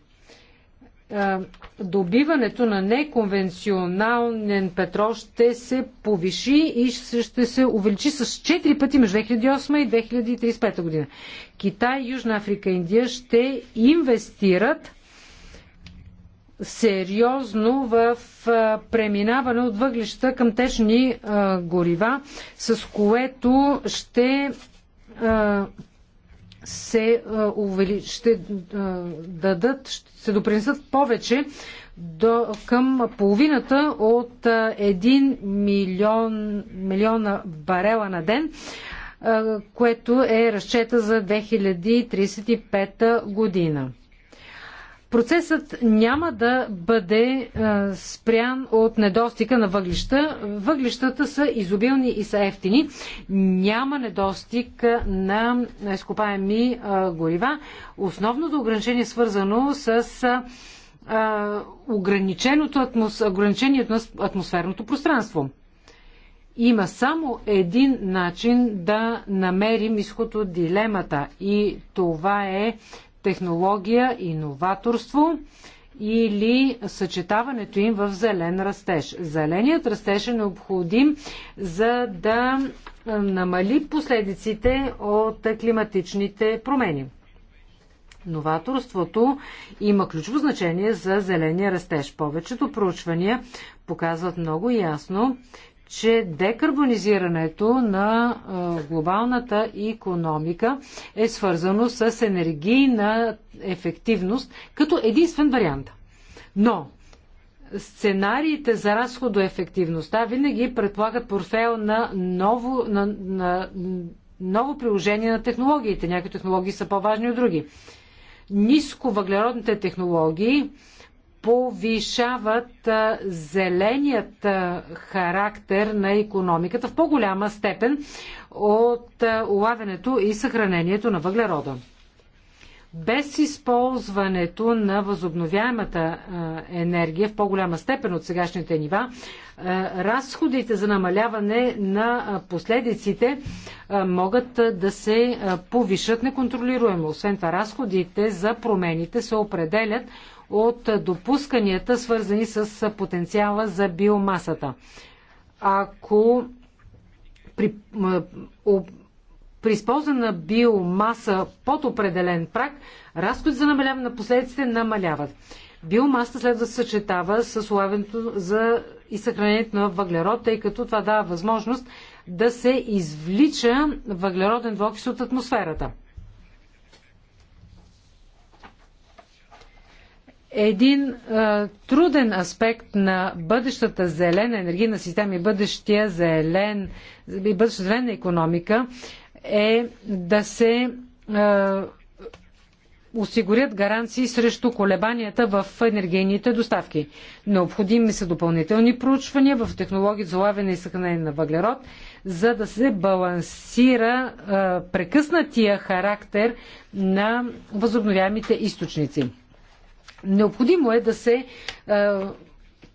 [SPEAKER 2] добиването на неконвенционален петрол ще се повиши и ще се увеличи с 4 пъти между 2008 и 2035 година. Китай, Южна Африка и Индия ще инвестират сериозно в преминаване от въглища към течни горива, с което ще се, е, увели, ще е, дадат, ще допринесат повече до, към половината от 1 е, милион, милиона барела на ден, което е разчета за 2035 година. Процесът няма да бъде е, спрян от недостига на въглища. Въглищата са изобилни и са ефтини. Няма недостиг на изкопаеми е, горива. Основното ограничение е свързано с е, ограниченото ограничението на атмосферното пространство. Има само един начин да намерим изход от дилемата и това е технология, иноваторство или съчетаването им в зелен растеж. Зеленият растеж е необходим за да намали последиците от климатичните промени. Новаторството има ключово значение за зеления растеж. Повечето проучвания показват много ясно, че декарбонизирането на глобалната економика е свързано с енергийна ефективност като единствен вариант. Но сценариите за разходоефективността винаги предполагат портфел на ново, на, на, ново приложение на технологиите. Някои технологии са по-важни от други. Ниско въглеродните технологии повишават зеленият характер на економиката в по-голяма степен от улавянето и съхранението на въглерода. Без използването на възобновяемата енергия в по-голяма степен от сегашните нива, разходите за намаляване на последиците могат да се повишат неконтролируемо. Освен това, разходите за промените се определят от допусканията, свързани с потенциала за биомасата. Ако при, при използване на биомаса под определен прак, разходите за намаляване на последиците намаляват. Биомаса следва да се съчетава с улавянето за и съхранението на въглерод, тъй като това дава възможност да се извлича въглероден двуокис от атмосферата. един а, е, труден аспект на бъдещата зелена енергийна система и бъдещия зелен, и бъдеща зелена економика е да се а, е, осигурят гаранции срещу колебанията в енергийните доставки. Необходими са допълнителни проучвания в технологии за лавене и съхранение на въглерод, за да се балансира а, е, прекъснатия характер на възобновяемите източници. Необходимо е да се е,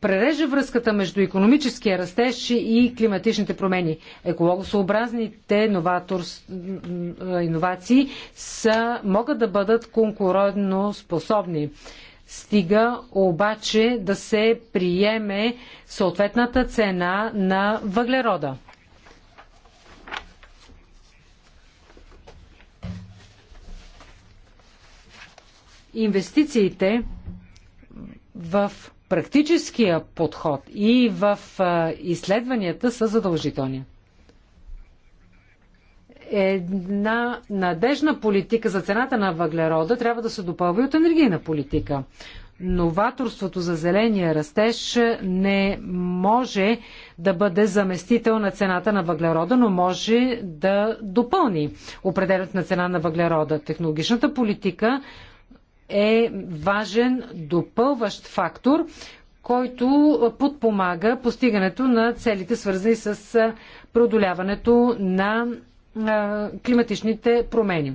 [SPEAKER 2] пререже връзката между економическия растеж и климатичните промени. Екологосообразните иновации са, могат да бъдат конкурентно способни. Стига обаче да се приеме съответната цена на въглерода. Инвестициите в практическия подход и в изследванията са задължителни. Една надежна политика за цената на въглерода трябва да се допълва от енергийна политика. Новаторството за зеления растеж не може да бъде заместител на цената на въглерода, но може да допълни определят на цена на въглерода. Технологичната политика е важен допълващ фактор, който подпомага постигането на целите, свързани с продоляването на климатичните промени.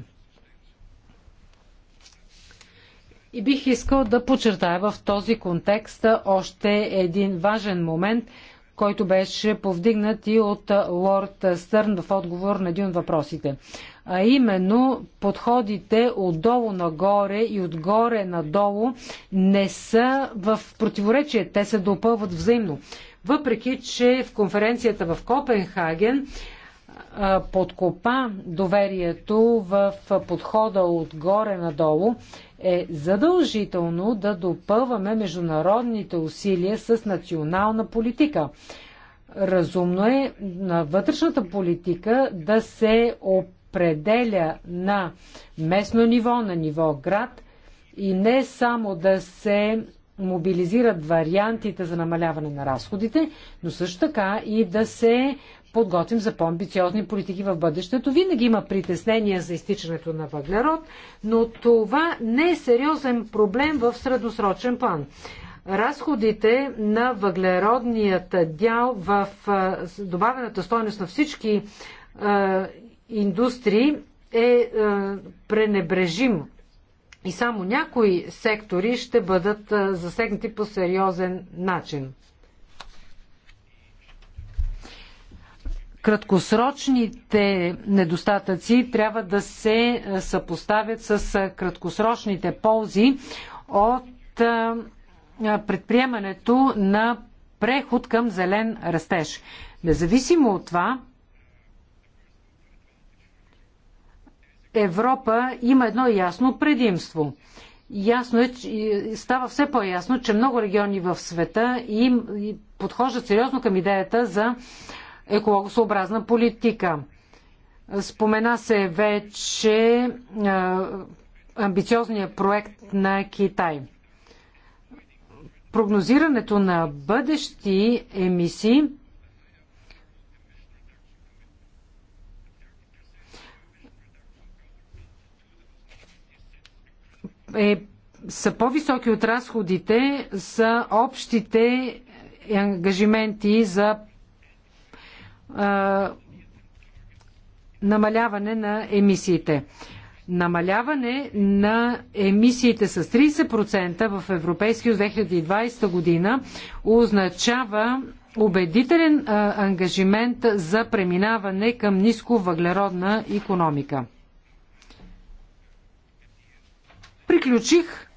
[SPEAKER 2] И бих искал да подчертая в този контекст още един важен момент – който беше повдигнат и от лорд Стърн в отговор на един от въпросите. А именно подходите отдолу нагоре и отгоре надолу не са в противоречие, те се допълват взаимно. Въпреки, че в конференцията в Копенхаген подкопа доверието в подхода отгоре надолу е задължително да допълваме международните усилия с национална политика. Разумно е на вътрешната политика да се определя на местно ниво, на ниво град и не само да се мобилизират вариантите за намаляване на разходите, но също така и да се подготвим за по-амбициозни политики в бъдещето. Винаги има притеснения за изтичането на въглерод, но това не е сериозен проблем в средосрочен план. Разходите на въглеродният дял в добавената стойност на всички индустрии е пренебрежим. И само някои сектори ще бъдат засегнати по сериозен начин. краткосрочните недостатъци трябва да се е, съпоставят с е, краткосрочните ползи от е, предприемането на преход към зелен растеж. Независимо от това, Европа има едно ясно предимство. Ясно е, че става все по-ясно, че много региони в света им подхождат сериозно към идеята за екологосообразна политика. Спомена се вече амбициозния проект на Китай. Прогнозирането на бъдещи емисии е, са по-високи от разходите са общите ангажименти за намаляване на емисиите. Намаляване на емисиите с 30% в Европейския 2020 година означава убедителен ангажимент за преминаване към ниско въглеродна економика. Приключих.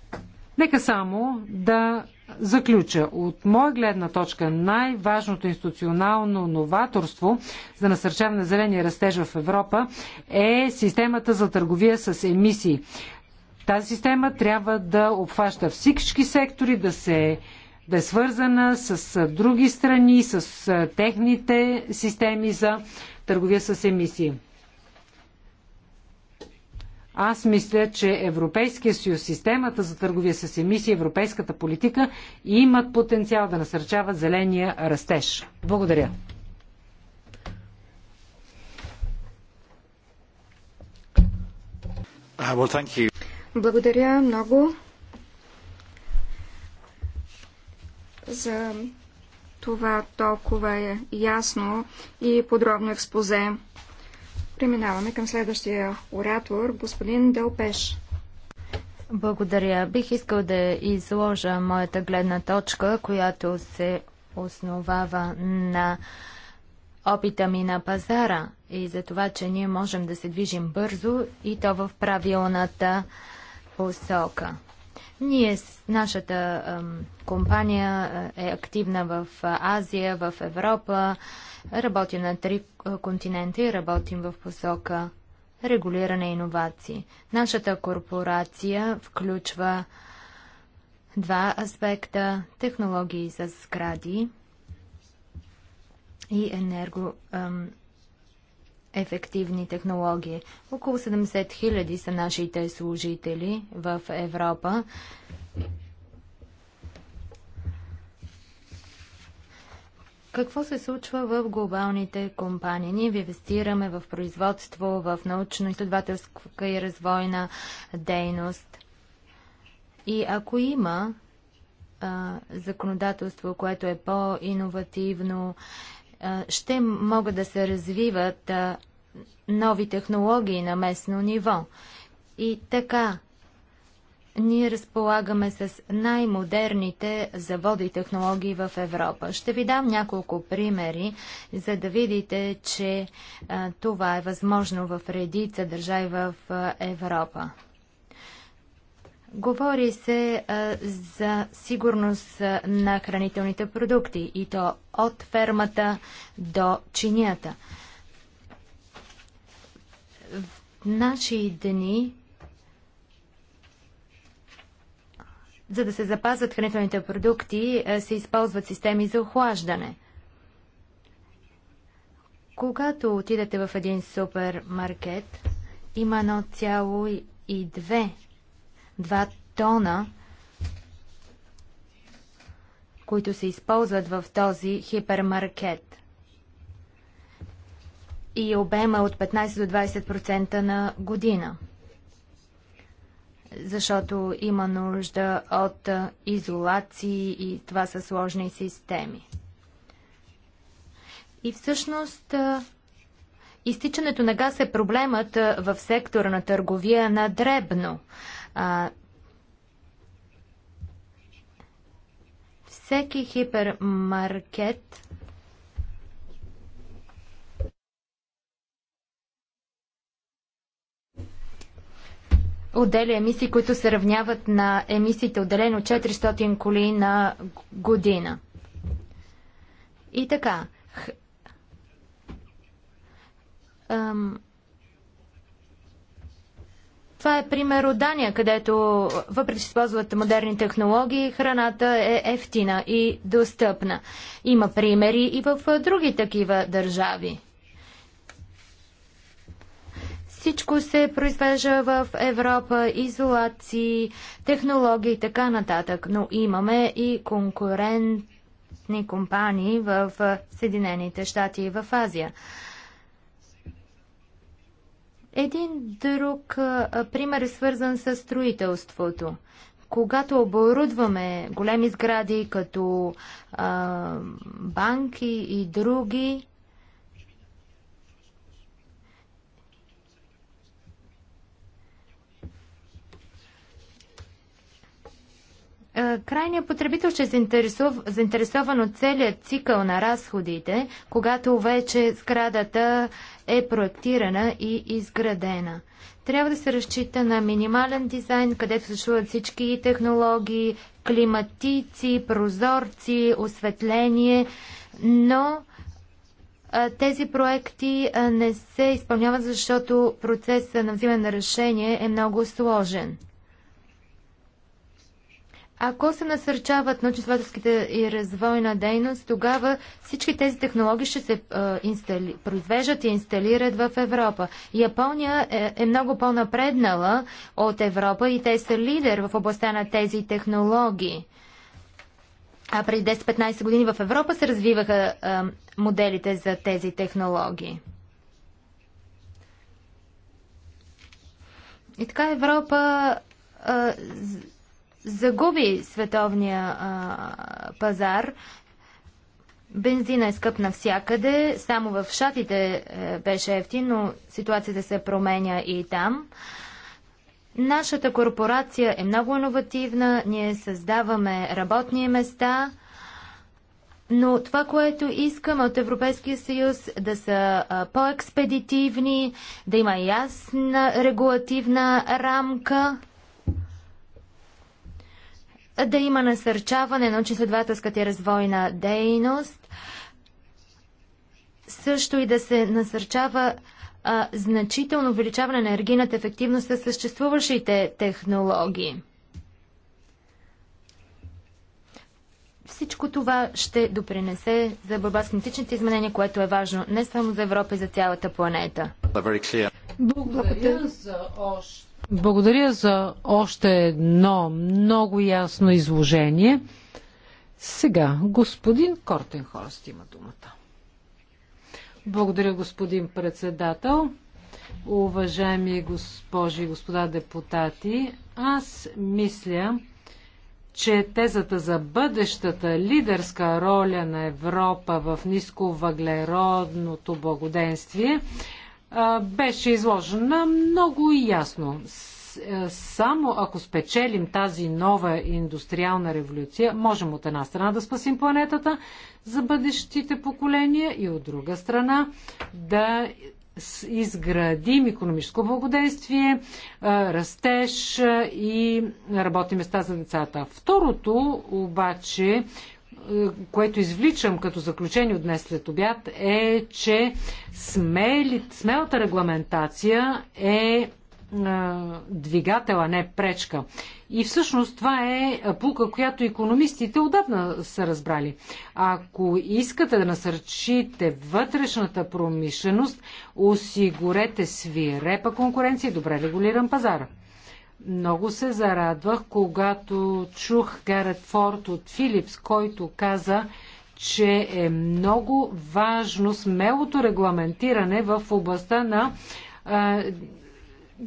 [SPEAKER 2] Нека само да заключа. От моя гледна точка най-важното институционално новаторство за насърчаване на зеления растеж в Европа е системата за търговия с емисии. Тази система трябва да обхваща всички сектори, да се да е свързана с други страни, с техните системи за търговия с емисии. Аз мисля, че Европейския съюз, системата за търговия с емисии, европейската политика имат потенциал да насърчават зеления растеж.
[SPEAKER 3] Благодаря. Uh, Благодаря много за това толкова ясно и подробно експозе. Преминаваме към следващия оратор, господин Дълпеш. Благодаря. Бих искал да
[SPEAKER 1] изложа моята гледна точка, която се основава на опита ми на пазара и за това, че ние можем да се движим бързо и то в правилната посока. Ние, нашата компания е, е активна в Азия, в Европа, работи на три континента и работим в посока регулиране и иновации. Нашата корпорация включва два аспекта – технологии за сгради и енерго, ефективни технологии. Около 70 хиляди са нашите служители в Европа. Какво се случва в глобалните компании? Ние инвестираме в производство, в научно-изследователска и развойна дейност. И ако има а, законодателство, което е по-инновативно, а, ще могат да се развиват нови технологии на местно ниво. И така, ние разполагаме с най-модерните заводи и технологии в Европа. Ще ви дам няколко примери, за да видите, че а, това е възможно в редица държави в а, Европа. Говори се а, за сигурност а, на хранителните продукти и то от фермата до чинията. В наши дни, за да се запазват хранителните продукти, а, се използват системи за охлаждане. Когато отидете в един супермаркет, има 1,2 2 тона, които се използват в този хипермаркет. И обема от 15 до 20% на година. Защото има нужда от изолации и това са сложни системи. И всъщност изтичането на газ е проблемът в сектора на търговия на дребно. А, всеки хипермаркет отделя емисии, които се равняват на емисиите отделено 400 коли на година. И така. Ам, това е пример от Дания, където въпреки че използват модерни технологии, храната е ефтина и достъпна. Има примери и в други такива държави. Всичко се произвежда в Европа, изолации, технологии и така нататък, но имаме и конкурентни компании в Съединените щати и в Азия. Един друг пример е свързан с строителството. Когато оборудваме големи сгради като а, банки и други, Е, крайният потребител ще е заинтересован от целият цикъл на разходите, когато вече сградата е проектирана и изградена. Трябва да се разчита на минимален дизайн, където съществуват всички технологии, климатици, прозорци, осветление, но тези проекти не се изпълняват, защото процесът на взимане на решение е много сложен. Ако се насърчават научно-изследователските и развойна дейност, тогава всички тези технологии ще се а, инстали... произвеждат и инсталират в Европа. Япония е, е много по-напреднала от Европа и те са лидер в областта на тези технологии. А преди 10-15 години в Европа се развиваха моделите за тези технологии. И така Европа загуби световния а, пазар. Бензина е скъп навсякъде, само в Шатите е, беше ефтин, но ситуацията се променя и там. Нашата корпорация е много иновативна, ние създаваме работни места, но това, което искаме от Европейския съюз да са по-експедитивни, да има ясна регулативна рамка – да има насърчаване на научно и развойна дейност, също и да се насърчава а, значително увеличаване на енергийната ефективност със съществуващите технологии. Всичко това ще допринесе за борба с климатичните изменения, което е важно не само за Европа и за цялата планета.
[SPEAKER 2] Благодаря за още благодаря за още едно много ясно изложение. Сега господин Кортенхорст има думата. Благодаря, господин председател. Уважаеми госпожи и господа депутати, аз мисля, че тезата за бъдещата лидерска роля на Европа в нисковъглеродното благоденствие беше изложена много ясно. Е, само ако спечелим тази нова индустриална революция, можем от една страна да спасим планетата за бъдещите поколения и от друга страна да изградим економическо благодействие, е, растеж е, и работни места за децата. Второто обаче, което извличам като заключение от днес след обяд, е, че смели, смелата регламентация е, е двигател, а не пречка. И всъщност това е пулка, която економистите отдавна са разбрали. Ако искате да насърчите вътрешната промишленост, осигурете свирепа конкуренция и добре регулиран пазар. Много се зарадвах, когато чух Гарет Форд от Филипс, който каза, че е много важно смелото регламентиране в областта на а,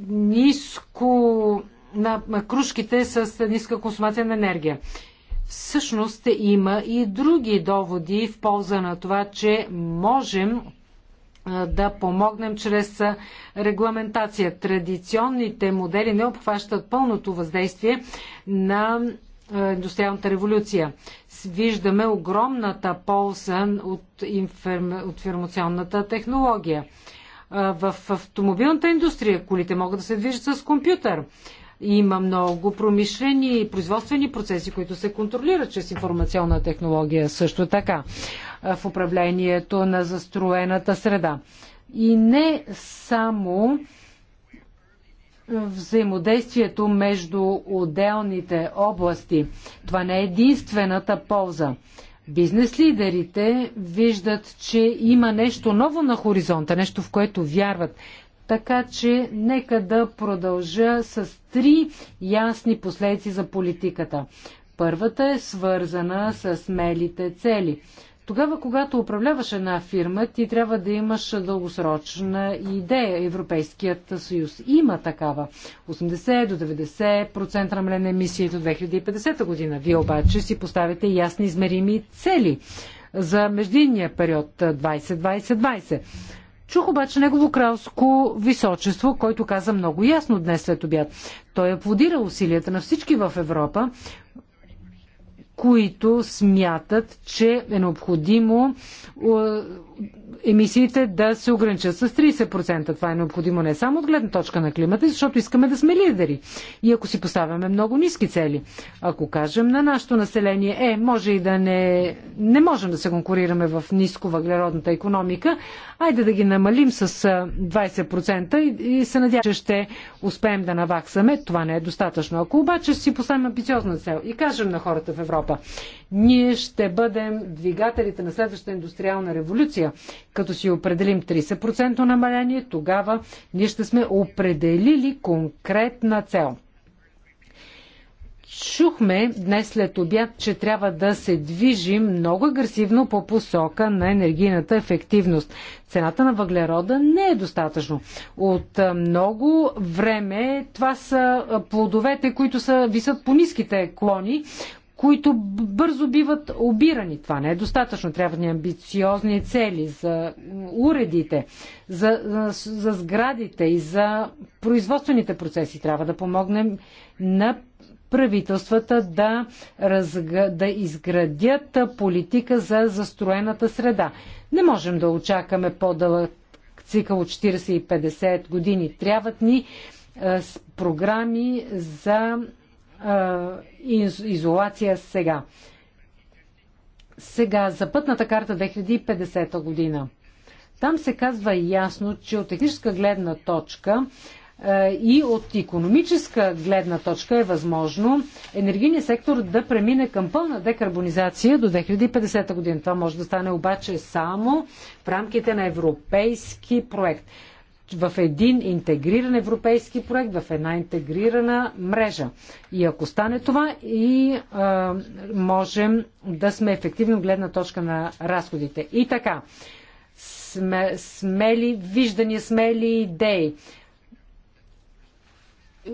[SPEAKER 2] ниско на кружките с ниска консумация на енергия. Всъщност има и други доводи в полза на това, че можем да помогнем чрез регламентация. Традиционните модели не обхващат пълното въздействие на индустриалната революция. Виждаме огромната полза от, инферм... от технология. В автомобилната индустрия колите могат да се движат с компютър. Има много промишлени и производствени процеси, които се контролират чрез информационна технология също така в управлението на застроената среда. И не само взаимодействието между отделните области. Това не е единствената полза. Бизнес лидерите виждат, че има нещо ново на хоризонта, нещо в което вярват. Така че нека да продължа с три ясни последици за политиката. Първата е свързана с мелите цели. Тогава, когато управляваш една фирма, ти трябва да имаш дългосрочна идея. Европейският съюз има такава. 80 до 90% намаление на емисии до 2050 година. Вие обаче си поставите ясни измерими цели за междинния период 20-20-20. Чух обаче негово кралско височество, който каза много ясно днес след обяд. Той аплодира усилията на всички в Европа, които смятат, че е необходимо е, емисиите да се ограничат с 30%. Това е необходимо не само от гледна точка на климата, защото искаме да сме лидери. И ако си поставяме много ниски цели, ако кажем на нашето население, е, може и да не, не можем да се конкурираме в ниско въглеродната економика, айде да ги намалим с 20% и, и се надявам, че ще успеем да наваксаме. Това не е достатъчно. Ако обаче си поставим амбициозна цел и кажем на хората в Европа, ние ще бъдем двигателите на следващата индустриална революция като си определим 30% намаление, тогава ние ще сме определили конкретна цел. Чухме днес след обяд, че трябва да се движим много агресивно по посока на енергийната ефективност. Цената на въглерода не е достатъчно. От много време това са плодовете, които са висят по ниските клони които бързо биват обирани. Това не е достатъчно. Трябва ни амбициозни цели за уредите, за, за, за сградите и за производствените процеси. Трябва да помогнем на правителствата да, разга, да изградят политика за застроената среда. Не можем да очакаме по-дълъг цикъл от 40 и 50 години. Трябват ни програми за изолация сега. Сега за пътната карта 2050 година. Там се казва ясно, че от техническа гледна точка и от економическа гледна точка е възможно енергийният сектор да премине към пълна декарбонизация до 2050 година. Това може да стане обаче само в рамките на европейски проект в един интегриран европейски проект, в една интегрирана мрежа. И ако стане това, и а, можем да сме ефективно гледна точка на разходите. И така, сме, смели виждания, смели идеи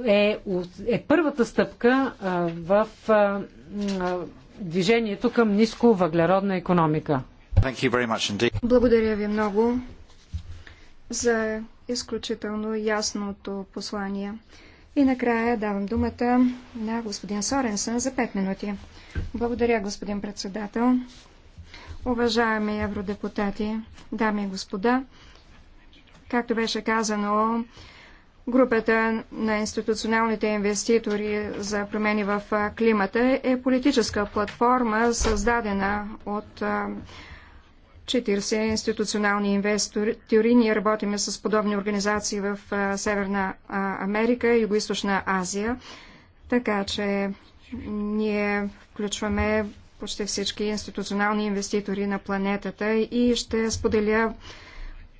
[SPEAKER 2] е, е първата стъпка а, в а, движението към ниско въглеродна економика.
[SPEAKER 3] Благодаря ви много за изключително ясното послание. И накрая давам думата на господин Соренсън за 5 минути. Благодаря, господин председател. Уважаеми евродепутати, дами и господа, както беше казано, групата на институционалните инвеститори за промени в климата е политическа платформа, създадена от 40 институционални инвестори. Ние работиме с подобни организации в Северна Америка и Юго-Источна Азия. Така че ние включваме почти всички институционални инвеститори на планетата и ще споделя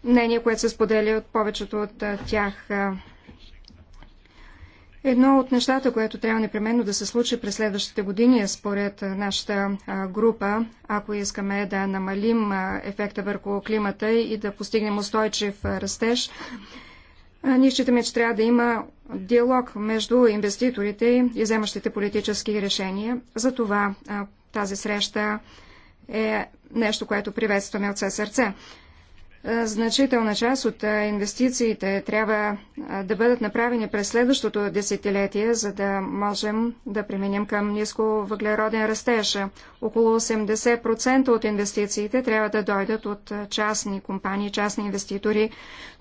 [SPEAKER 3] мнение, което се споделя от повечето от тях. Едно от нещата, което трябва непременно да се случи през следващите години, е според нашата група, ако искаме да намалим ефекта върху климата и да постигнем устойчив растеж, ние считаме, че трябва да има диалог между инвеститорите и вземащите политически решения. Затова тази среща е нещо, което приветстваме от все сърце. Е, значителна част от е, инвестициите трябва е, да бъдат направени през следващото десетилетие, за да можем да преминем към ниско въглероден растеж. Около 80% от инвестициите трябва да дойдат от частни компании, частни инвеститори.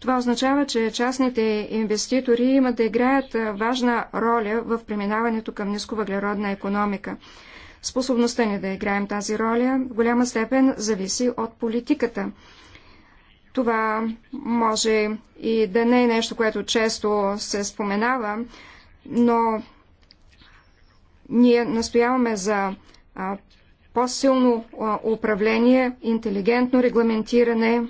[SPEAKER 3] Това означава, че частните инвеститори имат да играят важна роля в преминаването към нисковъглеродна економика. Способността ни да играем тази роля в голяма степен зависи от политиката. Това може и да не е нещо, което често се споменава, но ние настояваме за по-силно управление, интелигентно регламентиране.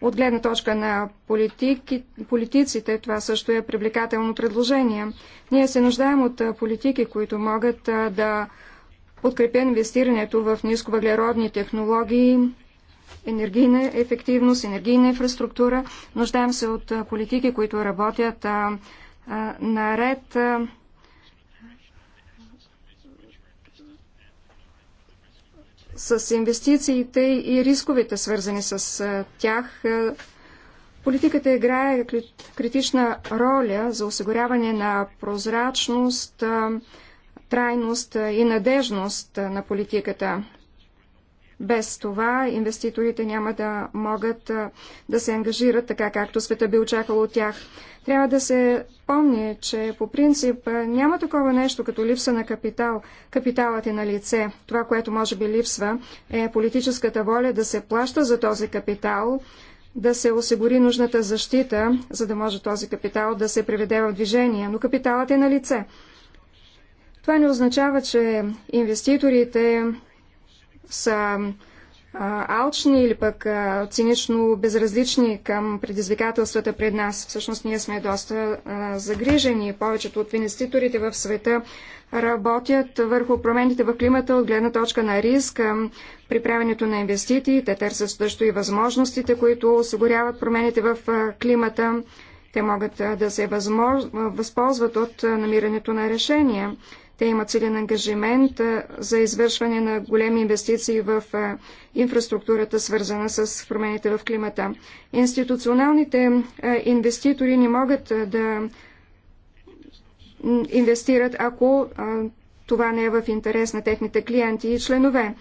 [SPEAKER 3] От гледна точка на политики, политиците, това също е привлекателно предложение. Ние се нуждаем от политики, които могат да подкрепят инвестирането в нисковъглеродни технологии, енергийна ефективност, енергийна инфраструктура. Нуждаем се от политики, които работят а, а, наред. А, с инвестициите и рисковете, свързани с тях. Политиката играе критична роля за осигуряване на прозрачност, трайност и надежност на политиката. Без това инвеститорите няма да могат да се ангажират така, както света би очаквал от тях. Трябва да се помни, че по принцип няма такова нещо като липса на капитал. Капиталът е на лице. Това, което може би липсва, е политическата воля да се плаща за този капитал, да се осигури нужната защита, за да може този капитал да се приведе в движение. Но капиталът е на лице. Това не означава, че инвеститорите са алчни или пък цинично безразлични към предизвикателствата пред нас. Всъщност ние сме доста загрижени. Повечето от инвеститорите в света работят върху промените в климата от гледна точка на риск при правенето на инвестиции. Те търсят също и възможностите, които осигуряват промените в климата. Те могат да се възползват от намирането на решения. Те имат силен ангажимент за извършване на големи инвестиции в инфраструктурата, свързана с промените в климата. Институционалните инвеститори не могат да инвестират, ако това не е в интерес на техните клиенти и членове.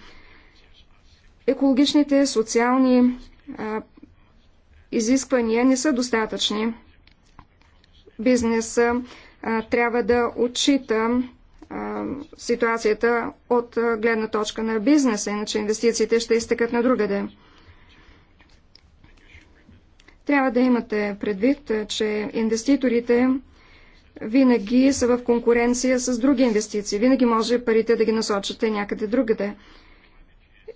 [SPEAKER 3] Екологичните, социални изисквания не са достатъчни. Бизнесът трябва да отчита ситуацията от гледна точка на бизнеса, иначе инвестициите ще изтекат на другаде. Трябва да имате предвид, че инвеститорите винаги са в конкуренция с други инвестиции. Винаги може парите да ги насочите някъде другаде.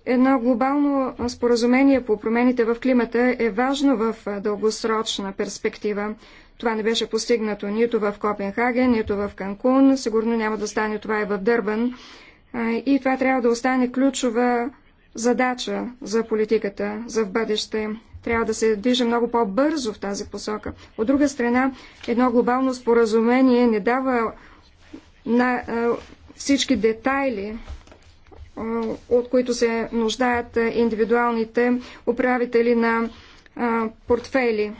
[SPEAKER 3] Едно глобално споразумение по промените в климата е важно в дългосрочна перспектива. Това не беше постигнато нито в Копенхаген, нито в Канкун. Сигурно няма да стане това и в Дърбан. И това трябва да остане ключова задача за политиката, за в бъдеще. Трябва да се движи много по-бързо в тази посока. От друга страна, едно глобално споразумение не дава на всички детайли, от които се нуждаят индивидуалните управители на портфели.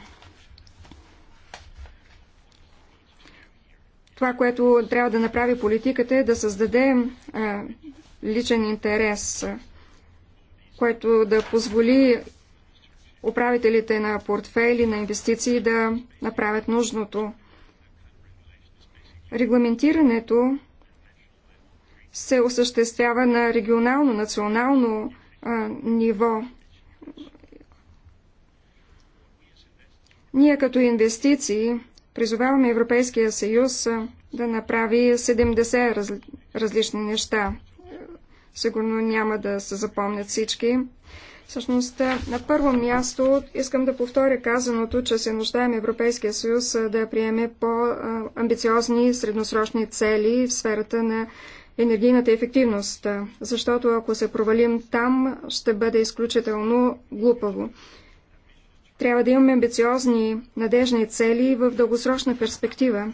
[SPEAKER 3] Това, което трябва да направи политиката е да създаде а, е, личен интерес, който да позволи управителите на портфели, на инвестиции да направят нужното. Регламентирането се осъществява на регионално, национално а, е, ниво. Ние като инвестиции Призоваваме Европейския съюз да направи 70 раз, различни неща. Е, сигурно няма да се запомнят всички. Всъщност, е, на първо място искам да повторя казаното, че се нуждаем Европейския съюз е, да приеме по-амбициозни средносрочни цели в сферата на енергийната ефективност, защото ако се провалим там, ще бъде изключително глупаво. Трябва да имаме амбициозни, надежни цели в дългосрочна перспектива.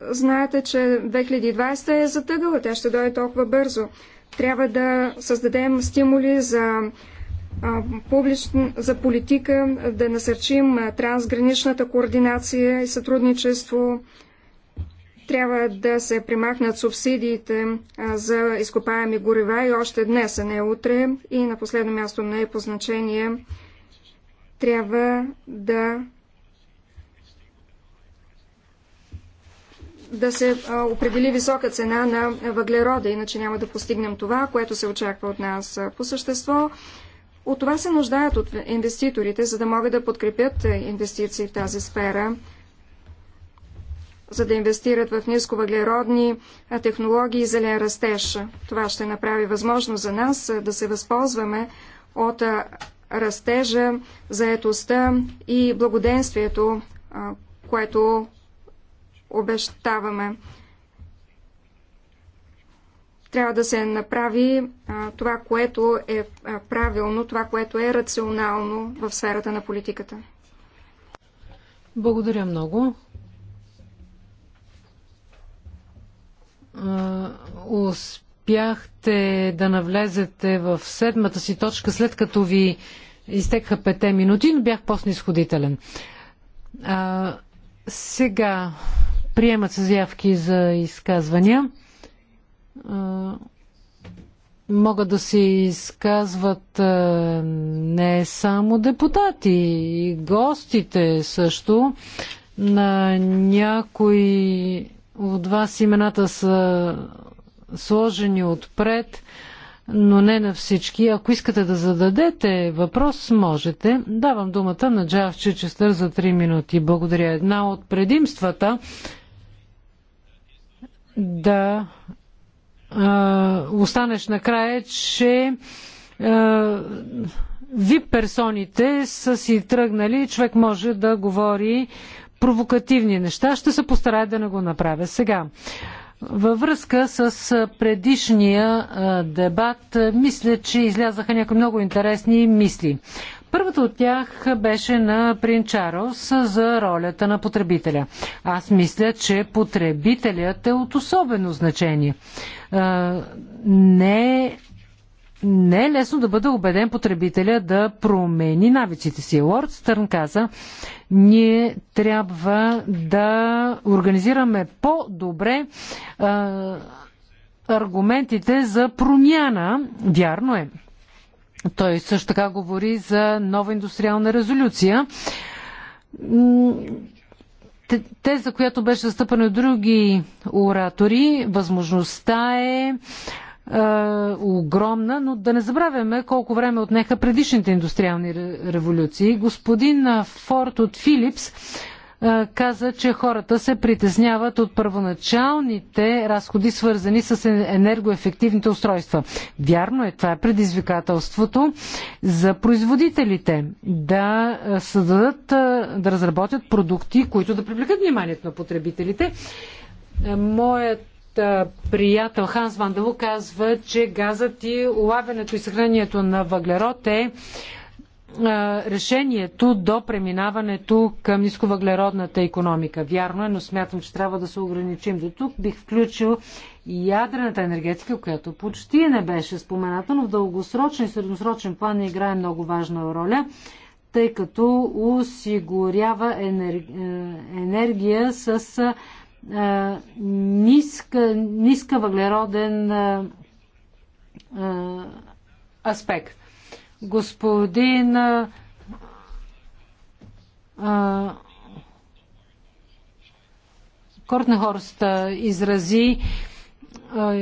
[SPEAKER 3] Знаете, че 2020 е затъгала, тя ще дойде толкова бързо. Трябва да създадем стимули за, а, публична, за политика, да насърчим трансграничната координация и сътрудничество, трябва да се примахнат субсидиите за изкопаеми горива и още днес, а не утре. И на последно място, не е по значение, трябва да да се определи висока цена на въглерода, иначе няма да постигнем това, което се очаква от нас. По същество, от това се нуждаят от инвеститорите, за да могат да подкрепят инвестиции в тази сфера за да инвестират в нисковъглеродни технологии и зелен растеж. Това ще направи възможно за нас да се възползваме от растежа, заетостта и благоденствието, което обещаваме. Трябва да се направи това, което е правилно, това, което е рационално в сферата на политиката.
[SPEAKER 2] Благодаря много. успяхте да навлезете в седмата си точка, след като ви изтекха пете минути, но бях по-снисходителен. сега приемат се заявки за изказвания. А, могат да се изказват а, не само депутати, и гостите също. На някои от вас имената са сложени отпред, но не на всички. Ако искате да зададете въпрос, можете. Давам думата на Джав Чичестър за 3 минути. Благодаря. Една от предимствата да а, останеш накрая, е, че а, вип персоните са си тръгнали, човек може да говори провокативни неща. Ще се постарая да не го направя сега. Във връзка с предишния дебат, мисля, че излязаха някои много интересни мисли. Първата от тях беше на Прин Чарлз за ролята на потребителя. Аз мисля, че потребителят е от особено значение. Не е не е лесно да бъде убеден потребителя да промени навиците си. Лорд Стърн каза, ние трябва да организираме по-добре аргументите за промяна. Вярно е. Той също така говори за нова индустриална резолюция. Те, за която беше застъпана от други оратори, възможността е огромна, но да не забравяме колко време отнеха предишните индустриални революции. Господин Форд от Филипс каза, че хората се притесняват от първоначалните разходи, свързани с е-, енергоефективните устройства. Вярно е, това е предизвикателството за производителите да създадат, да разработят продукти, които да привлекат вниманието на потребителите. Е, моят приятел Ханс Ванделу казва, че газът и улавянето и съхранението на въглерод е решението до преминаването към нисковъглеродната економика. Вярно е, но смятам, че трябва да се ограничим до тук. Бих включил и ядрената енергетика, която почти не беше спомената, но в дългосрочен и средносрочен план играе много важна роля, тъй като осигурява е, енергия с ниска, ниска въглероден аспект. Господин Кортнехорст изрази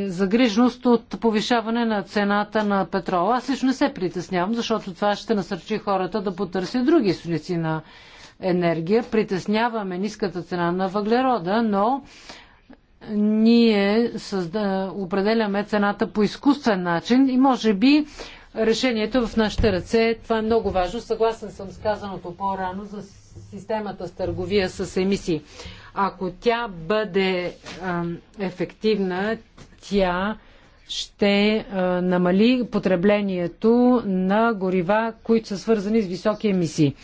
[SPEAKER 2] загрижност от повишаване на цената на петрола. Аз лично не се притеснявам, защото това ще насърчи хората да потърсят други източници на енергия. Притесняваме ниската цена на въглерода, но ние създа... определяме цената по изкуствен начин и може би решението е в нашите ръце. Това е много важно. Съгласен съм с казаното по-рано за системата с търговия с емисии. Ако тя бъде а, ефективна, тя ще а, намали потреблението на горива, които са свързани с високи емисии.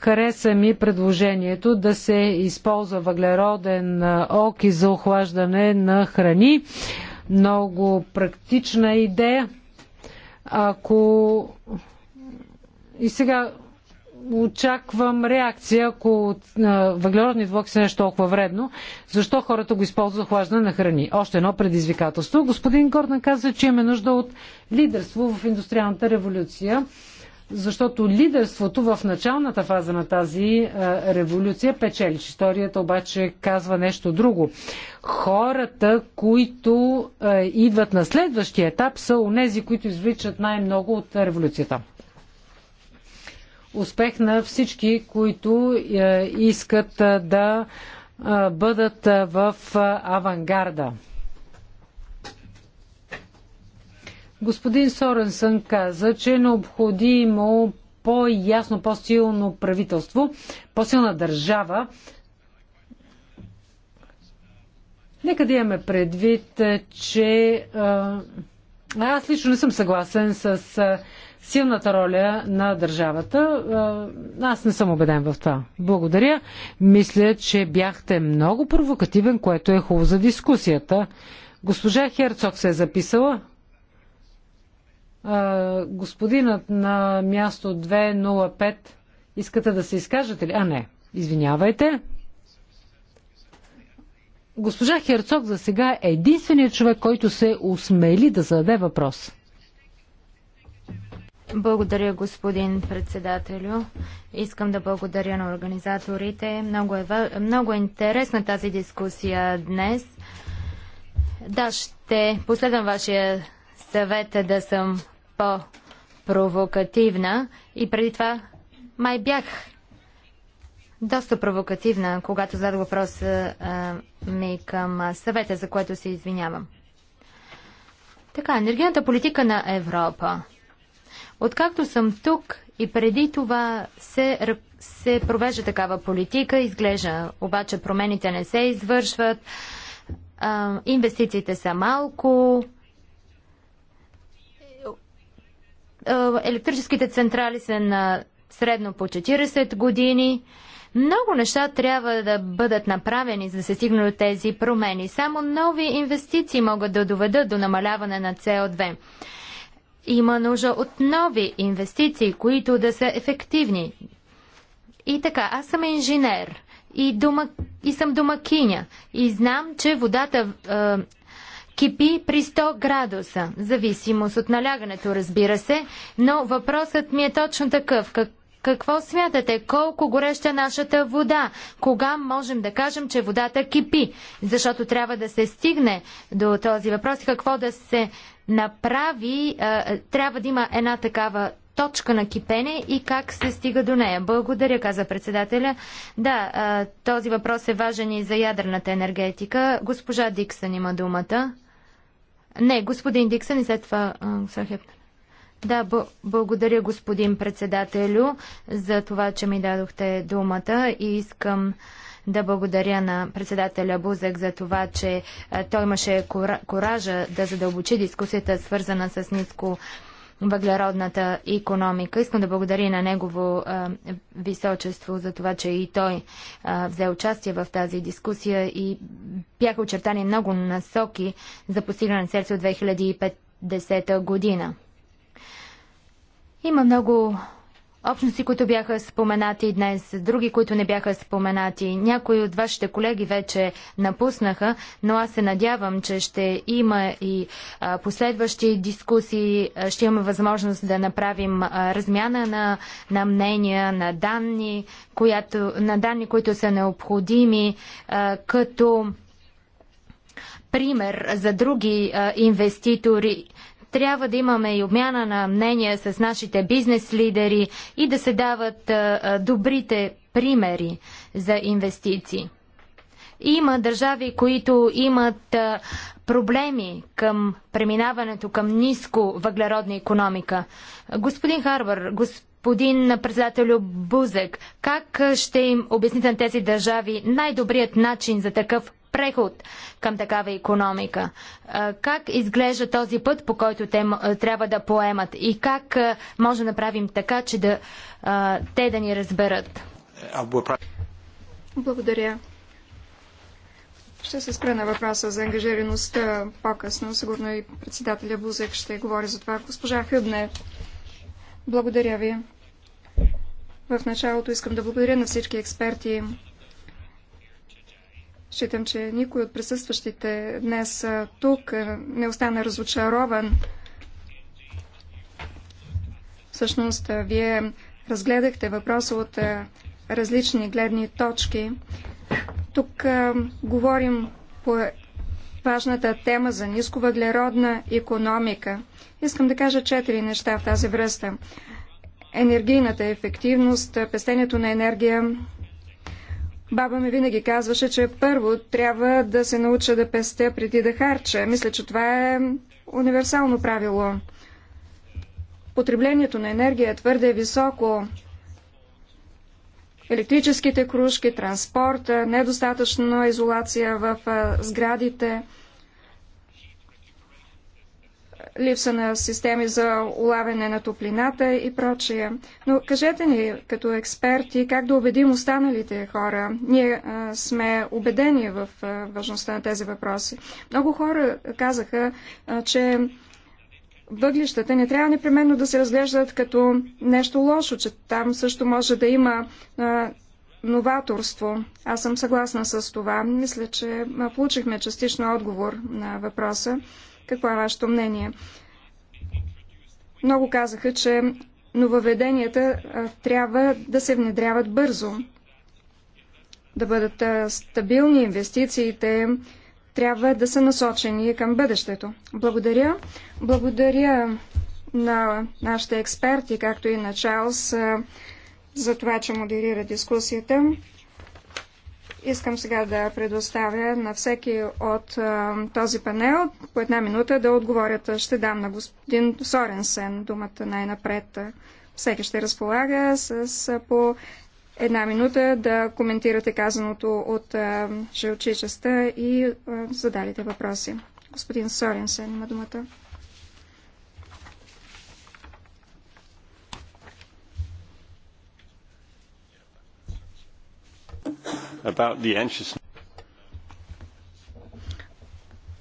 [SPEAKER 2] Хареса ми предложението да се използва въглероден оки за охлаждане на храни. Много практична идея. Ако и сега очаквам реакция, ако въглеродни двуокис са е нещо толкова вредно, защо хората го използват за охлаждане на храни? Още едно предизвикателство. Господин Гордан каза, че имаме нужда от лидерство в индустриалната революция защото лидерството в началната фаза на тази е, революция печели. Историята обаче казва нещо друго. Хората, които е, идват на следващия етап, са онези, които извличат най-много от революцията. Успех на всички, които е, искат да бъдат в авангарда. Господин Соренсън каза, че е необходимо по-ясно, по-силно правителство, по-силна държава. Нека да имаме предвид, че а, аз лично не съм съгласен с а, силната роля на държавата. А, аз не съм убеден в това. Благодаря. Мисля, че бяхте много провокативен, което е хубаво за дискусията. Госпожа Херцог се е записала господинът на място 205, искате да се изкажете ли? А, не. Извинявайте. Госпожа Херцог за сега е единственият човек, който се осмели да зададе въпрос.
[SPEAKER 1] Благодаря, господин председателю. Искам да благодаря на организаторите. Много е, много е интересна тази дискусия днес. Да, ще последвам вашия съвета да съм по-провокативна и преди това май бях доста провокативна, когато зададох въпроса ми към съвета, за което се извинявам. Така, енергийната политика на Европа. Откакто съм тук и преди това се, се провежда такава политика, изглежда обаче промените не се извършват, а, инвестициите са малко, Е, електрическите централи са на средно по 40 години. Много неща трябва да бъдат направени, за да се стигне до тези промени. Само нови инвестиции могат да доведат до намаляване на CO2. Има нужда от нови инвестиции, които да са ефективни. И така, аз съм инженер и, дума, и съм домакиня. И знам, че водата е, кипи при 100 градуса, зависимост от налягането, разбира се, но въпросът ми е точно такъв. Как, какво смятате? Колко гореща е нашата вода? Кога можем да кажем, че водата кипи? Защото трябва да се стигне до този въпрос. Какво да се направи? Трябва да има една такава точка на кипене и как се стига до нея? Благодаря, каза председателя. Да, този въпрос е важен и за ядрената енергетика. Госпожа Диксън има думата. Не, господин Диксън и след това Да, благодаря господин председателю за това, че ми дадохте думата и искам да благодаря на председателя Бузек за това, че той имаше коража да задълбочи дискусията, свързана с ниско въглеродната економика. Искам да благодаря на негово а, височество за това, че и той а, взе участие в тази дискусия и бяха очертани много насоки за постигане на целите от 2050 година. Има много общности, които бяха споменати днес, други, които не бяха споменати. Някои от вашите колеги вече напуснаха, но аз се надявам, че ще има и последващи дискусии, ще имаме възможност да направим размяна на, на мнения, на данни, която, на данни, които са необходими, като пример за други инвеститори, трябва да имаме и обмяна на мнения с нашите бизнес лидери и да се дават добрите примери за инвестиции. Има държави, които имат проблеми към преминаването към ниско въглеродна економика. Господин Харбър, господин председател Бузек, как ще им обясните на тези държави най-добрият начин за такъв преход към такава економика. Как изглежда този път, по който те трябва да поемат и как може да направим
[SPEAKER 3] така, че да, те да ни разберат? Благодаря. Ще се спра на въпроса за ангажираността по-късно. Сигурно и председателя Бузек ще говори за това. Госпожа Хъбне, благодаря ви. В началото искам да благодаря на всички експерти, Считам, че никой от присъстващите днес тук не остана разочарован. Всъщност, вие разгледахте въпроса от различни гледни точки. Тук а, говорим по важната тема за нисковъглеродна економика. Искам да кажа четири неща в тази връзка. Енергийната ефективност, пестенето на енергия, Баба ми винаги казваше, че първо трябва да се науча да пестя преди да харча. Мисля, че това е универсално правило. Потреблението на енергия е твърде високо. Електрическите кружки, транспорта, недостатъчна изолация в сградите – липса на системи за улавяне на топлината и прочие. Но кажете ни, като експерти, как да убедим останалите хора? Ние а, сме убедени в а, важността на тези въпроси. Много хора казаха, а, че въглищата не трябва непременно да се разглеждат като нещо лошо, че там също може да има а, новаторство. Аз съм съгласна с това. Мисля, че получихме частично отговор на въпроса. Какво е вашето мнение? Много казаха, че нововведенията трябва да се внедряват бързо, да бъдат стабилни инвестициите, трябва да са насочени към бъдещето. Благодаря. Благодаря на нашите експерти, както и на Чарлз, за това, че модерира дискусията. Искам сега да предоставя на всеки от а, този панел по една минута да отговорят. Ще дам на господин Соренсен думата най-напред. Всеки ще разполага с, с по една минута да коментирате казаното от желчичеста и а, задалите въпроси. Господин Соренсен има думата.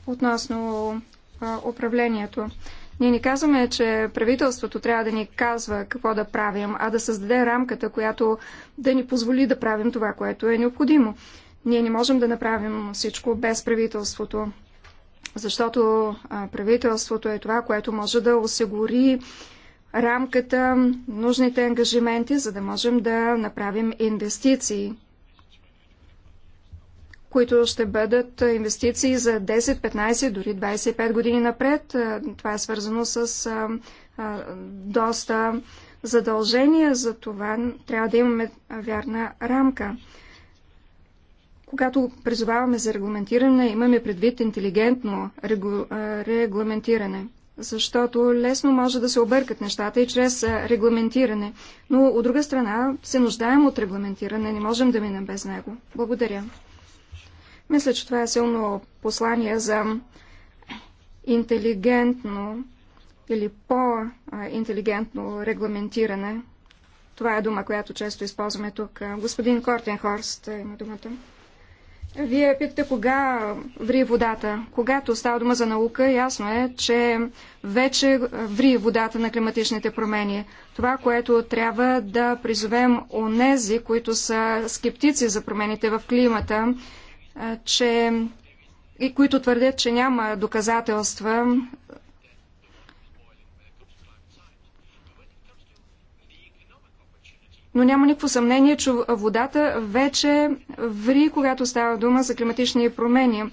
[SPEAKER 3] Относно управлението. Ние не казваме, че правителството трябва да ни казва какво да правим, а да създаде рамката, която да ни позволи да правим това, което е необходимо. Ние не можем да направим всичко без правителството, защото правителството е това, което може да осигури рамката, нужните ангажименти, за да можем да направим инвестиции които ще бъдат инвестиции за 10, 15, дори 25 години напред. Това е свързано с доста задължения, за това трябва да имаме вярна рамка. Когато призоваваме за регламентиране, имаме предвид интелигентно регу... регламентиране, защото лесно може да се объркат нещата и чрез регламентиране. Но от друга страна се нуждаем от регламентиране, не можем да минем без него. Благодаря. Мисля, че това е силно послание за интелигентно или по-интелигентно регламентиране. Това е дума, която често използваме тук. Господин Кортенхорст е, има думата. Вие питате кога ври водата. Когато става дума за наука, ясно е, че вече ври водата на климатичните промени. Това, което трябва да призовем онези, които са скептици за промените в климата че и които твърдят, че няма доказателства Но няма никакво съмнение, че водата вече ври, когато става дума за климатични промени.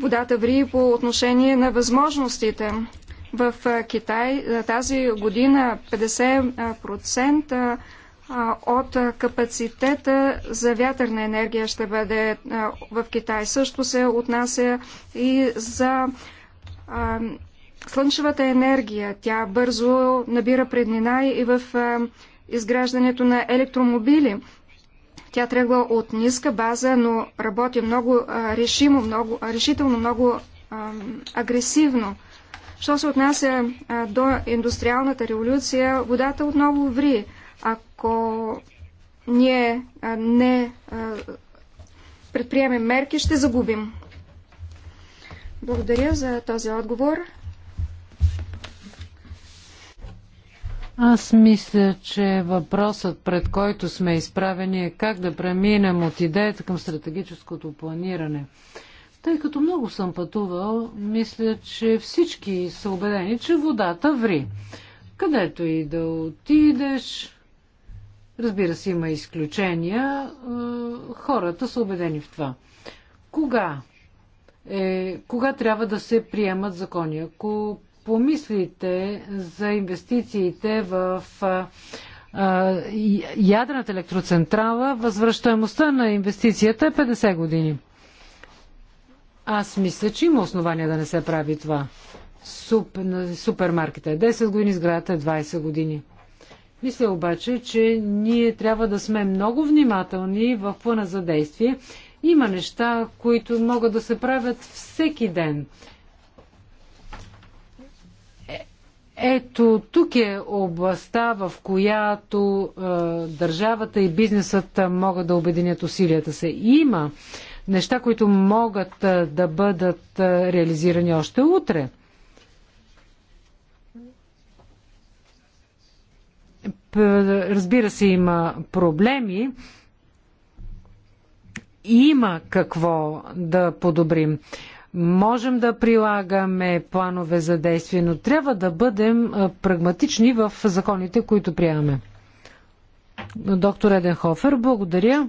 [SPEAKER 3] Водата ври по отношение на възможностите. В Китай тази година 50% от капацитета за вятърна енергия ще бъде в Китай. Също се отнася и за слънчевата енергия. Тя бързо набира преднина и в изграждането на електромобили. Тя тръгва от ниска база, но работи много решимо, много, решително, много агресивно. Що се отнася до индустриалната революция, водата отново ври. Ако ние не предприемем мерки, ще загубим. Благодаря за този отговор.
[SPEAKER 2] Аз мисля, че въпросът, пред който сме изправени е как да преминем от идеята към стратегическото планиране. Тъй като много съм пътувал, мисля, че всички са убедени, че водата ври. Където и да отидеш, Разбира се, има изключения. Е, хората са убедени в това. Кога? Е, кога трябва да се приемат закони? Ако помислите за инвестициите в е, е, ядрената електроцентрала, възвръщаемостта на инвестицията е 50 години. Аз мисля, че има основания да не се прави това. Суп, супермаркета е 10 години, сградата е 20 години. Мисля обаче, че ние трябва да сме много внимателни в плана за действие. Има неща, които могат да се правят всеки ден. Е, ето, тук е областта, в която е, държавата и бизнесът могат да обединят усилията се. Има неща, които могат е, да бъдат е, реализирани още утре. Е, разбира се, има проблеми. Има какво да подобрим. Можем да прилагаме планове за действие, но трябва да бъдем е, прагматични в законите, които приемаме. Доктор Еденхофер, благодаря.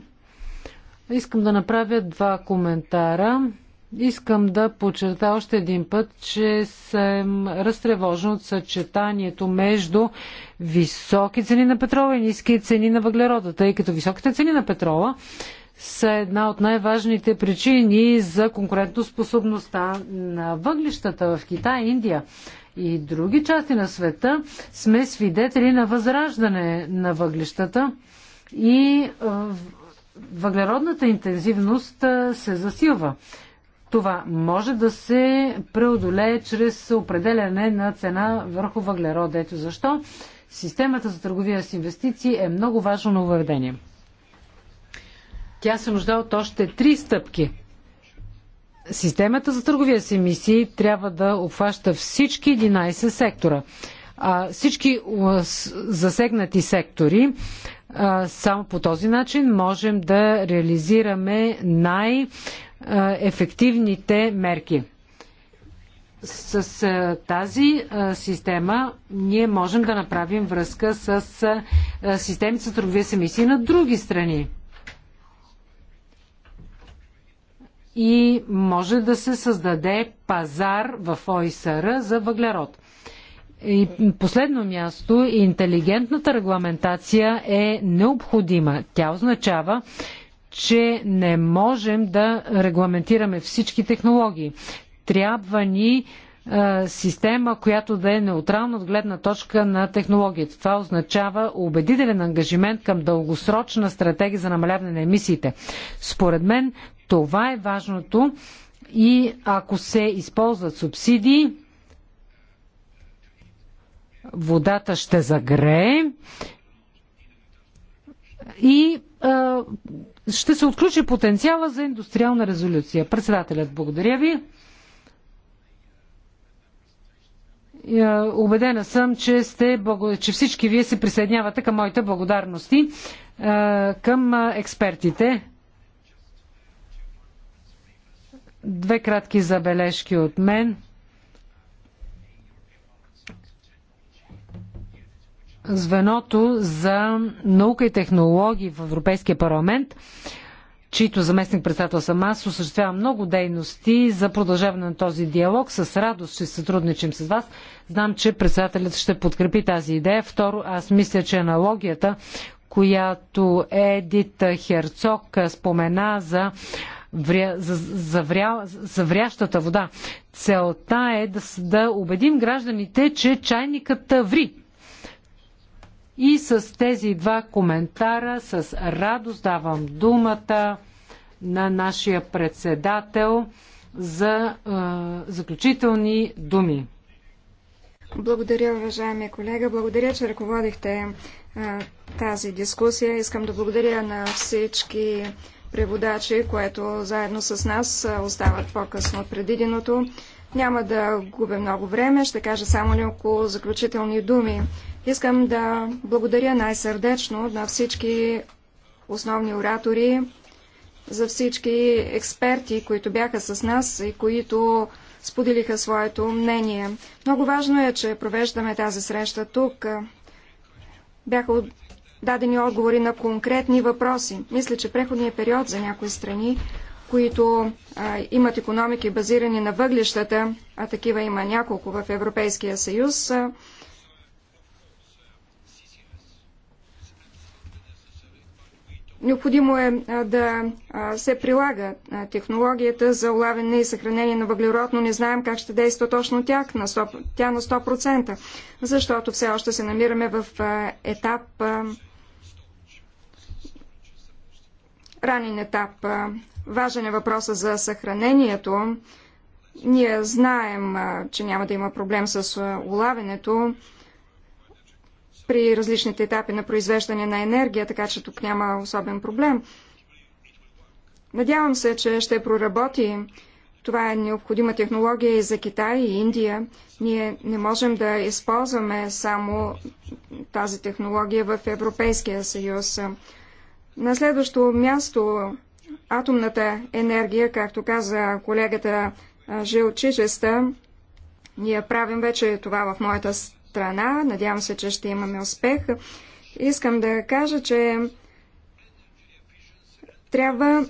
[SPEAKER 2] Искам да направя два коментара. Искам да подчерта още един път, че съм разтревожен от съчетанието между високи цени на петрола и ниски цени на въглерода, тъй като високите цени на петрола са една от най-важните причини за конкурентоспособността на въглищата в Китай, Индия и други части на света. Сме свидетели на възраждане на въглищата и въглеродната интензивност се засилва. Това може да се преодолее чрез определяне на цена върху въглерод. Ето защо системата за търговия с инвестиции е много важно нововведение. Тя се нужда от още три стъпки. Системата за търговия с емисии трябва да обхваща всички 11 сектора. А, всички засегнати сектори а, само по този начин можем да реализираме най- ефективните мерки. С тази система ние можем да направим връзка с системи за търговия с емисии на други страни. И може да се създаде пазар в ОИСР за въглерод. И последно място, интелигентната регламентация е необходима. Тя означава, че не можем да регламентираме всички технологии. Трябва ни е, система, която да е неутрална от гледна точка на технологията. Това означава убедителен ангажимент към дългосрочна стратегия за намаляване на емисиите. Според мен това е важното и ако се използват субсидии, водата ще загрее и а, е, ще се отключи потенциала за индустриална резолюция. Председателят, благодаря ви. Обедена е, съм, че, сте, че всички вие се присъединявате към моите благодарности е, към е, експертите. Две кратки забележки от мен. звеното за наука и технологии в Европейския парламент, чийто заместник председател съм аз, осъществява много дейности за продължаване на този диалог. С радост ще сътрудничим с вас. Знам, че председателят ще подкрепи тази идея. Второ, аз мисля, че аналогията, която Едит Херцог спомена за вря, за, за, вря, за вода. Целта е да, да убедим гражданите, че чайникът ври. И с тези два коментара с радост давам думата на нашия председател за е, заключителни думи.
[SPEAKER 3] Благодаря, уважаеми колега. Благодаря, че ръководихте е, тази дискусия. Искам да благодаря на всички преводачи, което заедно с нас остават по-късно от предвиденото. Няма да губя много време, ще кажа само няколко заключителни думи. Искам да благодаря най-сърдечно на всички основни оратори, за всички експерти, които бяха с нас и които споделиха своето мнение. Много важно е, че провеждаме тази среща тук. Бяха дадени отговори на конкретни въпроси. Мисля, че преходният период за някои страни, които а, имат економики базирани на въглищата, а такива има няколко в Европейския съюз, а, Необходимо е да се прилага технологията за улавяне и съхранение на въглерод, но не знаем как ще действа точно тя на 100%, тя на 100% защото все още се намираме в етап ранен етап. Важен е въпроса за съхранението. Ние знаем, че няма да има проблем с улавянето, при различните етапи на произвеждане на енергия, така че тук няма особен проблем. Надявам се, че ще проработи. Това е необходима технология и за Китай и Индия. Ние не можем да използваме само тази технология в Европейския съюз. На следващо място атомната енергия, както каза колегата Жил Чичеста, ние правим вече това в моята страна. Надявам се, че ще имаме успех. Искам да кажа, че трябва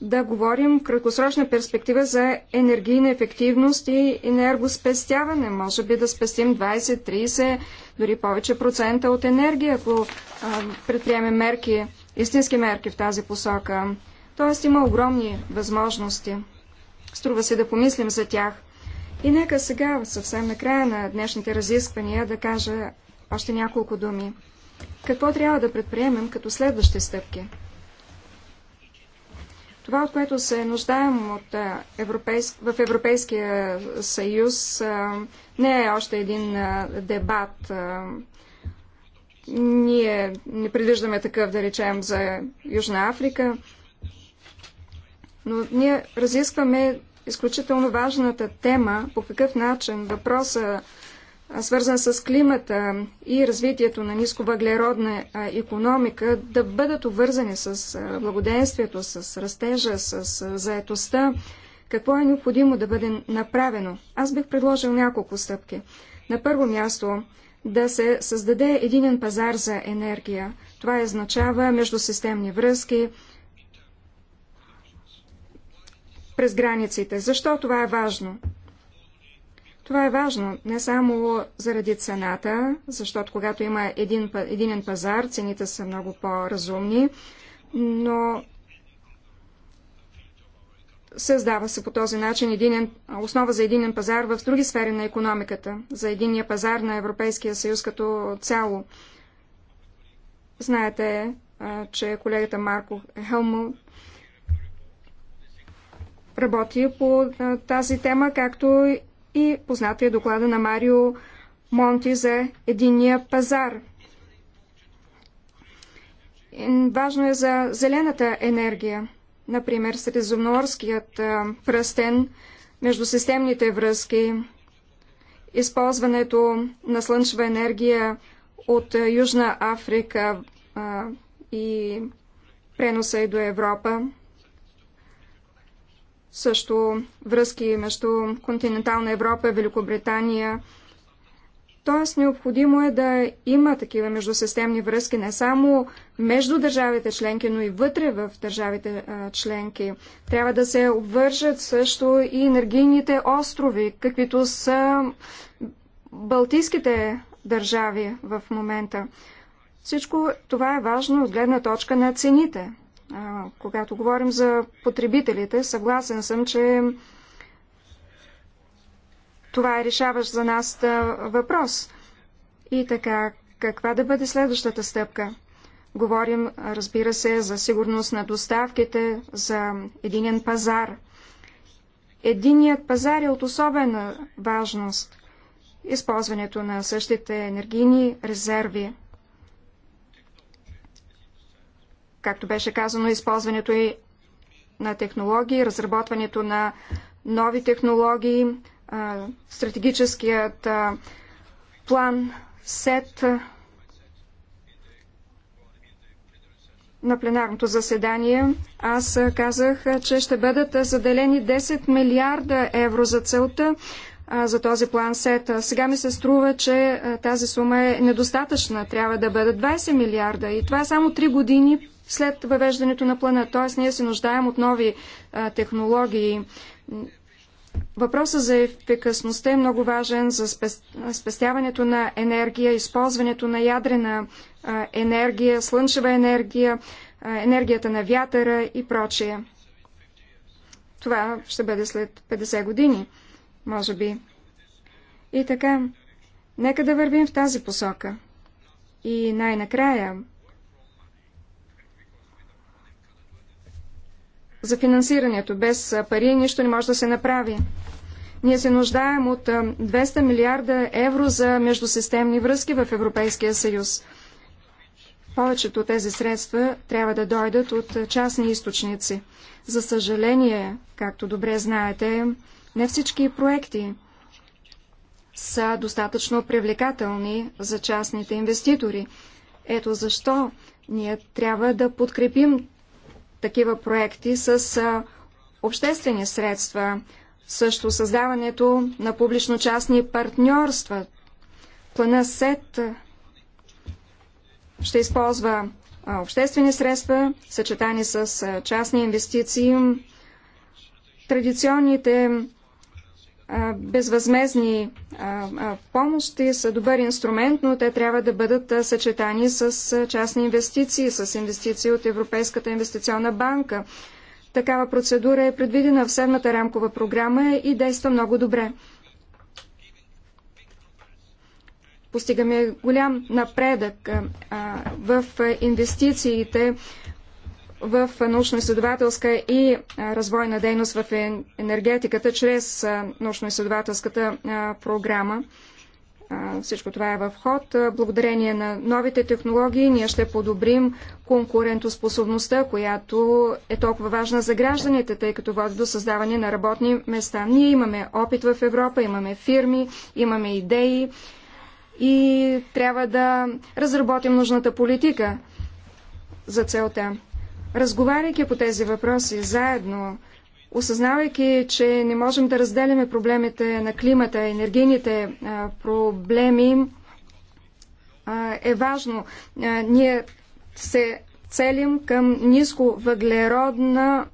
[SPEAKER 3] да говорим в краткосрочна перспектива за енергийна ефективност и енергоспестяване. Може би да спестим 20, 30, дори повече процента от енергия, ако предприемем мерки, истински мерки в тази посока. Тоест има огромни възможности. Струва се да помислим за тях. И нека сега, съвсем на края на днешните разисквания, да кажа още няколко думи. Какво трябва да предприемем като следващи стъпки? Това, от което се нуждаем от европейск... в Европейския съюз, не е още един дебат. Ние не предвиждаме такъв, да речем, за Южна Африка, но ние разискваме изключително важната тема, по какъв начин въпроса свързан с климата и развитието на нисковъглеродна економика, да бъдат обвързани с благоденствието, с растежа, с заетостта, какво е необходимо да бъде направено. Аз бих предложил няколко стъпки. На първо място да се създаде единен пазар за енергия. Това означава междусистемни връзки, през границите. Защо това е важно? Това е важно не само заради цената, защото когато има един, единен пазар, цените са много по-разумни, но създава се по този начин единен, основа за единен пазар в други сфери на економиката, за единния пазар на Европейския съюз като цяло. Знаете, че колегата Марко Хелмут работи по тази тема, както и познатия доклада на Марио Монти за единия пазар. Важно е за зелената енергия. Например, средиземноморският пръстен, междусистемните връзки, използването на слънчева енергия от Южна Африка и преноса и до Европа също връзки между континентална Европа и Великобритания. Тоест, необходимо е да има такива междусистемни връзки не само между държавите членки, но и вътре в държавите членки. Трябва да се обвържат също и енергийните острови, каквито са балтийските държави в момента. Всичко това е важно от гледна точка на цените когато говорим за потребителите, съгласен съм, че това е решаващ за нас въпрос. И така, каква да бъде следващата стъпка? Говорим, разбира се, за сигурност на доставките, за единен пазар. Единият пазар е от особена важност. Използването на същите енергийни резерви. както беше казано, използването и на технологии, разработването на нови технологии, стратегическият план СЕТ на пленарното заседание. Аз казах, че ще бъдат заделени 10 милиарда евро за целта за този план СЕТ. Сега ми се струва, че тази сума е недостатъчна. Трябва да бъдат 20 милиарда. И това е само 3 години след въвеждането на плана. Т.е. ние се нуждаем от нови а, технологии. Въпросът за ефикасността е много важен за спестяването на енергия, използването на ядрена а, енергия, слънчева енергия, а, енергията на вятъра и прочее. Това ще бъде след 50 години, може би. И така, нека да вървим в тази посока. И най-накрая, за финансирането. Без пари нищо не може да се направи. Ние се нуждаем от 200 милиарда евро за междусистемни връзки в Европейския съюз. Повечето от тези средства трябва да дойдат от частни източници. За съжаление, както добре знаете, не всички проекти са достатъчно привлекателни за частните инвеститори. Ето защо ние трябва да подкрепим такива проекти с обществени средства, също създаването на публично-частни партньорства. Плана СЕТ ще използва обществени средства, съчетани с частни инвестиции, традиционните безвъзмезни помощи са добър инструмент, но те трябва да бъдат съчетани с частни инвестиции, с инвестиции от Европейската инвестиционна банка. Такава процедура е предвидена в седмата рамкова програма и действа много добре. Постигаме голям напредък в инвестициите в научно-изследователска и развойна дейност в енергетиката чрез научно-изследователската програма. Всичко това е в ход. Благодарение на новите технологии ние ще подобрим конкурентоспособността, която е толкова важна за гражданите, тъй като води до създаване на работни места. Ние имаме опит в Европа, имаме фирми, имаме идеи и трябва да разработим нужната политика за целта. Разговаряйки по тези въпроси заедно, осъзнавайки, че не можем да разделяме проблемите на климата, енергийните проблеми, е важно. Ние се целим към ниско въглеродна,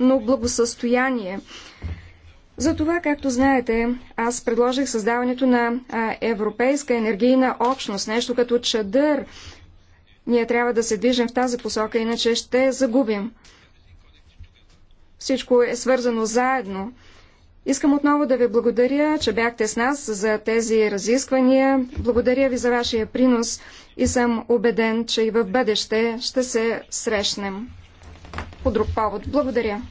[SPEAKER 3] но благосъстояние. Затова, както знаете, аз предложих създаването на Европейска енергийна общност, нещо като чадър, ние трябва да се движим в тази посока, иначе ще загубим. Всичко е свързано заедно. Искам отново да ви благодаря, че бяхте с нас за тези разисквания. Благодаря ви за вашия принос и съм убеден, че и в бъдеще ще се срещнем. По друг повод. Благодаря.